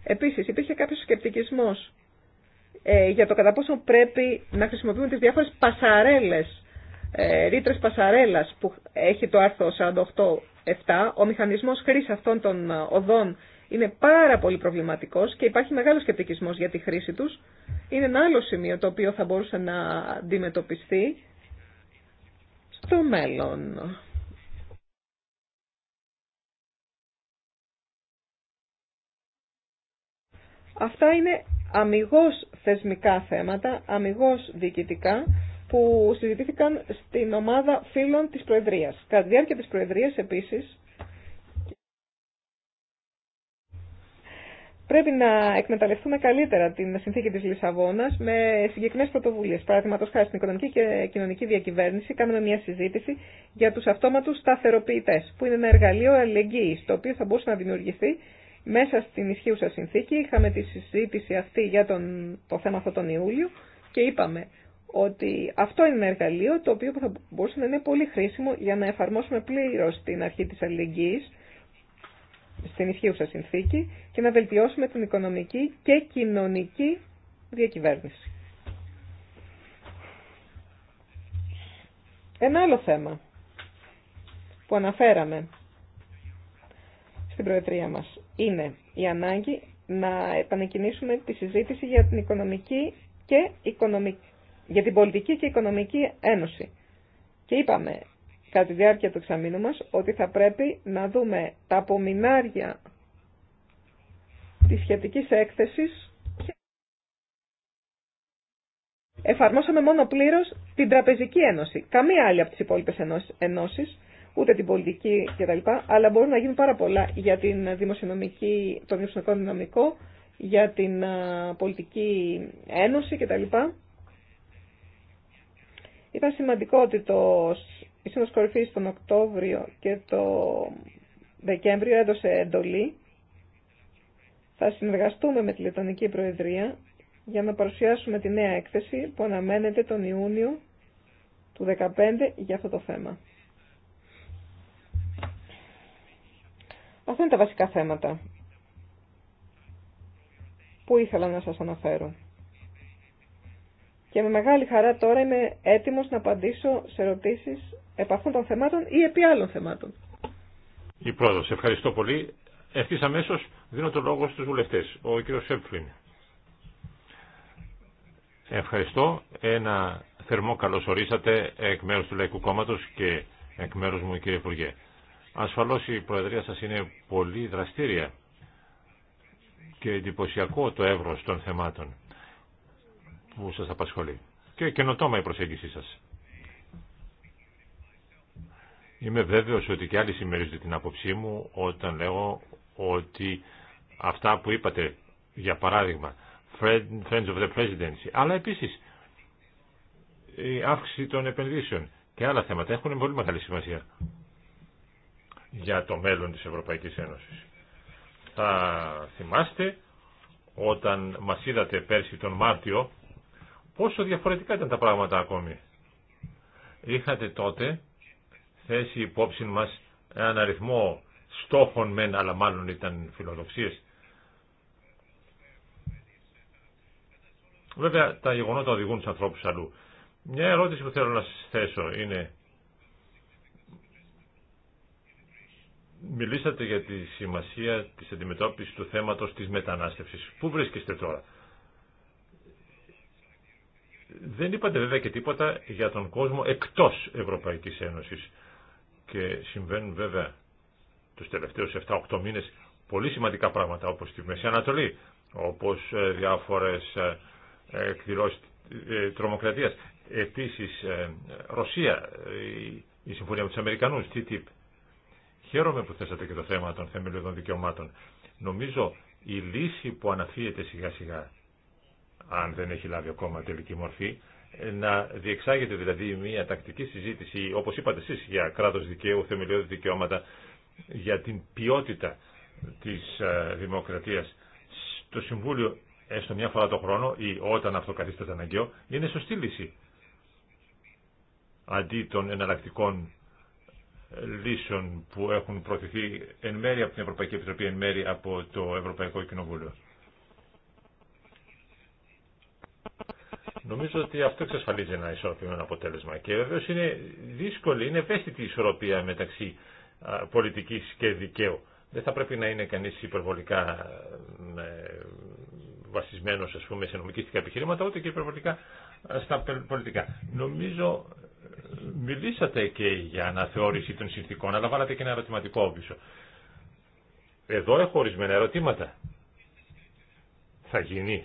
Επίση, υπήρχε κάποιο σκεπτικισμό ε, για το κατά πόσο πρέπει να χρησιμοποιούμε τι διάφορε πασαρέλε, ε, ρήτρε πασαρέλα που έχει το άρθρο 48 48-7. Ο μηχανισμό χρήση αυτών των οδών είναι πάρα πολύ προβληματικό και υπάρχει μεγάλο σκεπτικισμό για τη χρήση του. Είναι ένα άλλο σημείο το οποίο θα μπορούσε να αντιμετωπιστεί στο μέλλον. Αυτά είναι αμυγός θεσμικά θέματα, αμυγός διοικητικά, που συζητήθηκαν στην ομάδα φίλων της Προεδρίας. Κατά τη διάρκεια της Προεδρίας, επίσης, Πρέπει να εκμεταλλευτούμε καλύτερα την συνθήκη τη Λισαβόνα με συγκεκριμένε πρωτοβουλίε. Παραδείγματο χάρη στην οικονομική και κοινωνική διακυβέρνηση, κάνουμε μια συζήτηση για του αυτόματου σταθεροποιητέ, που είναι ένα εργαλείο αλληλεγγύη, το οποίο θα μπορούσε να δημιουργηθεί μέσα στην ισχύουσα συνθήκη. Είχαμε τη συζήτηση αυτή για τον, το θέμα αυτό τον Ιούλιο και είπαμε ότι αυτό είναι ένα εργαλείο το οποίο θα μπορούσε να είναι πολύ χρήσιμο για να εφαρμόσουμε πλήρω την αρχή τη αλληλεγγύη στην ισχύουσα συνθήκη και να βελτιώσουμε την οικονομική και κοινωνική διακυβέρνηση. Ένα άλλο θέμα που αναφέραμε στην Προεδρία μας είναι η ανάγκη να επανεκκινήσουμε τη συζήτηση για την, οικονομική και οικονομική, για την πολιτική και οικονομική ένωση. Και είπαμε, κατά τη διάρκεια του εξαμήνου μας ότι θα πρέπει να δούμε τα απομεινάρια της σχετικής έκθεσης εφαρμόσαμε μόνο πλήρως την Τραπεζική Ένωση. Καμία άλλη από τις υπόλοιπες ενώσεις, ούτε την πολιτική κτλ. Αλλά μπορούν να γίνουν πάρα πολλά για την δημοσιονομική, το δημοσιονομικό δυναμικό, για την πολιτική ένωση κτλ. Ήταν σημαντικό ότι το η Σύνοδος Κορυφής τον Οκτώβριο και το Δεκέμβριο έδωσε εντολή. Θα συνεργαστούμε με τη Λετωνική Προεδρία για να παρουσιάσουμε τη νέα έκθεση που αναμένεται τον Ιούνιο του 2015 για αυτό το θέμα. Αυτά είναι τα βασικά θέματα που ήθελα να σας αναφέρω. Και με μεγάλη χαρά τώρα είμαι έτοιμος να απαντήσω σε ερωτήσεις επ' αυτών των θεμάτων ή επί άλλων θεμάτων. Η πρόεδρος, ευχαριστώ πολύ. Ευθύ αμέσω δίνω το λόγο στους βουλευτές. Ο κύριος Σέπφλιν. Ευχαριστώ. Ένα θερμό καλώς ορίσατε εκ μέρους του Λαϊκού Κόμματος και εκ μέρους μου κύριε Υπουργέ. Ασφαλώς η Προεδρία σας είναι πολύ δραστήρια και εντυπωσιακό το εύρος των θεμάτων που σας απασχολεί. Και καινοτόμα η προσέγγιση σας. Είμαι βέβαιος ότι και άλλοι συμμερίζονται την άποψή μου όταν λέω ότι αυτά που είπατε, για παράδειγμα, Friends of the Presidency, αλλά επίσης η αύξηση των επενδύσεων και άλλα θέματα έχουν πολύ μεγάλη σημασία για το μέλλον της Ευρωπαϊκής Ένωσης. Θα θυμάστε όταν μας είδατε πέρσι τον Μάρτιο πόσο διαφορετικά ήταν τα πράγματα ακόμη. Είχατε τότε θέσει υπόψη μας έναν αριθμό στόχων μεν, αλλά μάλλον ήταν φιλοδοξίες. Βέβαια τα γεγονότα οδηγούν τους ανθρώπους αλλού. Μια ερώτηση που θέλω να σας θέσω είναι μιλήσατε για τη σημασία της αντιμετώπισης του θέματος της μετανάστευσης. Πού βρίσκεστε τώρα. Δεν είπατε βέβαια και τίποτα για τον κόσμο εκτός Ευρωπαϊκής Ένωσης και συμβαίνουν βέβαια τους τελευταίους 7-8 μήνες πολύ σημαντικά πράγματα όπως στη Μέση Ανατολή, όπως ε, διάφορες ε, ε, εκδηλώσεις τρομοκρατίας. Επίσης Ρωσία, η συμφωνία με τους Αμερικανούς, TTIP. Χαίρομαι που θέσατε και το θέμα των θεμελιωδών δικαιωμάτων. Νομίζω η λύση που αναφύεται σιγά σιγά αν δεν έχει λάβει ακόμα τελική μορφή, ε, να διεξάγεται δηλαδή μια τακτική συζήτηση, όπως είπατε εσείς, για κράτος δικαίου, θεμελιώδη δικαιώματα, για την ποιότητα της ε, δημοκρατίας στο Συμβούλιο έστω μια φορά το χρόνο ή όταν αυτό καθίσταται αναγκαίο, είναι σωστή λύση. Αντί των εναλλακτικών ε, λύσεων που έχουν προωθηθεί εν μέρη από την Ευρωπαϊκή Επιτροπή, εν μέρη από το Ευρωπαϊκό Κοινοβούλιο. Νομίζω ότι αυτό εξασφαλίζει ένα ισορροπημένο αποτέλεσμα. Και βεβαίω είναι δύσκολη, είναι ευαίσθητη η ισορροπία μεταξύ πολιτική και δικαίου. Δεν θα πρέπει να είναι κανεί υπερβολικά βασισμένο ας πούμε, σε νομικίστικα επιχειρήματα, ούτε και υπερβολικά στα πολιτικά. Νομίζω μιλήσατε και για αναθεώρηση των συνθήκων, αλλά βάλατε και ένα ερωτηματικό πίσω. Εδώ έχω ορισμένα ερωτήματα. Θα γίνει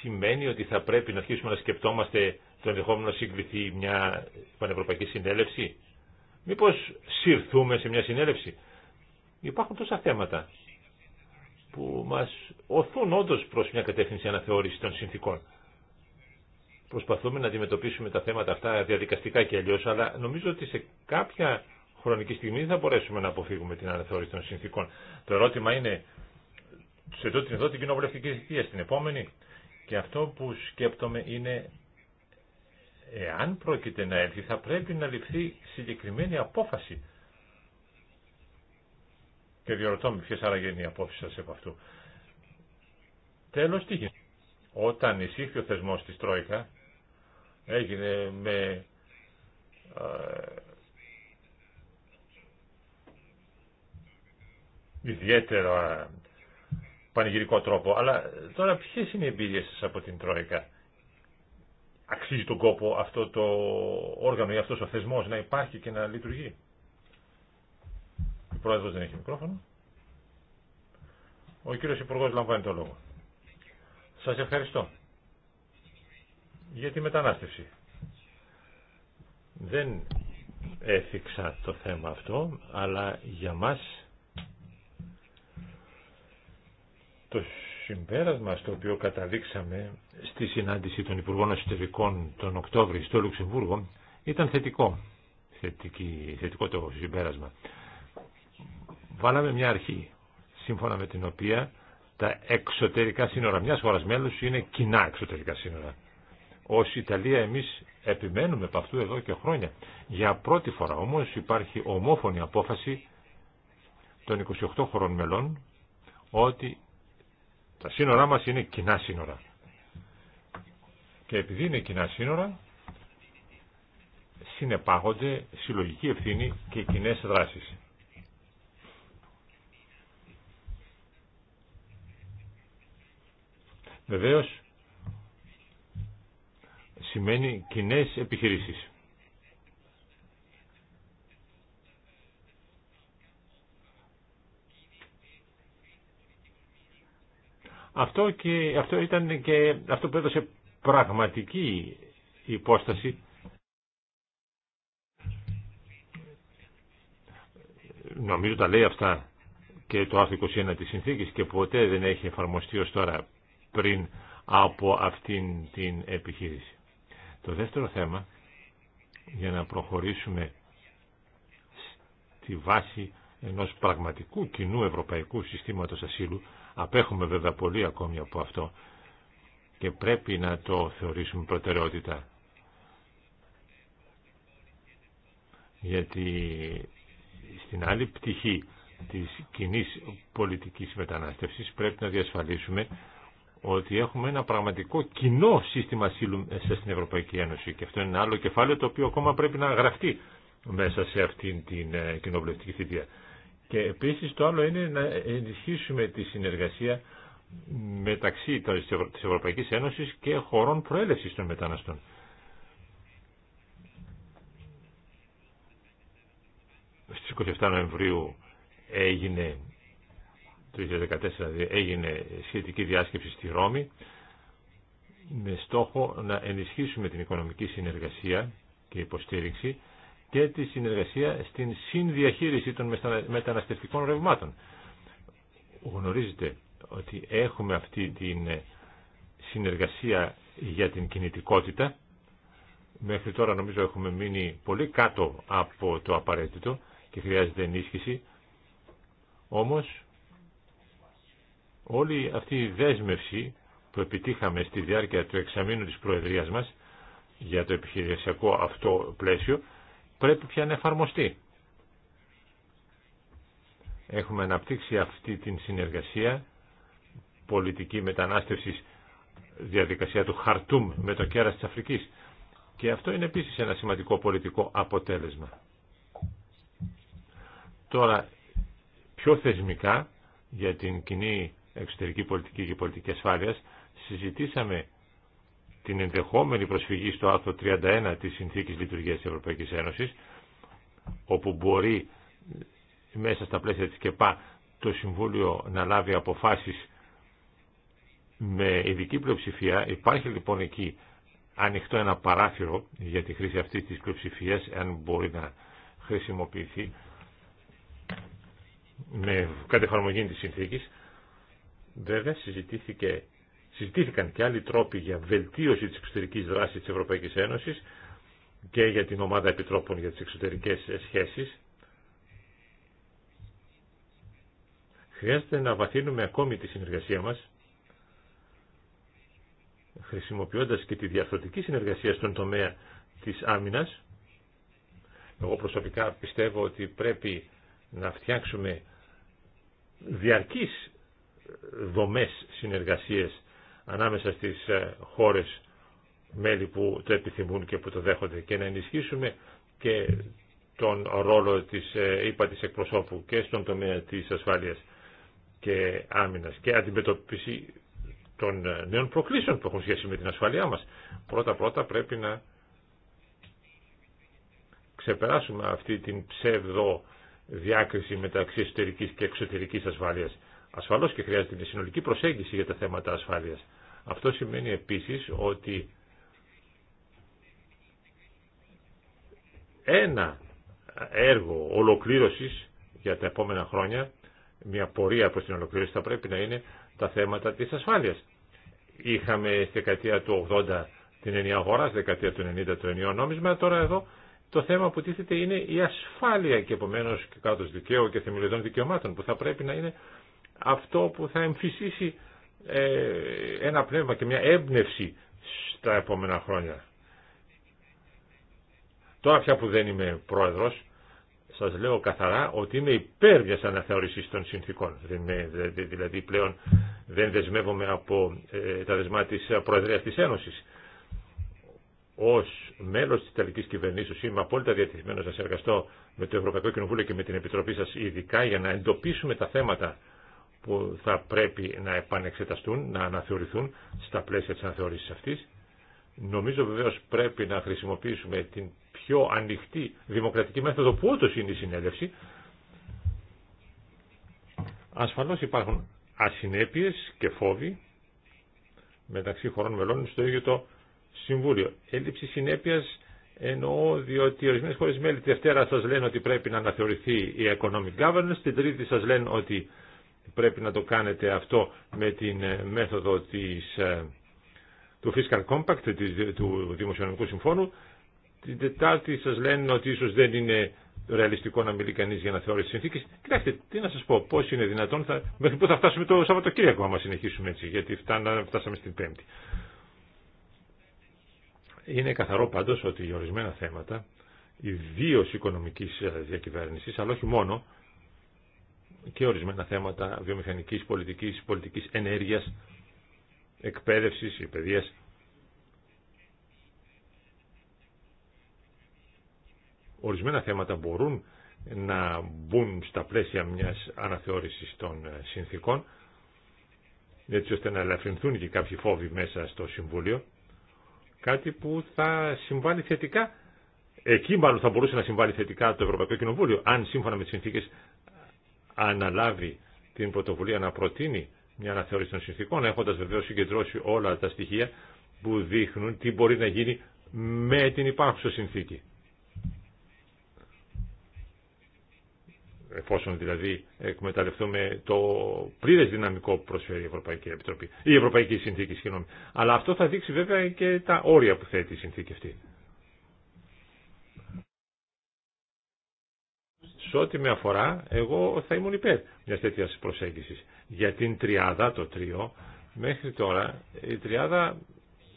σημαίνει ότι θα πρέπει να αρχίσουμε να σκεπτόμαστε το ενδεχόμενο να συγκριθεί μια πανευρωπαϊκή συνέλευση. Μήπως συρθούμε σε μια συνέλευση. Υπάρχουν τόσα θέματα που μας οθούν όντω προς μια κατεύθυνση αναθεώρηση των συνθήκων. Προσπαθούμε να αντιμετωπίσουμε τα θέματα αυτά διαδικαστικά και αλλιώ, αλλά νομίζω ότι σε κάποια χρονική στιγμή θα μπορέσουμε να αποφύγουμε την αναθεώρηση των συνθήκων. Το ερώτημα είναι, σε τότε εδώ την κοινοβουλευτική θητεία, στην επόμενη, και αυτό που σκέπτομαι είναι εάν πρόκειται να έρθει θα πρέπει να ληφθεί συγκεκριμένη απόφαση. Και διορτώ με ποιες άραγε είναι η απόφαση σας από αυτού. Τέλος τι γίνεται. Όταν εισήχθη ο θεσμός της Τρόικα έγινε με ε, ιδιαίτερα πανηγυρικό τρόπο. Αλλά τώρα ποιε είναι οι εμπειρίε σα από την Τρόικα. Αξίζει τον κόπο αυτό το όργανο ή αυτός ο θεσμός να υπάρχει και να λειτουργεί. Ο πρόεδρο δεν έχει μικρόφωνο. Ο κύριο υπουργό λαμβάνει το λόγο. Σας ευχαριστώ για τη μετανάστευση. Δεν έφυξα το θέμα αυτό, αλλά για μας Το συμπέρασμα στο οποίο καταλήξαμε στη συνάντηση των Υπουργών Εσωτερικών τον Οκτώβρη στο Λουξεμβούργο ήταν θετικό, θετική, θετικό το συμπέρασμα. Βάλαμε μια αρχή σύμφωνα με την οποία τα εξωτερικά σύνορα μια χώρας μέλους είναι κοινά εξωτερικά σύνορα. Ω Ιταλία εμεί επιμένουμε από αυτού εδώ και χρόνια. Για πρώτη φορά όμω υπάρχει ομόφωνη απόφαση των 28 χωρών μελών ότι τα σύνορά μας είναι κοινά σύνορα. Και επειδή είναι κοινά σύνορα, συνεπάγονται συλλογική ευθύνη και κοινέ δράσεις. Βεβαίως, σημαίνει κοινέ επιχειρήσεις. Αυτό, και, αυτό ήταν και αυτό που έδωσε πραγματική υπόσταση νομίζω τα λέει αυτά και το άρθρο 21 της συνθήκης και ποτέ δεν έχει εφαρμοστεί ως τώρα πριν από αυτήν την επιχείρηση. Το δεύτερο θέμα, για να προχωρήσουμε στη βάση ενός πραγματικού κοινού ευρωπαϊκού συστήματος ασύλου, Απέχουμε βέβαια πολύ ακόμη από αυτό και πρέπει να το θεωρήσουμε προτεραιότητα. Γιατί στην άλλη πτυχή της κοινή πολιτικής μετανάστευσης πρέπει να διασφαλίσουμε ότι έχουμε ένα πραγματικό κοινό σύστημα ασύλου μέσα στην Ευρωπαϊκή Ένωση και αυτό είναι ένα άλλο κεφάλαιο το οποίο ακόμα πρέπει να γραφτεί μέσα σε αυτήν την ε, κοινοβουλευτική θητεία. Και επίσης το άλλο είναι να ενισχύσουμε τη συνεργασία μεταξύ της Ευρωπαϊκής Ένωσης και χωρών προέλευσης των μεταναστών. Στις 27 Νοεμβρίου έγινε το 2014 δηλαδή, έγινε σχετική διάσκεψη στη Ρώμη με στόχο να ενισχύσουμε την οικονομική συνεργασία και υποστήριξη και τη συνεργασία στην συνδιαχείριση των μεταναστευτικών ρευμάτων. Γνωρίζετε ότι έχουμε αυτή την συνεργασία για την κινητικότητα. Μέχρι τώρα νομίζω έχουμε μείνει πολύ κάτω από το απαραίτητο και χρειάζεται ενίσχυση. Όμως όλη αυτή η δέσμευση που επιτύχαμε στη διάρκεια του εξαμήνου της Προεδρίας μας για το επιχειρησιακό αυτό πλαίσιο πρέπει πια να εφαρμοστεί. Έχουμε αναπτύξει αυτή την συνεργασία πολιτική μετανάστευσης διαδικασία του Χαρτούμ με το κέρας της Αφρικής και αυτό είναι επίσης ένα σημαντικό πολιτικό αποτέλεσμα. Τώρα, πιο θεσμικά για την κοινή εξωτερική πολιτική και πολιτική ασφάλειας συζητήσαμε την ενδεχόμενη προσφυγή στο άρθρο 31 της Συνθήκης Λειτουργίας της Ευρωπαϊκής Ένωσης, όπου μπορεί μέσα στα πλαίσια της ΚΕΠΑ το Συμβούλιο να λάβει αποφάσεις με ειδική πλειοψηφία. Υπάρχει λοιπόν εκεί ανοιχτό ένα παράθυρο για τη χρήση αυτής της πλειοψηφίας, αν μπορεί να χρησιμοποιηθεί με κατεφαρμογή της συνθήκης. Βέβαια συζητήθηκε συζητήθηκαν και άλλοι τρόποι για βελτίωση της εξωτερικής δράσης της Ευρωπαϊκής Ένωσης και για την ομάδα επιτρόπων για τις εξωτερικές σχέσεις. Χρειάζεται να βαθύνουμε ακόμη τη συνεργασία μας, χρησιμοποιώντας και τη διαρθρωτική συνεργασία στον τομέα της άμυνας. Εγώ προσωπικά πιστεύω ότι πρέπει να φτιάξουμε διαρκείς δομές συνεργασίες ανάμεσα στις ε, χώρες μέλη που το επιθυμούν και που το δέχονται και να ενισχύσουμε και τον ρόλο της ε, είπα της εκπροσώπου και στον τομέα της ασφάλειας και άμυνας και αντιμετωπίση των ε, νέων προκλήσεων που έχουν σχέση με την ασφαλειά μας. Πρώτα-πρώτα πρέπει να ξεπεράσουμε αυτή την ψεύδο διάκριση μεταξύ εσωτερικής και εξωτερικής ασφάλειας. Ασφαλώς και χρειάζεται μια συνολική προσέγγιση για τα θέματα ασφάλειας. Αυτό σημαίνει επίσης ότι ένα έργο ολοκλήρωσης για τα επόμενα χρόνια, μια πορεία προς την ολοκλήρωση θα πρέπει να είναι τα θέματα της ασφάλειας. Είχαμε στη δεκαετία του 80 την ενιαία αγορά, στη δεκαετία του 90 το ενιαίο νόμισμα, τώρα εδώ το θέμα που τίθεται είναι η ασφάλεια και επομένω και κράτο δικαίου και θεμελιωδών δικαιωμάτων που θα πρέπει να είναι αυτό που θα εμφυσίσει ε, ένα πνεύμα και μια έμπνευση στα επόμενα χρόνια. Τώρα πια που δεν είμαι πρόεδρος, σας λέω καθαρά ότι είμαι υπέρ μιας αναθεώρησης των συνθήκων. δηλαδή πλέον δεν δεσμεύομαι από ε, τα δεσμά της Προεδρίας της Ένωσης. Ως μέλος της Ιταλικής Κυβερνήσεως είμαι απόλυτα διατηρημένος να συνεργαστώ με το Ευρωπαϊκό Κοινοβούλιο και με την Επιτροπή σας ειδικά για να εντοπίσουμε τα θέματα που θα πρέπει να επανεξεταστούν, να αναθεωρηθούν στα πλαίσια της αναθεωρήσης αυτής. Νομίζω βεβαίως πρέπει να χρησιμοποιήσουμε την πιο ανοιχτή δημοκρατική μέθοδο που ότως είναι η συνέλευση. Ασφαλώς υπάρχουν ασυνέπειες και φόβοι μεταξύ χωρών μελών στο ίδιο το Συμβούλιο. Έλλειψη συνέπειας εννοώ διότι ορισμένε χώρες μέλη τη Δευτέρα σα λένε ότι πρέπει να αναθεωρηθεί η economic governance, την Τρίτη σας λένε ότι πρέπει να το κάνετε αυτό με την ε, μέθοδο της, ε, του Fiscal Compact, του Δημοσιονομικού Συμφώνου. Την Τετάρτη σας λένε ότι ίσως δεν είναι ρεαλιστικό να μιλεί κανείς για να τι συνθήκες. Κοιτάξτε, τι να σας πω, πώς είναι δυνατόν, μέχρι πού θα φτάσουμε το Σαββατοκύριακο άμα συνεχίσουμε έτσι, γιατί φτάνα, φτάσαμε στην Πέμπτη. Είναι καθαρό πάντως ότι ορισμένα θέματα, ιδίω οικονομικής ε, διακυβέρνησης, αλλά όχι μόνο, και ορισμένα θέματα βιομηχανικής πολιτικής, πολιτικής ενέργειας, εκπαίδευσης παιδείας. Ορισμένα θέματα μπορούν να μπουν στα πλαίσια μιας αναθεώρησης των ε, συνθήκων, έτσι ώστε να ελαφρυνθούν και κάποιοι φόβοι μέσα στο Συμβούλιο, κάτι που θα συμβάλλει θετικά Εκεί μάλλον θα μπορούσε να συμβάλλει θετικά το Ευρωπαϊκό Κοινοβούλιο, αν σύμφωνα με τι συνθήκε αναλάβει την πρωτοβουλία να προτείνει μια αναθεώρηση των συνθήκων, έχοντας βεβαίως συγκεντρώσει όλα τα στοιχεία που δείχνουν τι μπορεί να γίνει με την υπάρχουσα συνθήκη. εφόσον δηλαδή εκμεταλλευτούμε το πλήρε δυναμικό που προσφέρει η Ευρωπαϊκή Επιτροπή, η Ευρωπαϊκή Συνθήκη, συγγνώμη. Αλλά αυτό θα δείξει βέβαια και τα όρια που θέτει η συνθήκη αυτή. Σε ό,τι με αφορά, εγώ θα ήμουν υπέρ μια τέτοια προσέγγιση. Για την τριάδα, το τρίο, μέχρι τώρα η τριάδα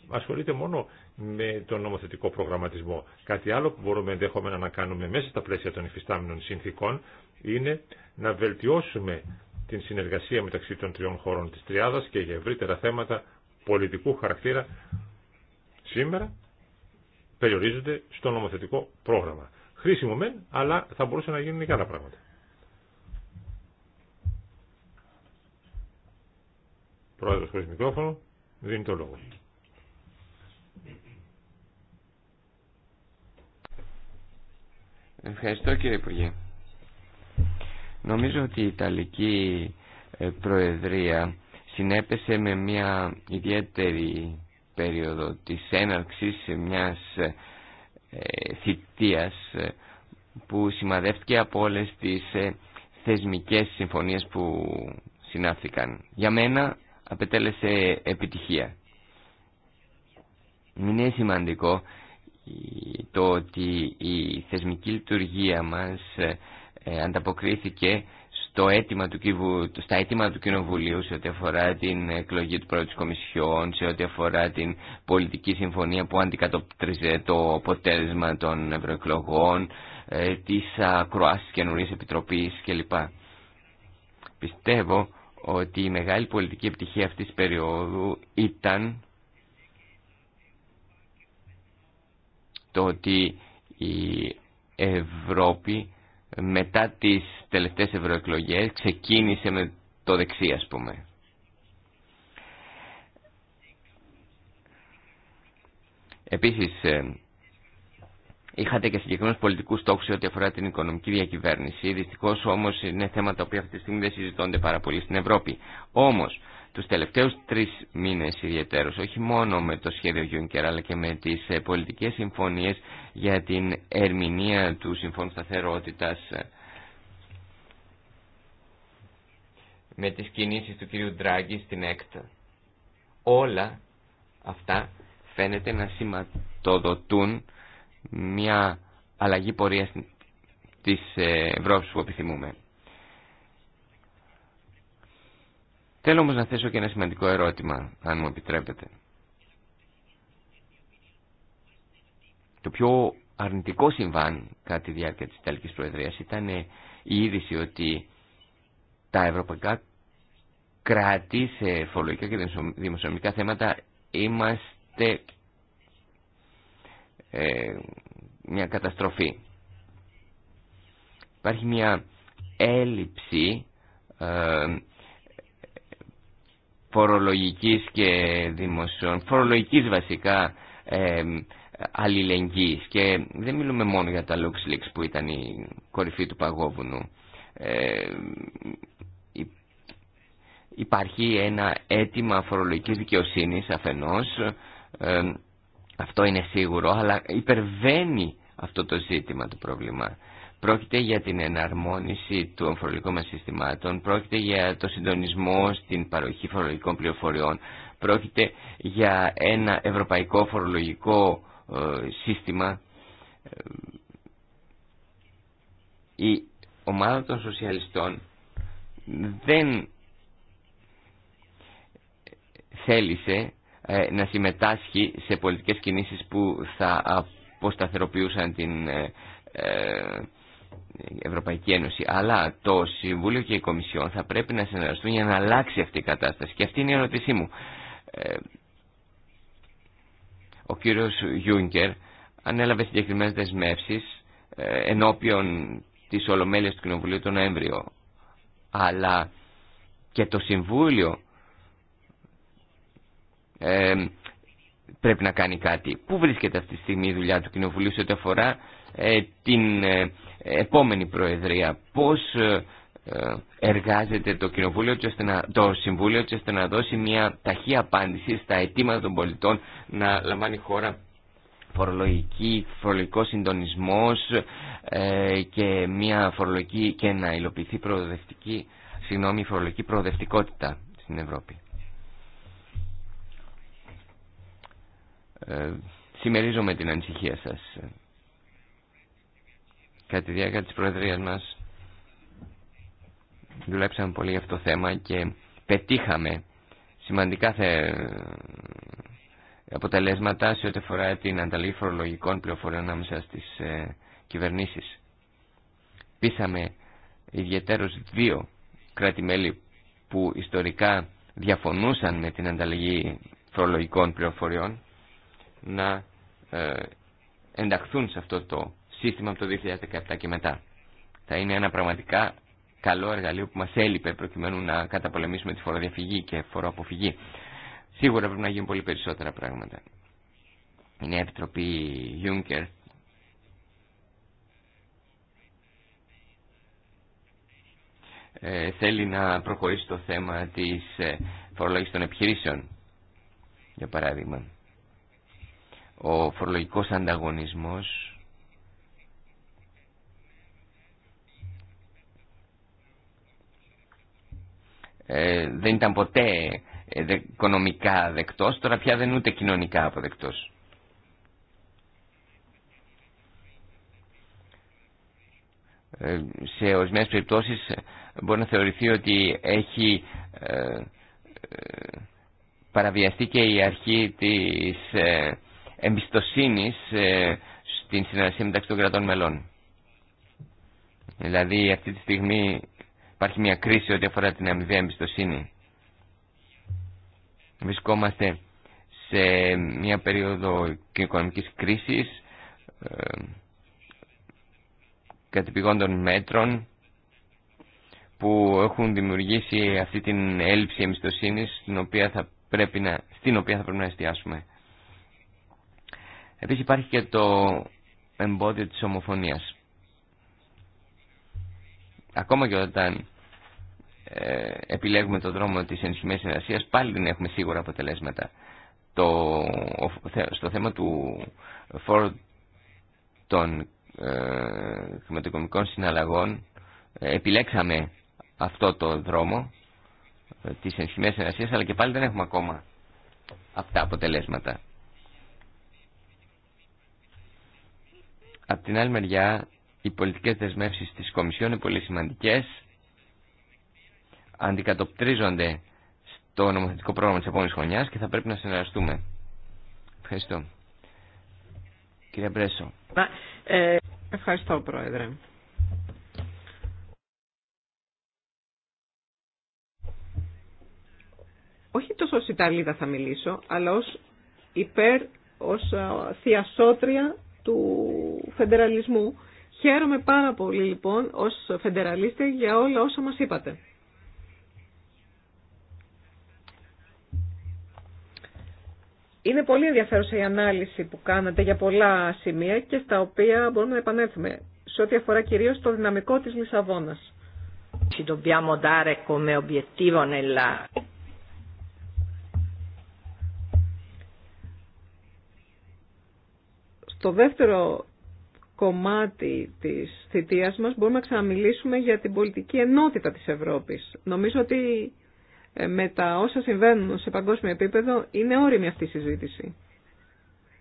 ασχολείται μόνο με τον νομοθετικό προγραμματισμό. Κάτι άλλο που μπορούμε ενδεχόμενα να κάνουμε μέσα στα πλαίσια των υφιστάμενων συνθήκων είναι να βελτιώσουμε την συνεργασία μεταξύ των τριών χωρών της Τριάδας και για ευρύτερα θέματα πολιτικού χαρακτήρα σήμερα περιορίζονται στο νομοθετικό πρόγραμμα. Χρήσιμο μεν, αλλά θα μπορούσε να γίνουν και άλλα πράγματα. Πρόεδρος χωρίς μικρόφωνο, δίνει το λόγο. Ευχαριστώ κύριε Υπουργέ. Νομίζω ότι η Ιταλική ε, Προεδρία συνέπεσε με μια ιδιαίτερη περίοδο της έναρξης μιας ε, ε, θητείας ε, που σημαδεύτηκε από όλες τις ε, θεσμικές συμφωνίες που συνάφθηκαν. Για μένα απετέλεσε επιτυχία. Είναι σημαντικό το ότι η θεσμική λειτουργία μας ανταποκρίθηκε στο αίτημα του, στα αίτημα του Κοινοβουλίου σε ό,τι αφορά την εκλογή του πρώτου Κομισιόν, σε ό,τι αφορά την πολιτική συμφωνία που αντικατοπτρίζε το αποτέλεσμα των ευρωεκλογών, ε, της ακροάσης καινούριας επιτροπής κλπ. Πιστεύω ότι η μεγάλη πολιτική επιτυχία αυτής της περίοδου ήταν το ότι η Ευρώπη μετά τις τελευταίες ευρωεκλογέ ξεκίνησε με το δεξί ας πούμε. Επίσης ε, είχατε και συγκεκριμένους πολιτικούς στόχους ό,τι αφορά την οικονομική διακυβέρνηση. Δυστυχώς όμως είναι θέματα που αυτή τη στιγμή δεν συζητώνται πάρα πολύ στην Ευρώπη. Όμως τους τελευταίους τρεις μήνες ιδιαίτερως, όχι μόνο με το σχέδιο Juncker, αλλά και με τις ε, πολιτικές συμφωνίες για την ερμηνεία του Συμφώνου Σταθερότητας, ε, με τις κινήσεις του κυρίου Ντράγκη στην ΕΚΤΑ. Όλα αυτά φαίνεται να σηματοδοτούν μια αλλαγή πορείας της ε, Ευρώπης που επιθυμούμε. Θέλω όμως να θέσω και ένα σημαντικό ερώτημα, αν μου επιτρέπετε. Το πιο αρνητικό συμβάν κατά τη διάρκεια της Ιταλικής Προεδρίας ήταν η είδηση ότι τα ευρωπαϊκά κράτη σε φορολογικά και δημοσιονομικά θέματα είμαστε ε, μια καταστροφή. Υπάρχει μια έλλειψη ε, φορολογικής και δημοσιών, φορολογικής βασικά ε, αλληλεγγύης και δεν μιλούμε μόνο για τα LuxLeaks που ήταν η κορυφή του παγόβουνου. Ε, υπάρχει ένα αίτημα φορολογικής δικαιοσύνης αφενός, ε, αυτό είναι σίγουρο, αλλά υπερβαίνει αυτό το ζήτημα το πρόβλημα. Πρόκειται για την εναρμόνιση των φορολογικών μας συστημάτων, πρόκειται για το συντονισμό στην παροχή φορολογικών πληροφοριών, πρόκειται για ένα ευρωπαϊκό φορολογικό ε, σύστημα. Ε, η ομάδα των σοσιαλιστών δεν θέλησε ε, να συμμετάσχει σε πολιτικές κινήσεις που θα αποσταθεροποιούσαν την Ευρωπαϊκή Ένωση. Αλλά το Συμβούλιο και η Κομισιόν θα πρέπει να συνεργαστούν για να αλλάξει αυτή η κατάσταση. Και αυτή είναι η ερώτησή μου. Ε, ο κύριος Γιούγκερ ανέλαβε συγκεκριμένε δεσμεύσει ε, ενώπιον της Ολομέλειας του Κοινοβουλίου τον Νοέμβριο. Αλλά και το Συμβούλιο ε, πρέπει να κάνει κάτι. Πού βρίσκεται αυτή τη στιγμή η δουλειά του Κοινοβουλίου σε ό,τι αφορά ε, την ε, επόμενη Προεδρία. Πώς ε, εργάζεται το, κοινοβούλιο, το Συμβούλιο ώστε να δώσει μια ταχεία απάντηση στα αιτήματα των πολιτών να λαμβάνει χώρα φορολογική, φορολογικό συντονισμός και μια φορολογική και να υλοποιηθεί προοδευτική, συγγνώμη, φορολογική προοδευτικότητα στην Ευρώπη. Ε, την ανησυχία σας Κατά τη διάρκεια της Προεδρίας μας δουλέψαμε πολύ για αυτό το θέμα και πετύχαμε σημαντικά θε... Ε, αποτελέσματα σε ό,τι αφορά την ανταλλαγή φορολογικών πληροφοριών ανάμεσα στις ε, κυβερνήσεις. Πείσαμε ιδιαίτερως δύο κράτη-μέλη που ιστορικά διαφωνούσαν με την ανταλλαγή φορολογικών πληροφοριών να ε, ενταχθούν σε αυτό το σύστημα από το 2017 και μετά. Θα είναι ένα πραγματικά καλό εργαλείο που μας έλειπε προκειμένου να καταπολεμήσουμε τη φοροδιαφυγή και φοροαποφυγή. Σίγουρα πρέπει να γίνουν πολύ περισσότερα πράγματα. Η Νέα Επιτροπή Juncker ε, θέλει να προχωρήσει το θέμα της ε, φορολόγησης των επιχειρήσεων, για παράδειγμα. Ο φορολογικός ανταγωνισμός Ε, δεν ήταν ποτέ ε, οικονομικά δεκτός, τώρα πια δεν είναι ούτε κοινωνικά αποδεκτός. Ε, σε ορισμένες περιπτώσεις μπορεί να θεωρηθεί ότι έχει ε, παραβιαστεί και η αρχή της εμπιστοσύνης στην συνεργασία μεταξύ των κρατών μελών. Δηλαδή αυτή τη στιγμή υπάρχει μια κρίση ό,τι αφορά την αμοιβή εμπιστοσύνη. Βρισκόμαστε σε μια περίοδο οικονομικής κρίσης, ε, των μέτρων που έχουν δημιουργήσει αυτή την έλλειψη εμπιστοσύνης στην οποία θα πρέπει να, στην οποία θα πρέπει να εστιάσουμε. Επίσης υπάρχει και το εμπόδιο της ομοφωνίας. Ακόμα και όταν ε, επιλέγουμε τον δρόμο της ενισχυμένης συνεργασίας πάλι δεν έχουμε σίγουρα αποτελέσματα. Το, στο θέμα του φόρου των ε, συναλλαγών ε, επιλέξαμε αυτό το δρόμο ε, της ενισχυμένης αλλά και πάλι δεν έχουμε ακόμα αυτά αποτελέσματα. Απ' την άλλη μεριά οι πολιτικές δεσμεύσεις της Κομισιόν είναι πολύ σημαντικές αντικατοπτρίζονται στο νομοθετικό πρόγραμμα της επόμενης χρονιάς και θα πρέπει να συνεργαστούμε. Ευχαριστώ. Κύριε. Μπρέσο. Ε, ευχαριστώ, Πρόεδρε. όχι τόσο ως Ιταλίδα θα μιλήσω, αλλά ως υπέρ, ως ε, θειασότρια του φεντεραλισμού. Χαίρομαι πάρα πολύ λοιπόν ως φεντεραλίστε για όλα όσα μας είπατε. Είναι πολύ ενδιαφέρουσα η ανάλυση που κάνατε για πολλά σημεία και στα οποία μπορούμε να επανέλθουμε σε ό,τι αφορά κυρίως το δυναμικό της Λισαβόνας. Στο δεύτερο κομμάτι της θητείας μας μπορούμε να ξαναμιλήσουμε για την πολιτική ενότητα της Ευρώπης. Νομίζω ότι ε, με τα όσα συμβαίνουν σε παγκόσμιο επίπεδο είναι όριμη αυτή η συζήτηση.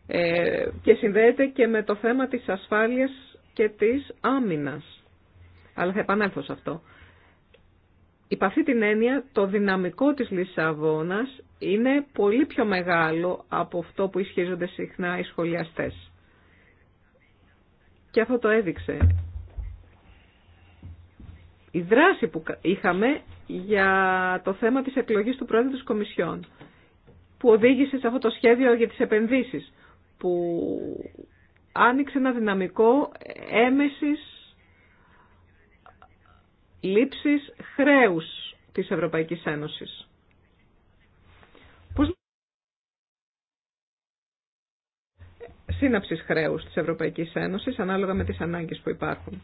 Ε, και συνδέεται και με το θέμα της ασφάλειας και της άμυνας. Αλλά θα επανέλθω σε αυτό. Υπ' αυτή την έννοια το δυναμικό της Λισαβόνας είναι πολύ πιο μεγάλο από αυτό που ισχύζονται συχνά οι σχολιαστές. Και αυτό το έδειξε. Η δράση που είχαμε για το θέμα της εκλογής του Πρόεδρου της Κομισιόν που οδήγησε σε αυτό το σχέδιο για τις επενδύσεις που άνοιξε ένα δυναμικό έμεσης λήψης χρέους της Ευρωπαϊκής Ένωσης. Πώς... Σύναψης χρέους της Ευρωπαϊκής Ένωσης ανάλογα με τις ανάγκες που υπάρχουν.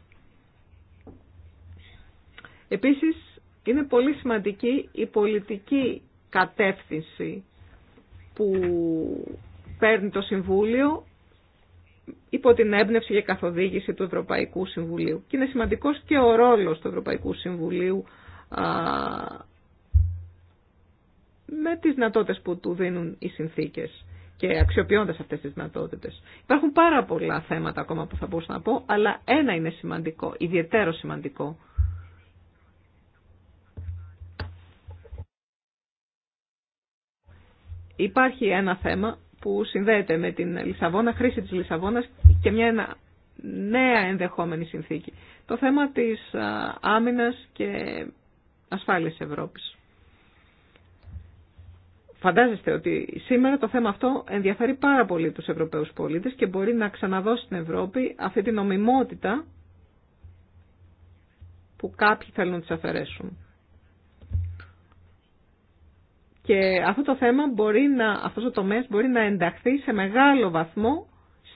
Επίσης, είναι πολύ σημαντική η πολιτική κατεύθυνση που παίρνει το Συμβούλιο υπό την έμπνευση και καθοδήγηση του Ευρωπαϊκού Συμβουλίου. Και είναι σημαντικός και ο ρόλος του Ευρωπαϊκού Συμβουλίου με τις δυνατότητε που του δίνουν οι συνθήκες και αξιοποιώντας αυτές τις δυνατότητες. Υπάρχουν πάρα πολλά θέματα ακόμα που θα μπορούσα να πω, αλλά ένα είναι σημαντικό, ιδιαίτερο σημαντικό. Υπάρχει ένα θέμα που συνδέεται με την Λισαβόνα, χρήση της Λισαβόνας και μια νέα ενδεχόμενη συνθήκη. Το θέμα της άμυνας και ασφάλειας Ευρώπης. Φαντάζεστε ότι σήμερα το θέμα αυτό ενδιαφέρει πάρα πολύ τους Ευρωπαίους πολίτες και μπορεί να ξαναδώσει στην Ευρώπη αυτή την νομιμότητα που κάποιοι θέλουν να τις αφαιρέσουν. Και αυτό το θέμα μπορεί να, αυτός ο τομέας μπορεί να ενταχθεί σε μεγάλο βαθμό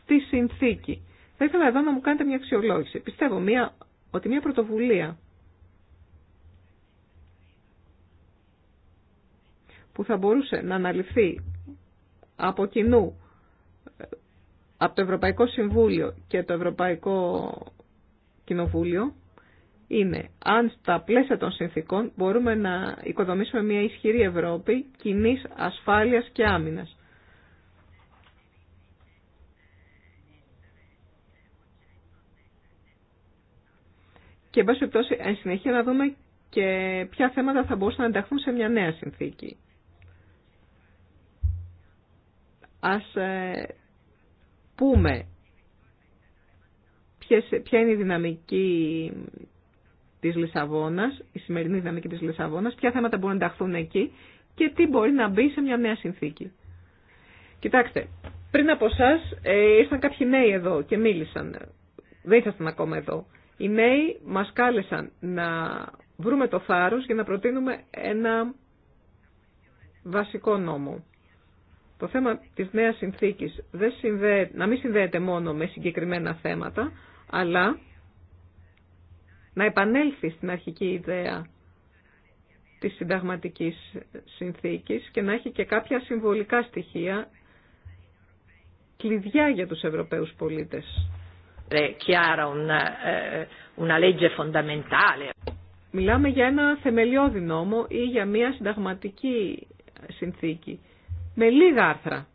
στη συνθήκη. Θα ήθελα εδώ να μου κάνετε μια αξιολόγηση. Πιστεύω μια, ότι μια πρωτοβουλία που θα μπορούσε να αναλυθεί από κοινού ε, από το Ευρωπαϊκό Συμβούλιο και το Ευρωπαϊκό Κοινοβούλιο είναι αν στα πλαίσια των συνθήκων μπορούμε να οικοδομήσουμε μια ισχυρή Ευρώπη κοινή ασφάλειας και άμυνας. Και εν πάση συνεχεία να δούμε και ποια θέματα θα μπορούσαν να ενταχθούν σε μια νέα συνθήκη. Ας ε, πούμε ποια είναι η δυναμική Τη Λισαβόνας, η σημερινή δυναμική τη Λισαβόνας, ποια θέματα μπορούν να ενταχθούν εκεί και τι μπορεί να μπει σε μια νέα συνθήκη. Κοιτάξτε, πριν από εσά ε, ήρθαν κάποιοι νέοι εδώ και μίλησαν. Δεν ήσασταν ακόμα εδώ. Οι νέοι μας κάλεσαν να βρούμε το θάρρο για να προτείνουμε ένα βασικό νόμο. Το θέμα της νέας συνθήκης δεν να μην συνδέεται μόνο με συγκεκριμένα θέματα, αλλά να επανέλθει στην αρχική ιδέα της συνταγματικής συνθήκης και να έχει και κάποια συμβολικά στοιχεία κλειδιά για τους Ευρωπαίους πολίτες. Eh, Μιλάμε για ένα θεμελιώδη νόμο ή για μια συνταγματική συνθήκη με λίγα άρθρα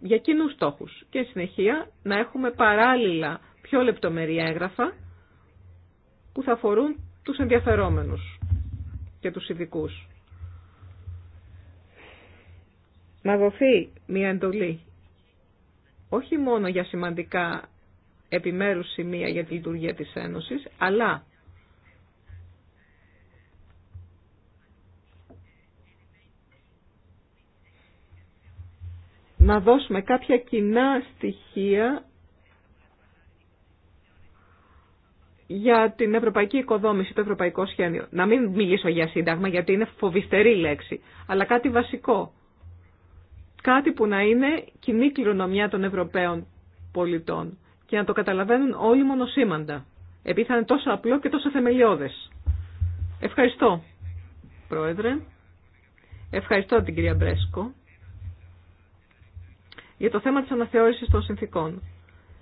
για κοινούς στόχους και συνεχεία να έχουμε παράλληλα πιο λεπτομερή έγγραφα που θα αφορούν τους ενδιαφερόμενους και τους ειδικού. Να δοθεί μια εντολή όχι μόνο για σημαντικά επιμέρους σημεία για τη λειτουργία της Ένωσης, αλλά να δώσουμε κάποια κοινά στοιχεία για την ευρωπαϊκή οικοδόμηση, το ευρωπαϊκό σχέδιο. Να μην μιλήσω για σύνταγμα γιατί είναι φοβιστερή λέξη, αλλά κάτι βασικό. Κάτι που να είναι κοινή κληρονομιά των Ευρωπαίων πολιτών και να το καταλαβαίνουν όλοι μονοσήμαντα. Επειδή θα είναι τόσο απλό και τόσο θεμελιώδες. Ευχαριστώ, Πρόεδρε. Ευχαριστώ την κυρία Μπρέσκο για το θέμα της αναθεώρησης των συνθήκων.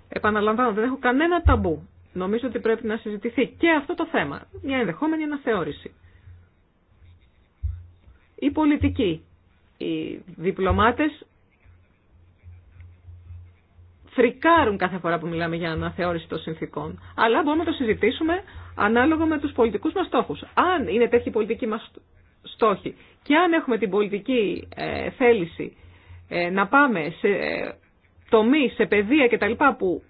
Επαναλαμβάνω, δεν έχω κανένα ταμπού. Νομίζω ότι πρέπει να συζητηθεί και αυτό το θέμα, μια ενδεχόμενη αναθεώρηση. Οι πολιτικοί, οι διπλωμάτες φρικάρουν κάθε φορά που μιλάμε για αναθεώρηση των συνθήκων. Αλλά μπορούμε να το συζητήσουμε ανάλογα με τους πολιτικούς μας στόχους. Αν είναι τέτοιοι πολιτικοί μας στόχοι και αν έχουμε την πολιτική ε, θέληση ε, να πάμε σε ε, τομεί, σε παιδεία κτλ. που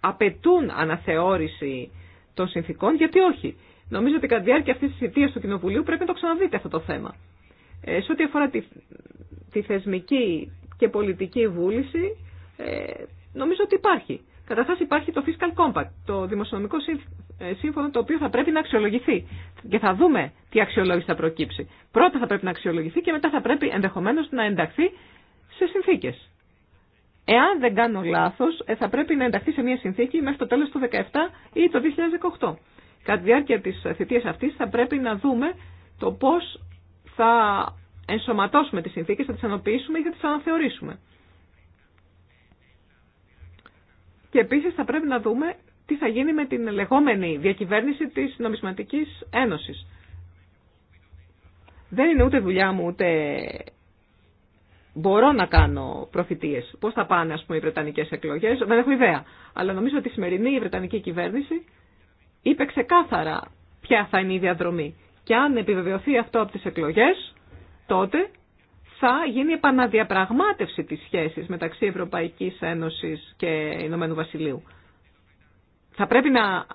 απαιτούν αναθεώρηση των συνθήκων, γιατί όχι. Νομίζω ότι κατά τη διάρκεια αυτή τη θητεία του Κοινοβουλίου πρέπει να το ξαναδείτε αυτό το θέμα. Ε, σε ό,τι αφορά τη, θεσμική και πολιτική βούληση, ε, νομίζω ότι υπάρχει. Καταρχά υπάρχει το Fiscal Compact, το δημοσιονομικό ε, σύμφωνο, το οποίο θα πρέπει να αξιολογηθεί. Και θα δούμε τι αξιολόγηση θα προκύψει. Πρώτα θα πρέπει να αξιολογηθεί και μετά θα πρέπει ενδεχομένω να ενταχθεί σε συνθήκε. Εάν δεν κάνω λάθος, ε, θα πρέπει να ενταχθεί σε μια συνθήκη μέχρι το τέλος του 2017 ή το 2018. Κατά τη διάρκεια της θητείας αυτής θα πρέπει να δούμε το πώς θα ενσωματώσουμε τις συνθήκες, θα τις ανοποιήσουμε ή θα τις αναθεωρήσουμε. Και επίσης θα πρέπει να δούμε τι θα γίνει με την λεγόμενη διακυβέρνηση της Νομισματικής Ένωσης. Δεν είναι ούτε δουλειά μου ούτε μπορώ να κάνω προφητείες. Πώς θα πάνε ας πούμε, οι Βρετανικές εκλογές, δεν έχω ιδέα. Αλλά νομίζω ότι η σημερινή η Βρετανική κυβέρνηση είπε ξεκάθαρα ποια θα είναι η διαδρομή. Και αν επιβεβαιωθεί αυτό από τις εκλογές, τότε θα γίνει επαναδιαπραγμάτευση της σχέσης μεταξύ Ευρωπαϊκής Ένωσης και Ηνωμένου Βασιλείου. Θα πρέπει να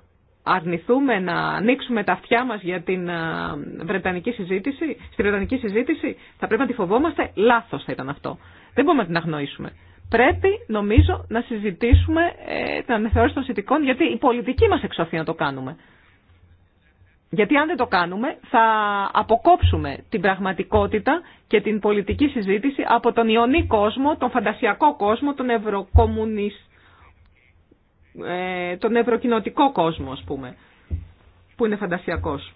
αρνηθούμε να ανοίξουμε τα αυτιά μας για την ε, Βρετανική συζήτηση, στη Βρετανική συζήτηση, θα πρέπει να τη φοβόμαστε, λάθος θα ήταν αυτό. Δεν μπορούμε να την αγνοήσουμε. Πρέπει, νομίζω, να συζητήσουμε ε, την αναθεώρηση των συνθηκών, γιατί η πολιτική μας εξωθεί να το κάνουμε. Γιατί αν δεν το κάνουμε, θα αποκόψουμε την πραγματικότητα και την πολιτική συζήτηση από τον ιονή κόσμο, τον φαντασιακό κόσμο, τον ευρωκομμουνιστή ε, τον ευρωκοινοτικό κόσμο, ας πούμε, που είναι φαντασιακός.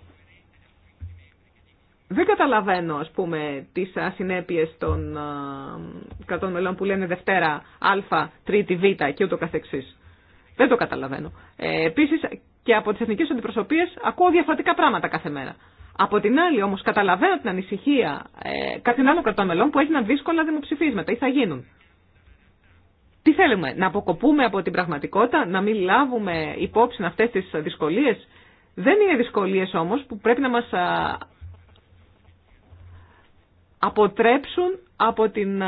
Δεν καταλαβαίνω, ας πούμε, τις ασυνέπειες των ε, κρατών μελών που λένε Δευτέρα, Α, Τρίτη, Β και ούτω καθεξής. Δεν το καταλαβαίνω. Ε, επίσης, και από τις εθνικές αντιπροσωπείες ακούω διαφορετικά πράγματα κάθε μέρα. Από την άλλη, όμως, καταλαβαίνω την ανησυχία ε, κάποιων άλλων κρατών μελών που έγιναν δύσκολα δημοψηφίσματα ή θα γίνουν. Τι θέλουμε, να αποκοπούμε από την πραγματικότητα, να μην λάβουμε υπόψη αυτές τις δυσκολίες. Δεν είναι δυσκολίες όμως που πρέπει να μας αποτρέψουν από την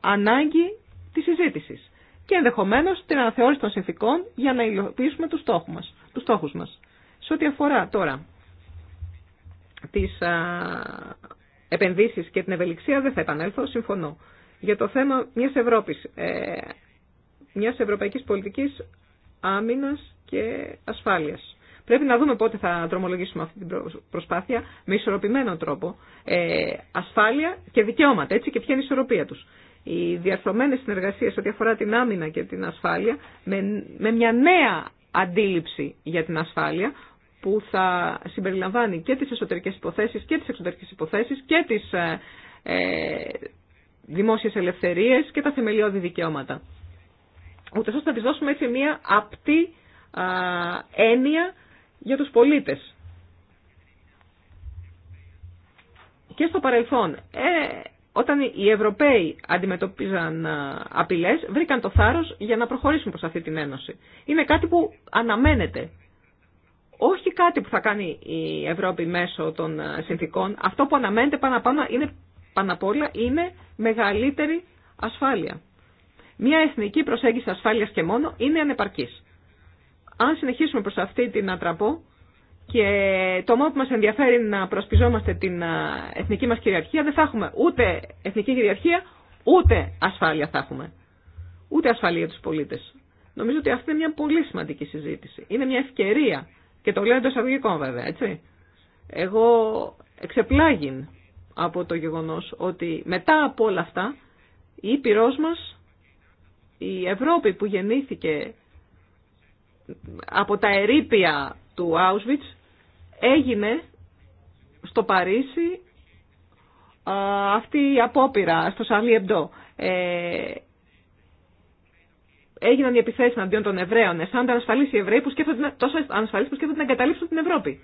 ανάγκη της συζήτηση. και ενδεχομένως την αναθεώρηση των συνθήκων για να υλοποιήσουμε του στόχου μας. Τους μας. Σε ό,τι αφορά τώρα τι επενδύσει επενδύσεις και την ευελιξία δεν θα επανέλθω, συμφωνώ. Για το θέμα μια ευρώπη. ε, μιας ευρωπαϊκής πολιτικής άμυνας και ασφάλειας. Πρέπει να δούμε πότε θα δρομολογήσουμε αυτή την προσπάθεια με ισορροπημένο τρόπο. Ε, ασφάλεια και δικαιώματα, έτσι, και ποια είναι η ισορροπία τους. Οι διαρθρωμένες συνεργασίες ό,τι αφορά την άμυνα και την ασφάλεια, με, με μια νέα αντίληψη για την ασφάλεια, που θα συμπεριλαμβάνει και τις εσωτερικές υποθέσεις και τις εξωτερικές υποθέσεις και τις ε, ε, δημόσιες ελευθερίες και τα θεμελιώδη δικαιώματα. Ούτε ώστε να τη δώσουμε έτσι μια απτή έννοια για τους πολίτες. Και στο παρελθόν, ε, όταν οι Ευρωπαίοι αντιμετωπίζαν απειλές, βρήκαν το θάρρος για να προχωρήσουν προς αυτή την Ένωση. Είναι κάτι που αναμένεται. Όχι κάτι που θα κάνει η Ευρώπη μέσω των συνθήκων. Αυτό που αναμένεται πάνω απ' όλα είναι, μεγαλύτερη ασφάλεια. Μια εθνική προσέγγιση ασφάλειας και μόνο είναι ανεπαρκής. Αν συνεχίσουμε προς αυτή την ατραπό και το μόνο που μας ενδιαφέρει να προσπιζόμαστε την εθνική μας κυριαρχία, δεν θα έχουμε ούτε εθνική κυριαρχία, ούτε ασφάλεια θα έχουμε. Ούτε ασφάλεια για τους πολίτες. Νομίζω ότι αυτή είναι μια πολύ σημαντική συζήτηση. Είναι μια ευκαιρία. Και το λέω εντό αγωγικών βέβαια, έτσι. Εγώ εξεπλάγην από το γεγονός ότι μετά από όλα αυτά η Ήπειρός μα η Ευρώπη που γεννήθηκε από τα ερήπια του Auschwitz έγινε στο Παρίσι αυτή η απόπειρα στο Σαλί Εμπτό. έγιναν οι επιθέσει αντίον των Εβραίων. Αισθάνονται ανασφαλεί οι Εβραίοι που σκέφτονται, τόσο που σκέφτονται να εγκαταλείψουν την Ευρώπη.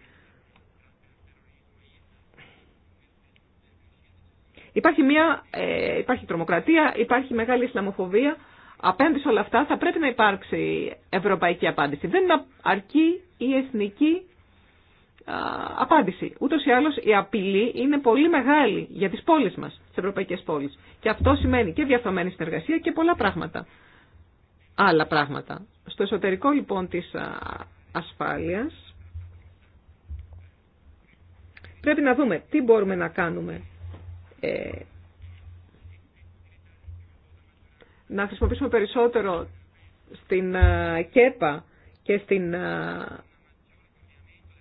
Υπάρχει, μια, ε, υπάρχει τρομοκρατία, υπάρχει μεγάλη Ισλαμοφοβία. Απέναντι όλα αυτά θα πρέπει να υπάρξει ευρωπαϊκή απάντηση. Δεν αρκεί η εθνική απάντηση. Ούτως ή άλλως η απειλή είναι πολύ μεγάλη για τις πόλεις μας, τις ευρωπαϊκές πόλεις. Και αυτό σημαίνει και διαφθομένη συνεργασία και πολλά πράγματα. Άλλα πράγματα. Στο εσωτερικό λοιπόν της ασφάλειας πρέπει να δούμε τι μπορούμε να κάνουμε ε, να χρησιμοποιήσουμε περισσότερο στην ε, ΚΕΠΑ και στην ε,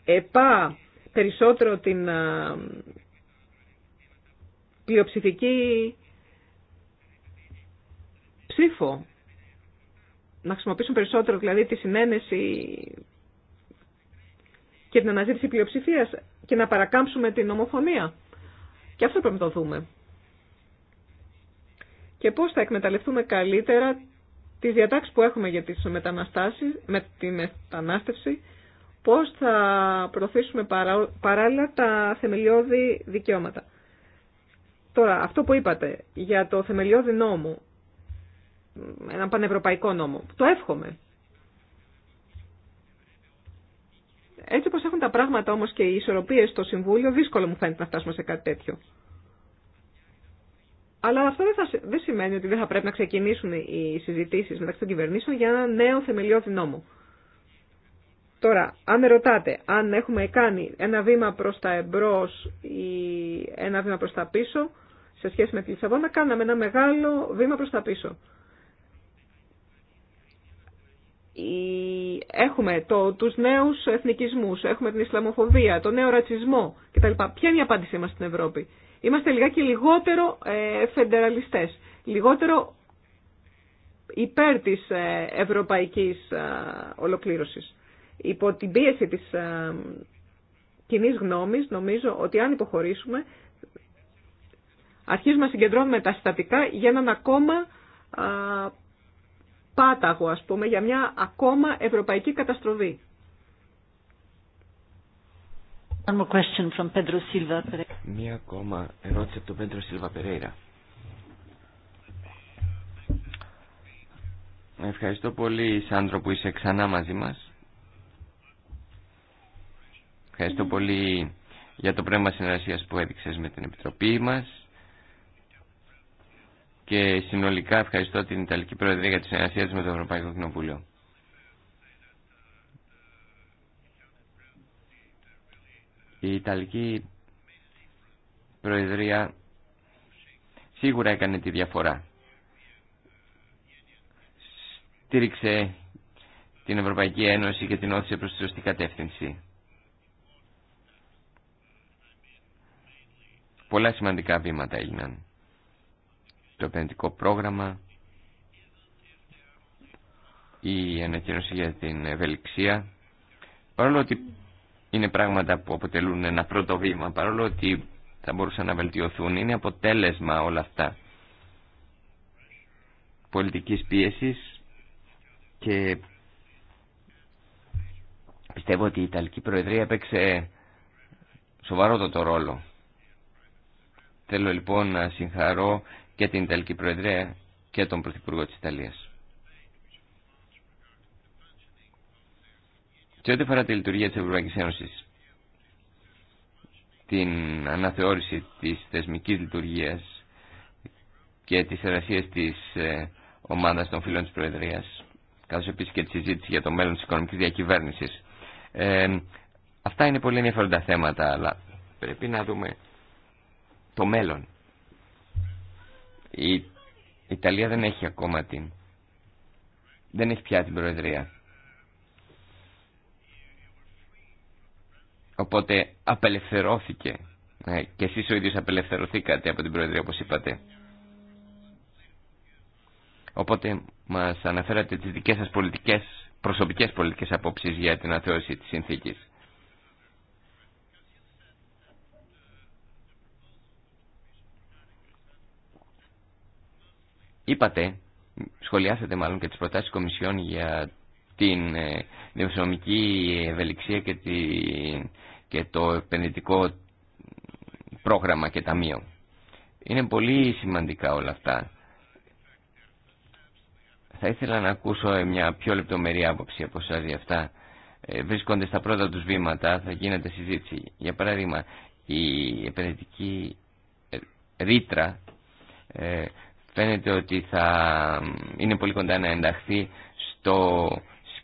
ΕΠΑ περισσότερο την ε, πλειοψηφική ψήφο. Να χρησιμοποιήσουμε περισσότερο δηλαδή τη συνένεση και την αναζήτηση πλειοψηφίας και να παρακάμψουμε την ομοφωνία. Και αυτό πρέπει να το δούμε και πώς θα εκμεταλλευτούμε καλύτερα τις διατάξεις που έχουμε για τις με τη μετανάστευση, πώς θα προωθήσουμε παράλληλα τα θεμελιώδη δικαιώματα. Τώρα, αυτό που είπατε για το θεμελιώδη νόμο, ένα πανευρωπαϊκό νόμο, το εύχομαι. Έτσι όπως έχουν τα πράγματα όμως και οι ισορροπίες στο Συμβούλιο, δύσκολο μου φαίνεται να φτάσουμε σε κάτι τέτοιο. Αλλά αυτό δεν, σημαίνει ότι δεν θα πρέπει να ξεκινήσουν οι συζητήσεις μεταξύ των κυβερνήσεων για ένα νέο θεμελιώδη νόμο. Τώρα, αν με ρωτάτε αν έχουμε κάνει ένα βήμα προς τα εμπρός ή ένα βήμα προς τα πίσω σε σχέση με τη Λισαβόνα, κάναμε ένα μεγάλο βήμα προς τα πίσω. Έχουμε το, τους νέους εθνικισμούς, έχουμε την Ισλαμοφοβία, τον νέο ρατσισμό κτλ. Ποια είναι η απάντησή μας στην Ευρώπη. Είμαστε λιγάκι λιγότερο ε, φεντεραλιστές, λιγότερο υπέρ της ε, ευρωπαϊκής ε, ολοκλήρωσης. Υπό την πίεση της ε, κοινή γνώμης νομίζω ότι αν υποχωρήσουμε αρχίζουμε να συγκεντρώνουμε τα συστατικά για έναν ακόμα πάταγο ας πούμε, για μια ακόμα ευρωπαϊκή καταστροφή. Μία ακόμα ερώτηση από τον Πέντρο Σίλβα Περέιρα. Ευχαριστώ πολύ Σάντρο που είσαι ξανά μαζί μας. Ευχαριστώ πολύ για το πρέμα συνεργασίας που έδειξες με την Επιτροπή μας και συνολικά ευχαριστώ την Ιταλική Προεδρία για τη συνεργασία της με το Ευρωπαϊκό Κοινοβούλιο. Η Ιταλική Προεδρία σίγουρα έκανε τη διαφορά. Στήριξε την Ευρωπαϊκή Ένωση και την όθησε προς τη σωστή κατεύθυνση. Πολλά σημαντικά βήματα έγιναν. Το επενδυτικό πρόγραμμα, η ανακοίνωση για την ευελιξία. Παρόλο ότι είναι πράγματα που αποτελούν ένα πρώτο βήμα, παρόλο ότι θα μπορούσαν να βελτιωθούν. Είναι αποτέλεσμα όλα αυτά πολιτικής πίεσης και πιστεύω ότι η Ιταλική Προεδρία έπαιξε σοβαρότατο ρόλο. Θέλω λοιπόν να συγχαρώ και την Ιταλική Προεδρία και τον Πρωθυπουργό της Ιταλίας. Και ό,τι αφορά τη λειτουργία της Ευρωπαϊκής Ένωσης, την αναθεώρηση της θεσμικής λειτουργίας και της εργασίας της ομάδας των φίλων της Προεδρίας, καθώς επίσης και τη συζήτηση για το μέλλον της οικονομικής διακυβέρνησης. Ε, αυτά είναι πολύ ενδιαφέροντα θέματα, αλλά πρέπει να δούμε το μέλλον. Η Ιταλία δεν έχει ακόμα την... Δεν έχει πια την Προεδρία. Οπότε απελευθερώθηκε ε, και εσείς ο ίδιος απελευθερωθήκατε από την Προεδρία όπως είπατε. Οπότε μας αναφέρατε τις δικές σας πολιτικές, προσωπικές πολιτικές απόψεις για την αθεώρηση της συνθήκης. Είπατε, σχολιάσατε μάλλον και τις προτάσεις Κομισιόν για την ε, δημοσιονομική ευελιξία και, και το επενδυτικό πρόγραμμα και ταμείο. Είναι πολύ σημαντικά όλα αυτά. Θα ήθελα να ακούσω ε, μια πιο λεπτομερή άποψη από εσάς για αυτά. Ε, βρίσκονται στα πρώτα τους βήματα, θα γίνεται συζήτηση. Για παράδειγμα, η επενδυτική ρήτρα φαίνεται ότι θα είναι πολύ κοντά να ενταχθεί στο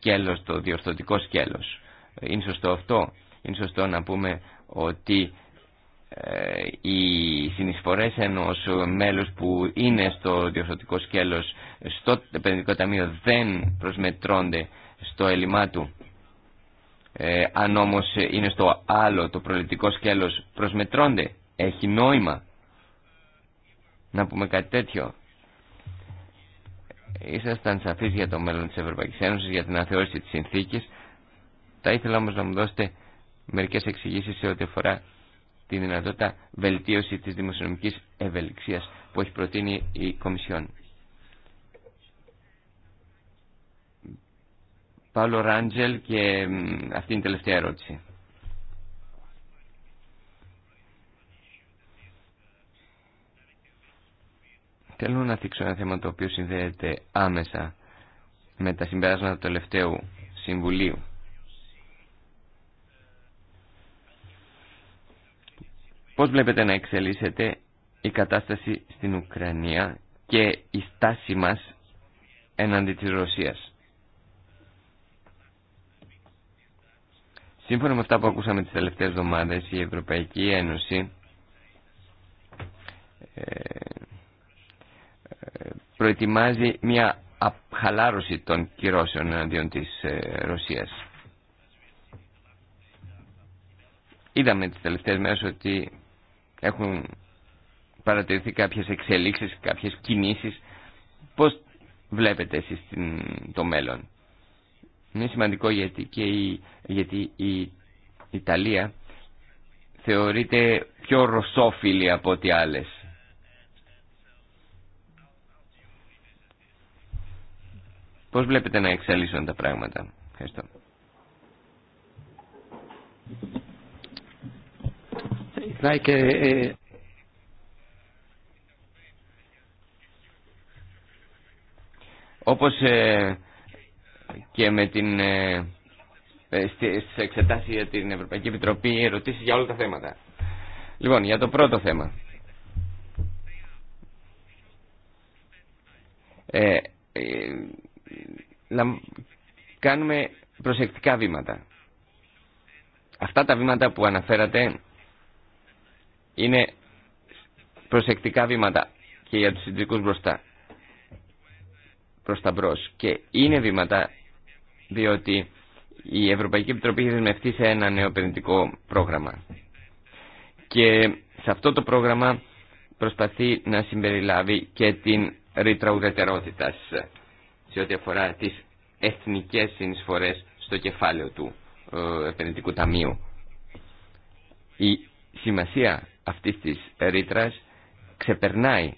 σκέλος, το διορθωτικό σκέλος. Είναι σωστό αυτό. Είναι σωστό να πούμε ότι ε, οι συνεισφορές ενός μέλους που είναι στο διορθωτικό σκέλος στο επενδυτικό ταμείο δεν προσμετρώνται στο έλλειμμά του. Ε, αν όμως είναι στο άλλο το προληπτικό σκέλος προσμετρώνται. Έχει νόημα να πούμε κάτι τέτοιο ήσασταν σαφείς για το μέλλον της Ευρωπαϊκής Ένωσης, για την αθεώρηση της συνθήκης. Θα ήθελα όμως να μου δώσετε μερικές εξηγήσεις σε ό,τι αφορά τη δυνατότητα βελτίωση της δημοσιονομικής ευελιξίας που έχει προτείνει η Κομισιόν. Παύλο Ράντζελ και αυτή είναι η τελευταία ερώτηση. Θέλω να θίξω ένα θέμα το οποίο συνδέεται άμεσα με τα συμπεράσματα του τελευταίου Συμβουλίου. Πώς βλέπετε να εξελίσσεται η κατάσταση στην Ουκρανία και η στάση μας εναντί της Ρωσίας. Σύμφωνα με αυτά που ακούσαμε τις τελευταίες εβδομάδες, η Ευρωπαϊκή Ένωση ε, προετοιμάζει μια χαλάρωση των κυρώσεων εναντίον της ε, Ρωσίας. Είδαμε τις τελευταίες μέρες ότι έχουν παρατηρηθεί κάποιες εξελίξεις, κάποιες κινήσεις. Πώς βλέπετε εσείς το μέλλον. Είναι σημαντικό γιατί και η, γιατί η Ιταλία θεωρείται πιο ρωσόφιλη από ό,τι άλλες Πώς βλέπετε να εξελίσσονται τα πράγματα. Ευχαριστώ. Ε, Όπως ε, και με την ε, εξετάσεις για την Ευρωπαϊκή Επιτροπή ερωτήσεις για όλα τα θέματα. Λοιπόν, για το πρώτο θέμα. Ε, κάνουμε προσεκτικά βήματα. Αυτά τα βήματα που αναφέρατε είναι προσεκτικά βήματα και για τους συντρικούς μπροστά. Προς τα μπρος. Και είναι βήματα διότι η Ευρωπαϊκή Επιτροπή έχει δεσμευτεί σε ένα νέο επενδυτικό πρόγραμμα. Και σε αυτό το πρόγραμμα προσπαθεί να συμπεριλάβει και την ρήτρα σε ό,τι αφορά τις εθνικές συνεισφορές στο κεφάλαιο του ε, επενδυτικού ταμείου. Η σημασία αυτής της ρήτρα ξεπερνάει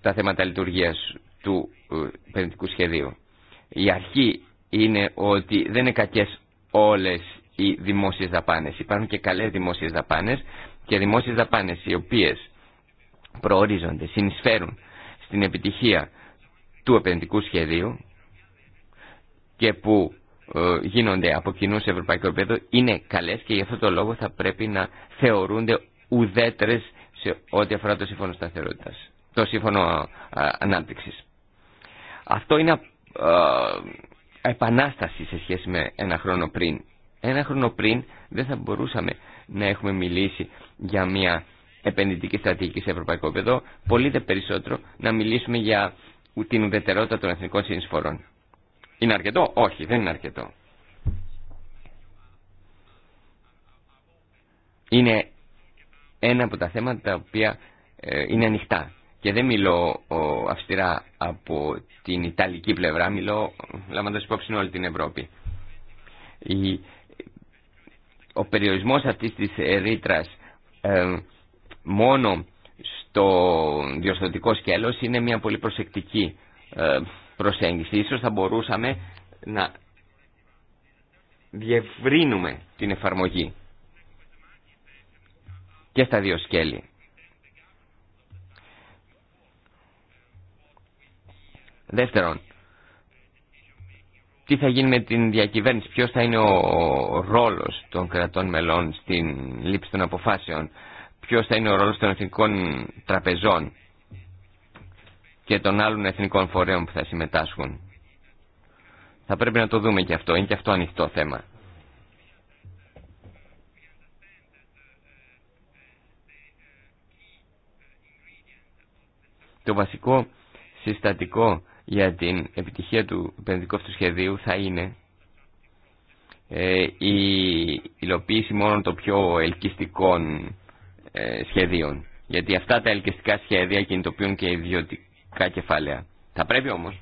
τα θέματα λειτουργίας του ε, επενδυτικού σχεδίου. Η αρχή είναι ότι δεν είναι κακές όλες οι δημόσιες δαπάνες. Υπάρχουν και καλές δημόσιες δαπάνες και δημόσιες δαπάνες οι οποίες προορίζονται, συνεισφέρουν στην επιτυχία του επενδυτικού σχεδίου και που ε, γίνονται από κοινού σε ευρωπαϊκό επίπεδο είναι καλές και γι' αυτό το λόγο θα πρέπει να θεωρούνται ουδέτερες σε ό,τι αφορά το σύμφωνο σταθερότητας, το σύμφωνο ε, ανάπτυξης. Αυτό είναι ε, επανάσταση σε σχέση με ένα χρόνο πριν. Ένα χρόνο πριν δεν θα μπορούσαμε να έχουμε μιλήσει για μια επενδυτική στρατηγική σε ευρωπαϊκό επίπεδο, πολύ δε περισσότερο να μιλήσουμε για την ουδετερότητα των εθνικών συνεισφορών. Είναι αρκετό? Όχι, δεν είναι αρκετό. Είναι ένα από τα θέματα τα οποία ε, είναι ανοιχτά. Και δεν μιλώ αυστηρά από την Ιταλική πλευρά, μιλώ λαμβάντας υπόψη όλη την Ευρώπη. ο περιορισμός αυτής της ρήτρα ε, μόνο στο διορθωτικό σκέλος είναι μια πολύ προσεκτική ε, προσέγγιση. Ίσως θα μπορούσαμε να διευρύνουμε την εφαρμογή και στα δύο σκέλη. Δεύτερον, τι θα γίνει με την διακυβέρνηση, ποιος θα είναι ο ρόλος των κρατών μελών στην λήψη των αποφάσεων. Ποιο θα είναι ο ρόλος των εθνικών τραπεζών και των άλλων εθνικών φορέων που θα συμμετάσχουν. Θα πρέπει να το δούμε και αυτό. Είναι και αυτό ανοιχτό θέμα. Το βασικό συστατικό για την επιτυχία του επενδυτικού αυτού σχεδίου θα είναι ε, η υλοποίηση μόνο των πιο ελκυστικών ε, σχεδίων. Γιατί αυτά τα ελκυστικά σχέδια κινητοποιούν και ιδιωτικά κεφάλαια. Θα πρέπει όμως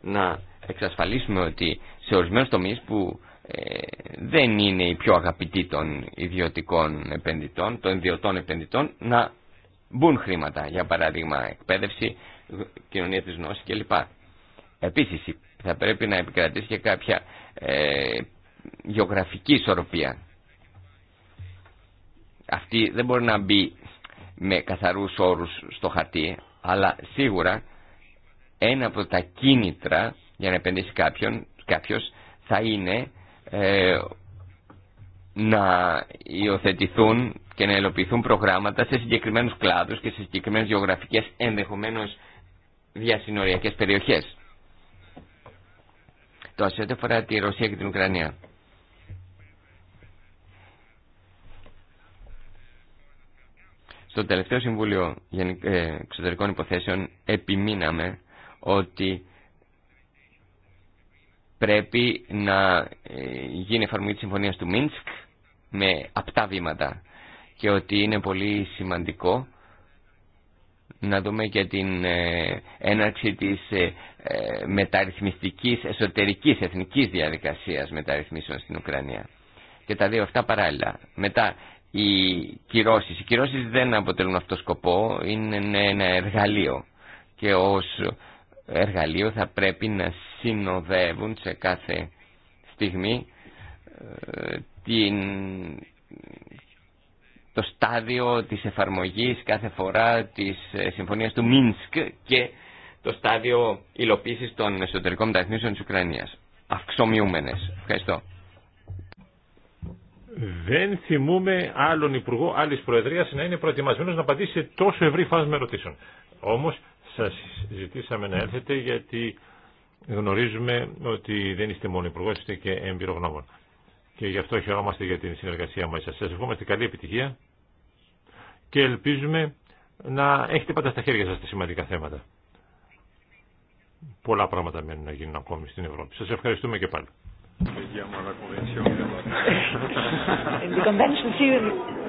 να εξασφαλίσουμε ότι σε ορισμένου τομεί που ε, δεν είναι οι πιο αγαπητοί των ιδιωτικών επενδυτών, των ιδιωτών επενδυτών, να μπουν χρήματα. Για παράδειγμα, εκπαίδευση, κοινωνία τη Γνώση κλπ. Επίση, θα πρέπει να επικρατήσει και κάποια ε, γεωγραφική ισορροπία. Αυτή δεν μπορεί να μπει με καθαρούς όρους στο χαρτί, αλλά σίγουρα ένα από τα κίνητρα για να επενδύσει κάποιον, κάποιος θα είναι ε, να υιοθετηθούν και να ελοπιθούν προγράμματα σε συγκεκριμένους κλάδους και σε συγκεκριμένες γεωγραφικές ενδεχομένως διασυνοριακές περιοχές. Το σε ό,τι αφορά τη Ρωσία και την Ουκρανία. Στο τελευταίο Συμβούλιο ε, Εξωτερικών Υποθέσεων επιμείναμε ότι πρέπει να ε, γίνει εφαρμογή της συμφωνίας του Μίνσκ με απτά βήματα και ότι είναι πολύ σημαντικό να δούμε και την ε, έναρξη της μεταρρυθμιστικής εσωτερικής εθνικής διαδικασίας μεταρρυθμίσεων στην Ουκρανία. Και τα δύο αυτά παράλληλα. Μετά οι κυρώσεις. Οι δεν αποτελούν αυτό σκοπό, είναι ναι, ένα εργαλείο και ως εργαλείο θα πρέπει να συνοδεύουν σε κάθε στιγμή ε, την, το στάδιο της εφαρμογής κάθε φορά της ε, συμφωνίας του Μίνσκ και το στάδιο υλοποίησης των εσωτερικών μεταρρυθμίσεων της Ουκρανίας. Αυξομοιούμενες. Ευχαριστώ δεν θυμούμε άλλον υπουργό άλλη προεδρία να είναι προετοιμασμένο να απαντήσει σε τόσο ευρύ φάσμα ερωτήσεων. Όμω σα ζητήσαμε να έρθετε γιατί γνωρίζουμε ότι δεν είστε μόνο υπουργό, είστε και εμπειρογνώμων. Και γι' αυτό χαιρόμαστε για την συνεργασία μαζί σα. Σα ευχόμαστε καλή επιτυχία και ελπίζουμε να έχετε πάντα στα χέρια σα τα σημαντικά θέματα. Πολλά πράγματα μένουν να γίνουν ακόμη στην Ευρώπη. Σα ευχαριστούμε και πάλι. In the convention series.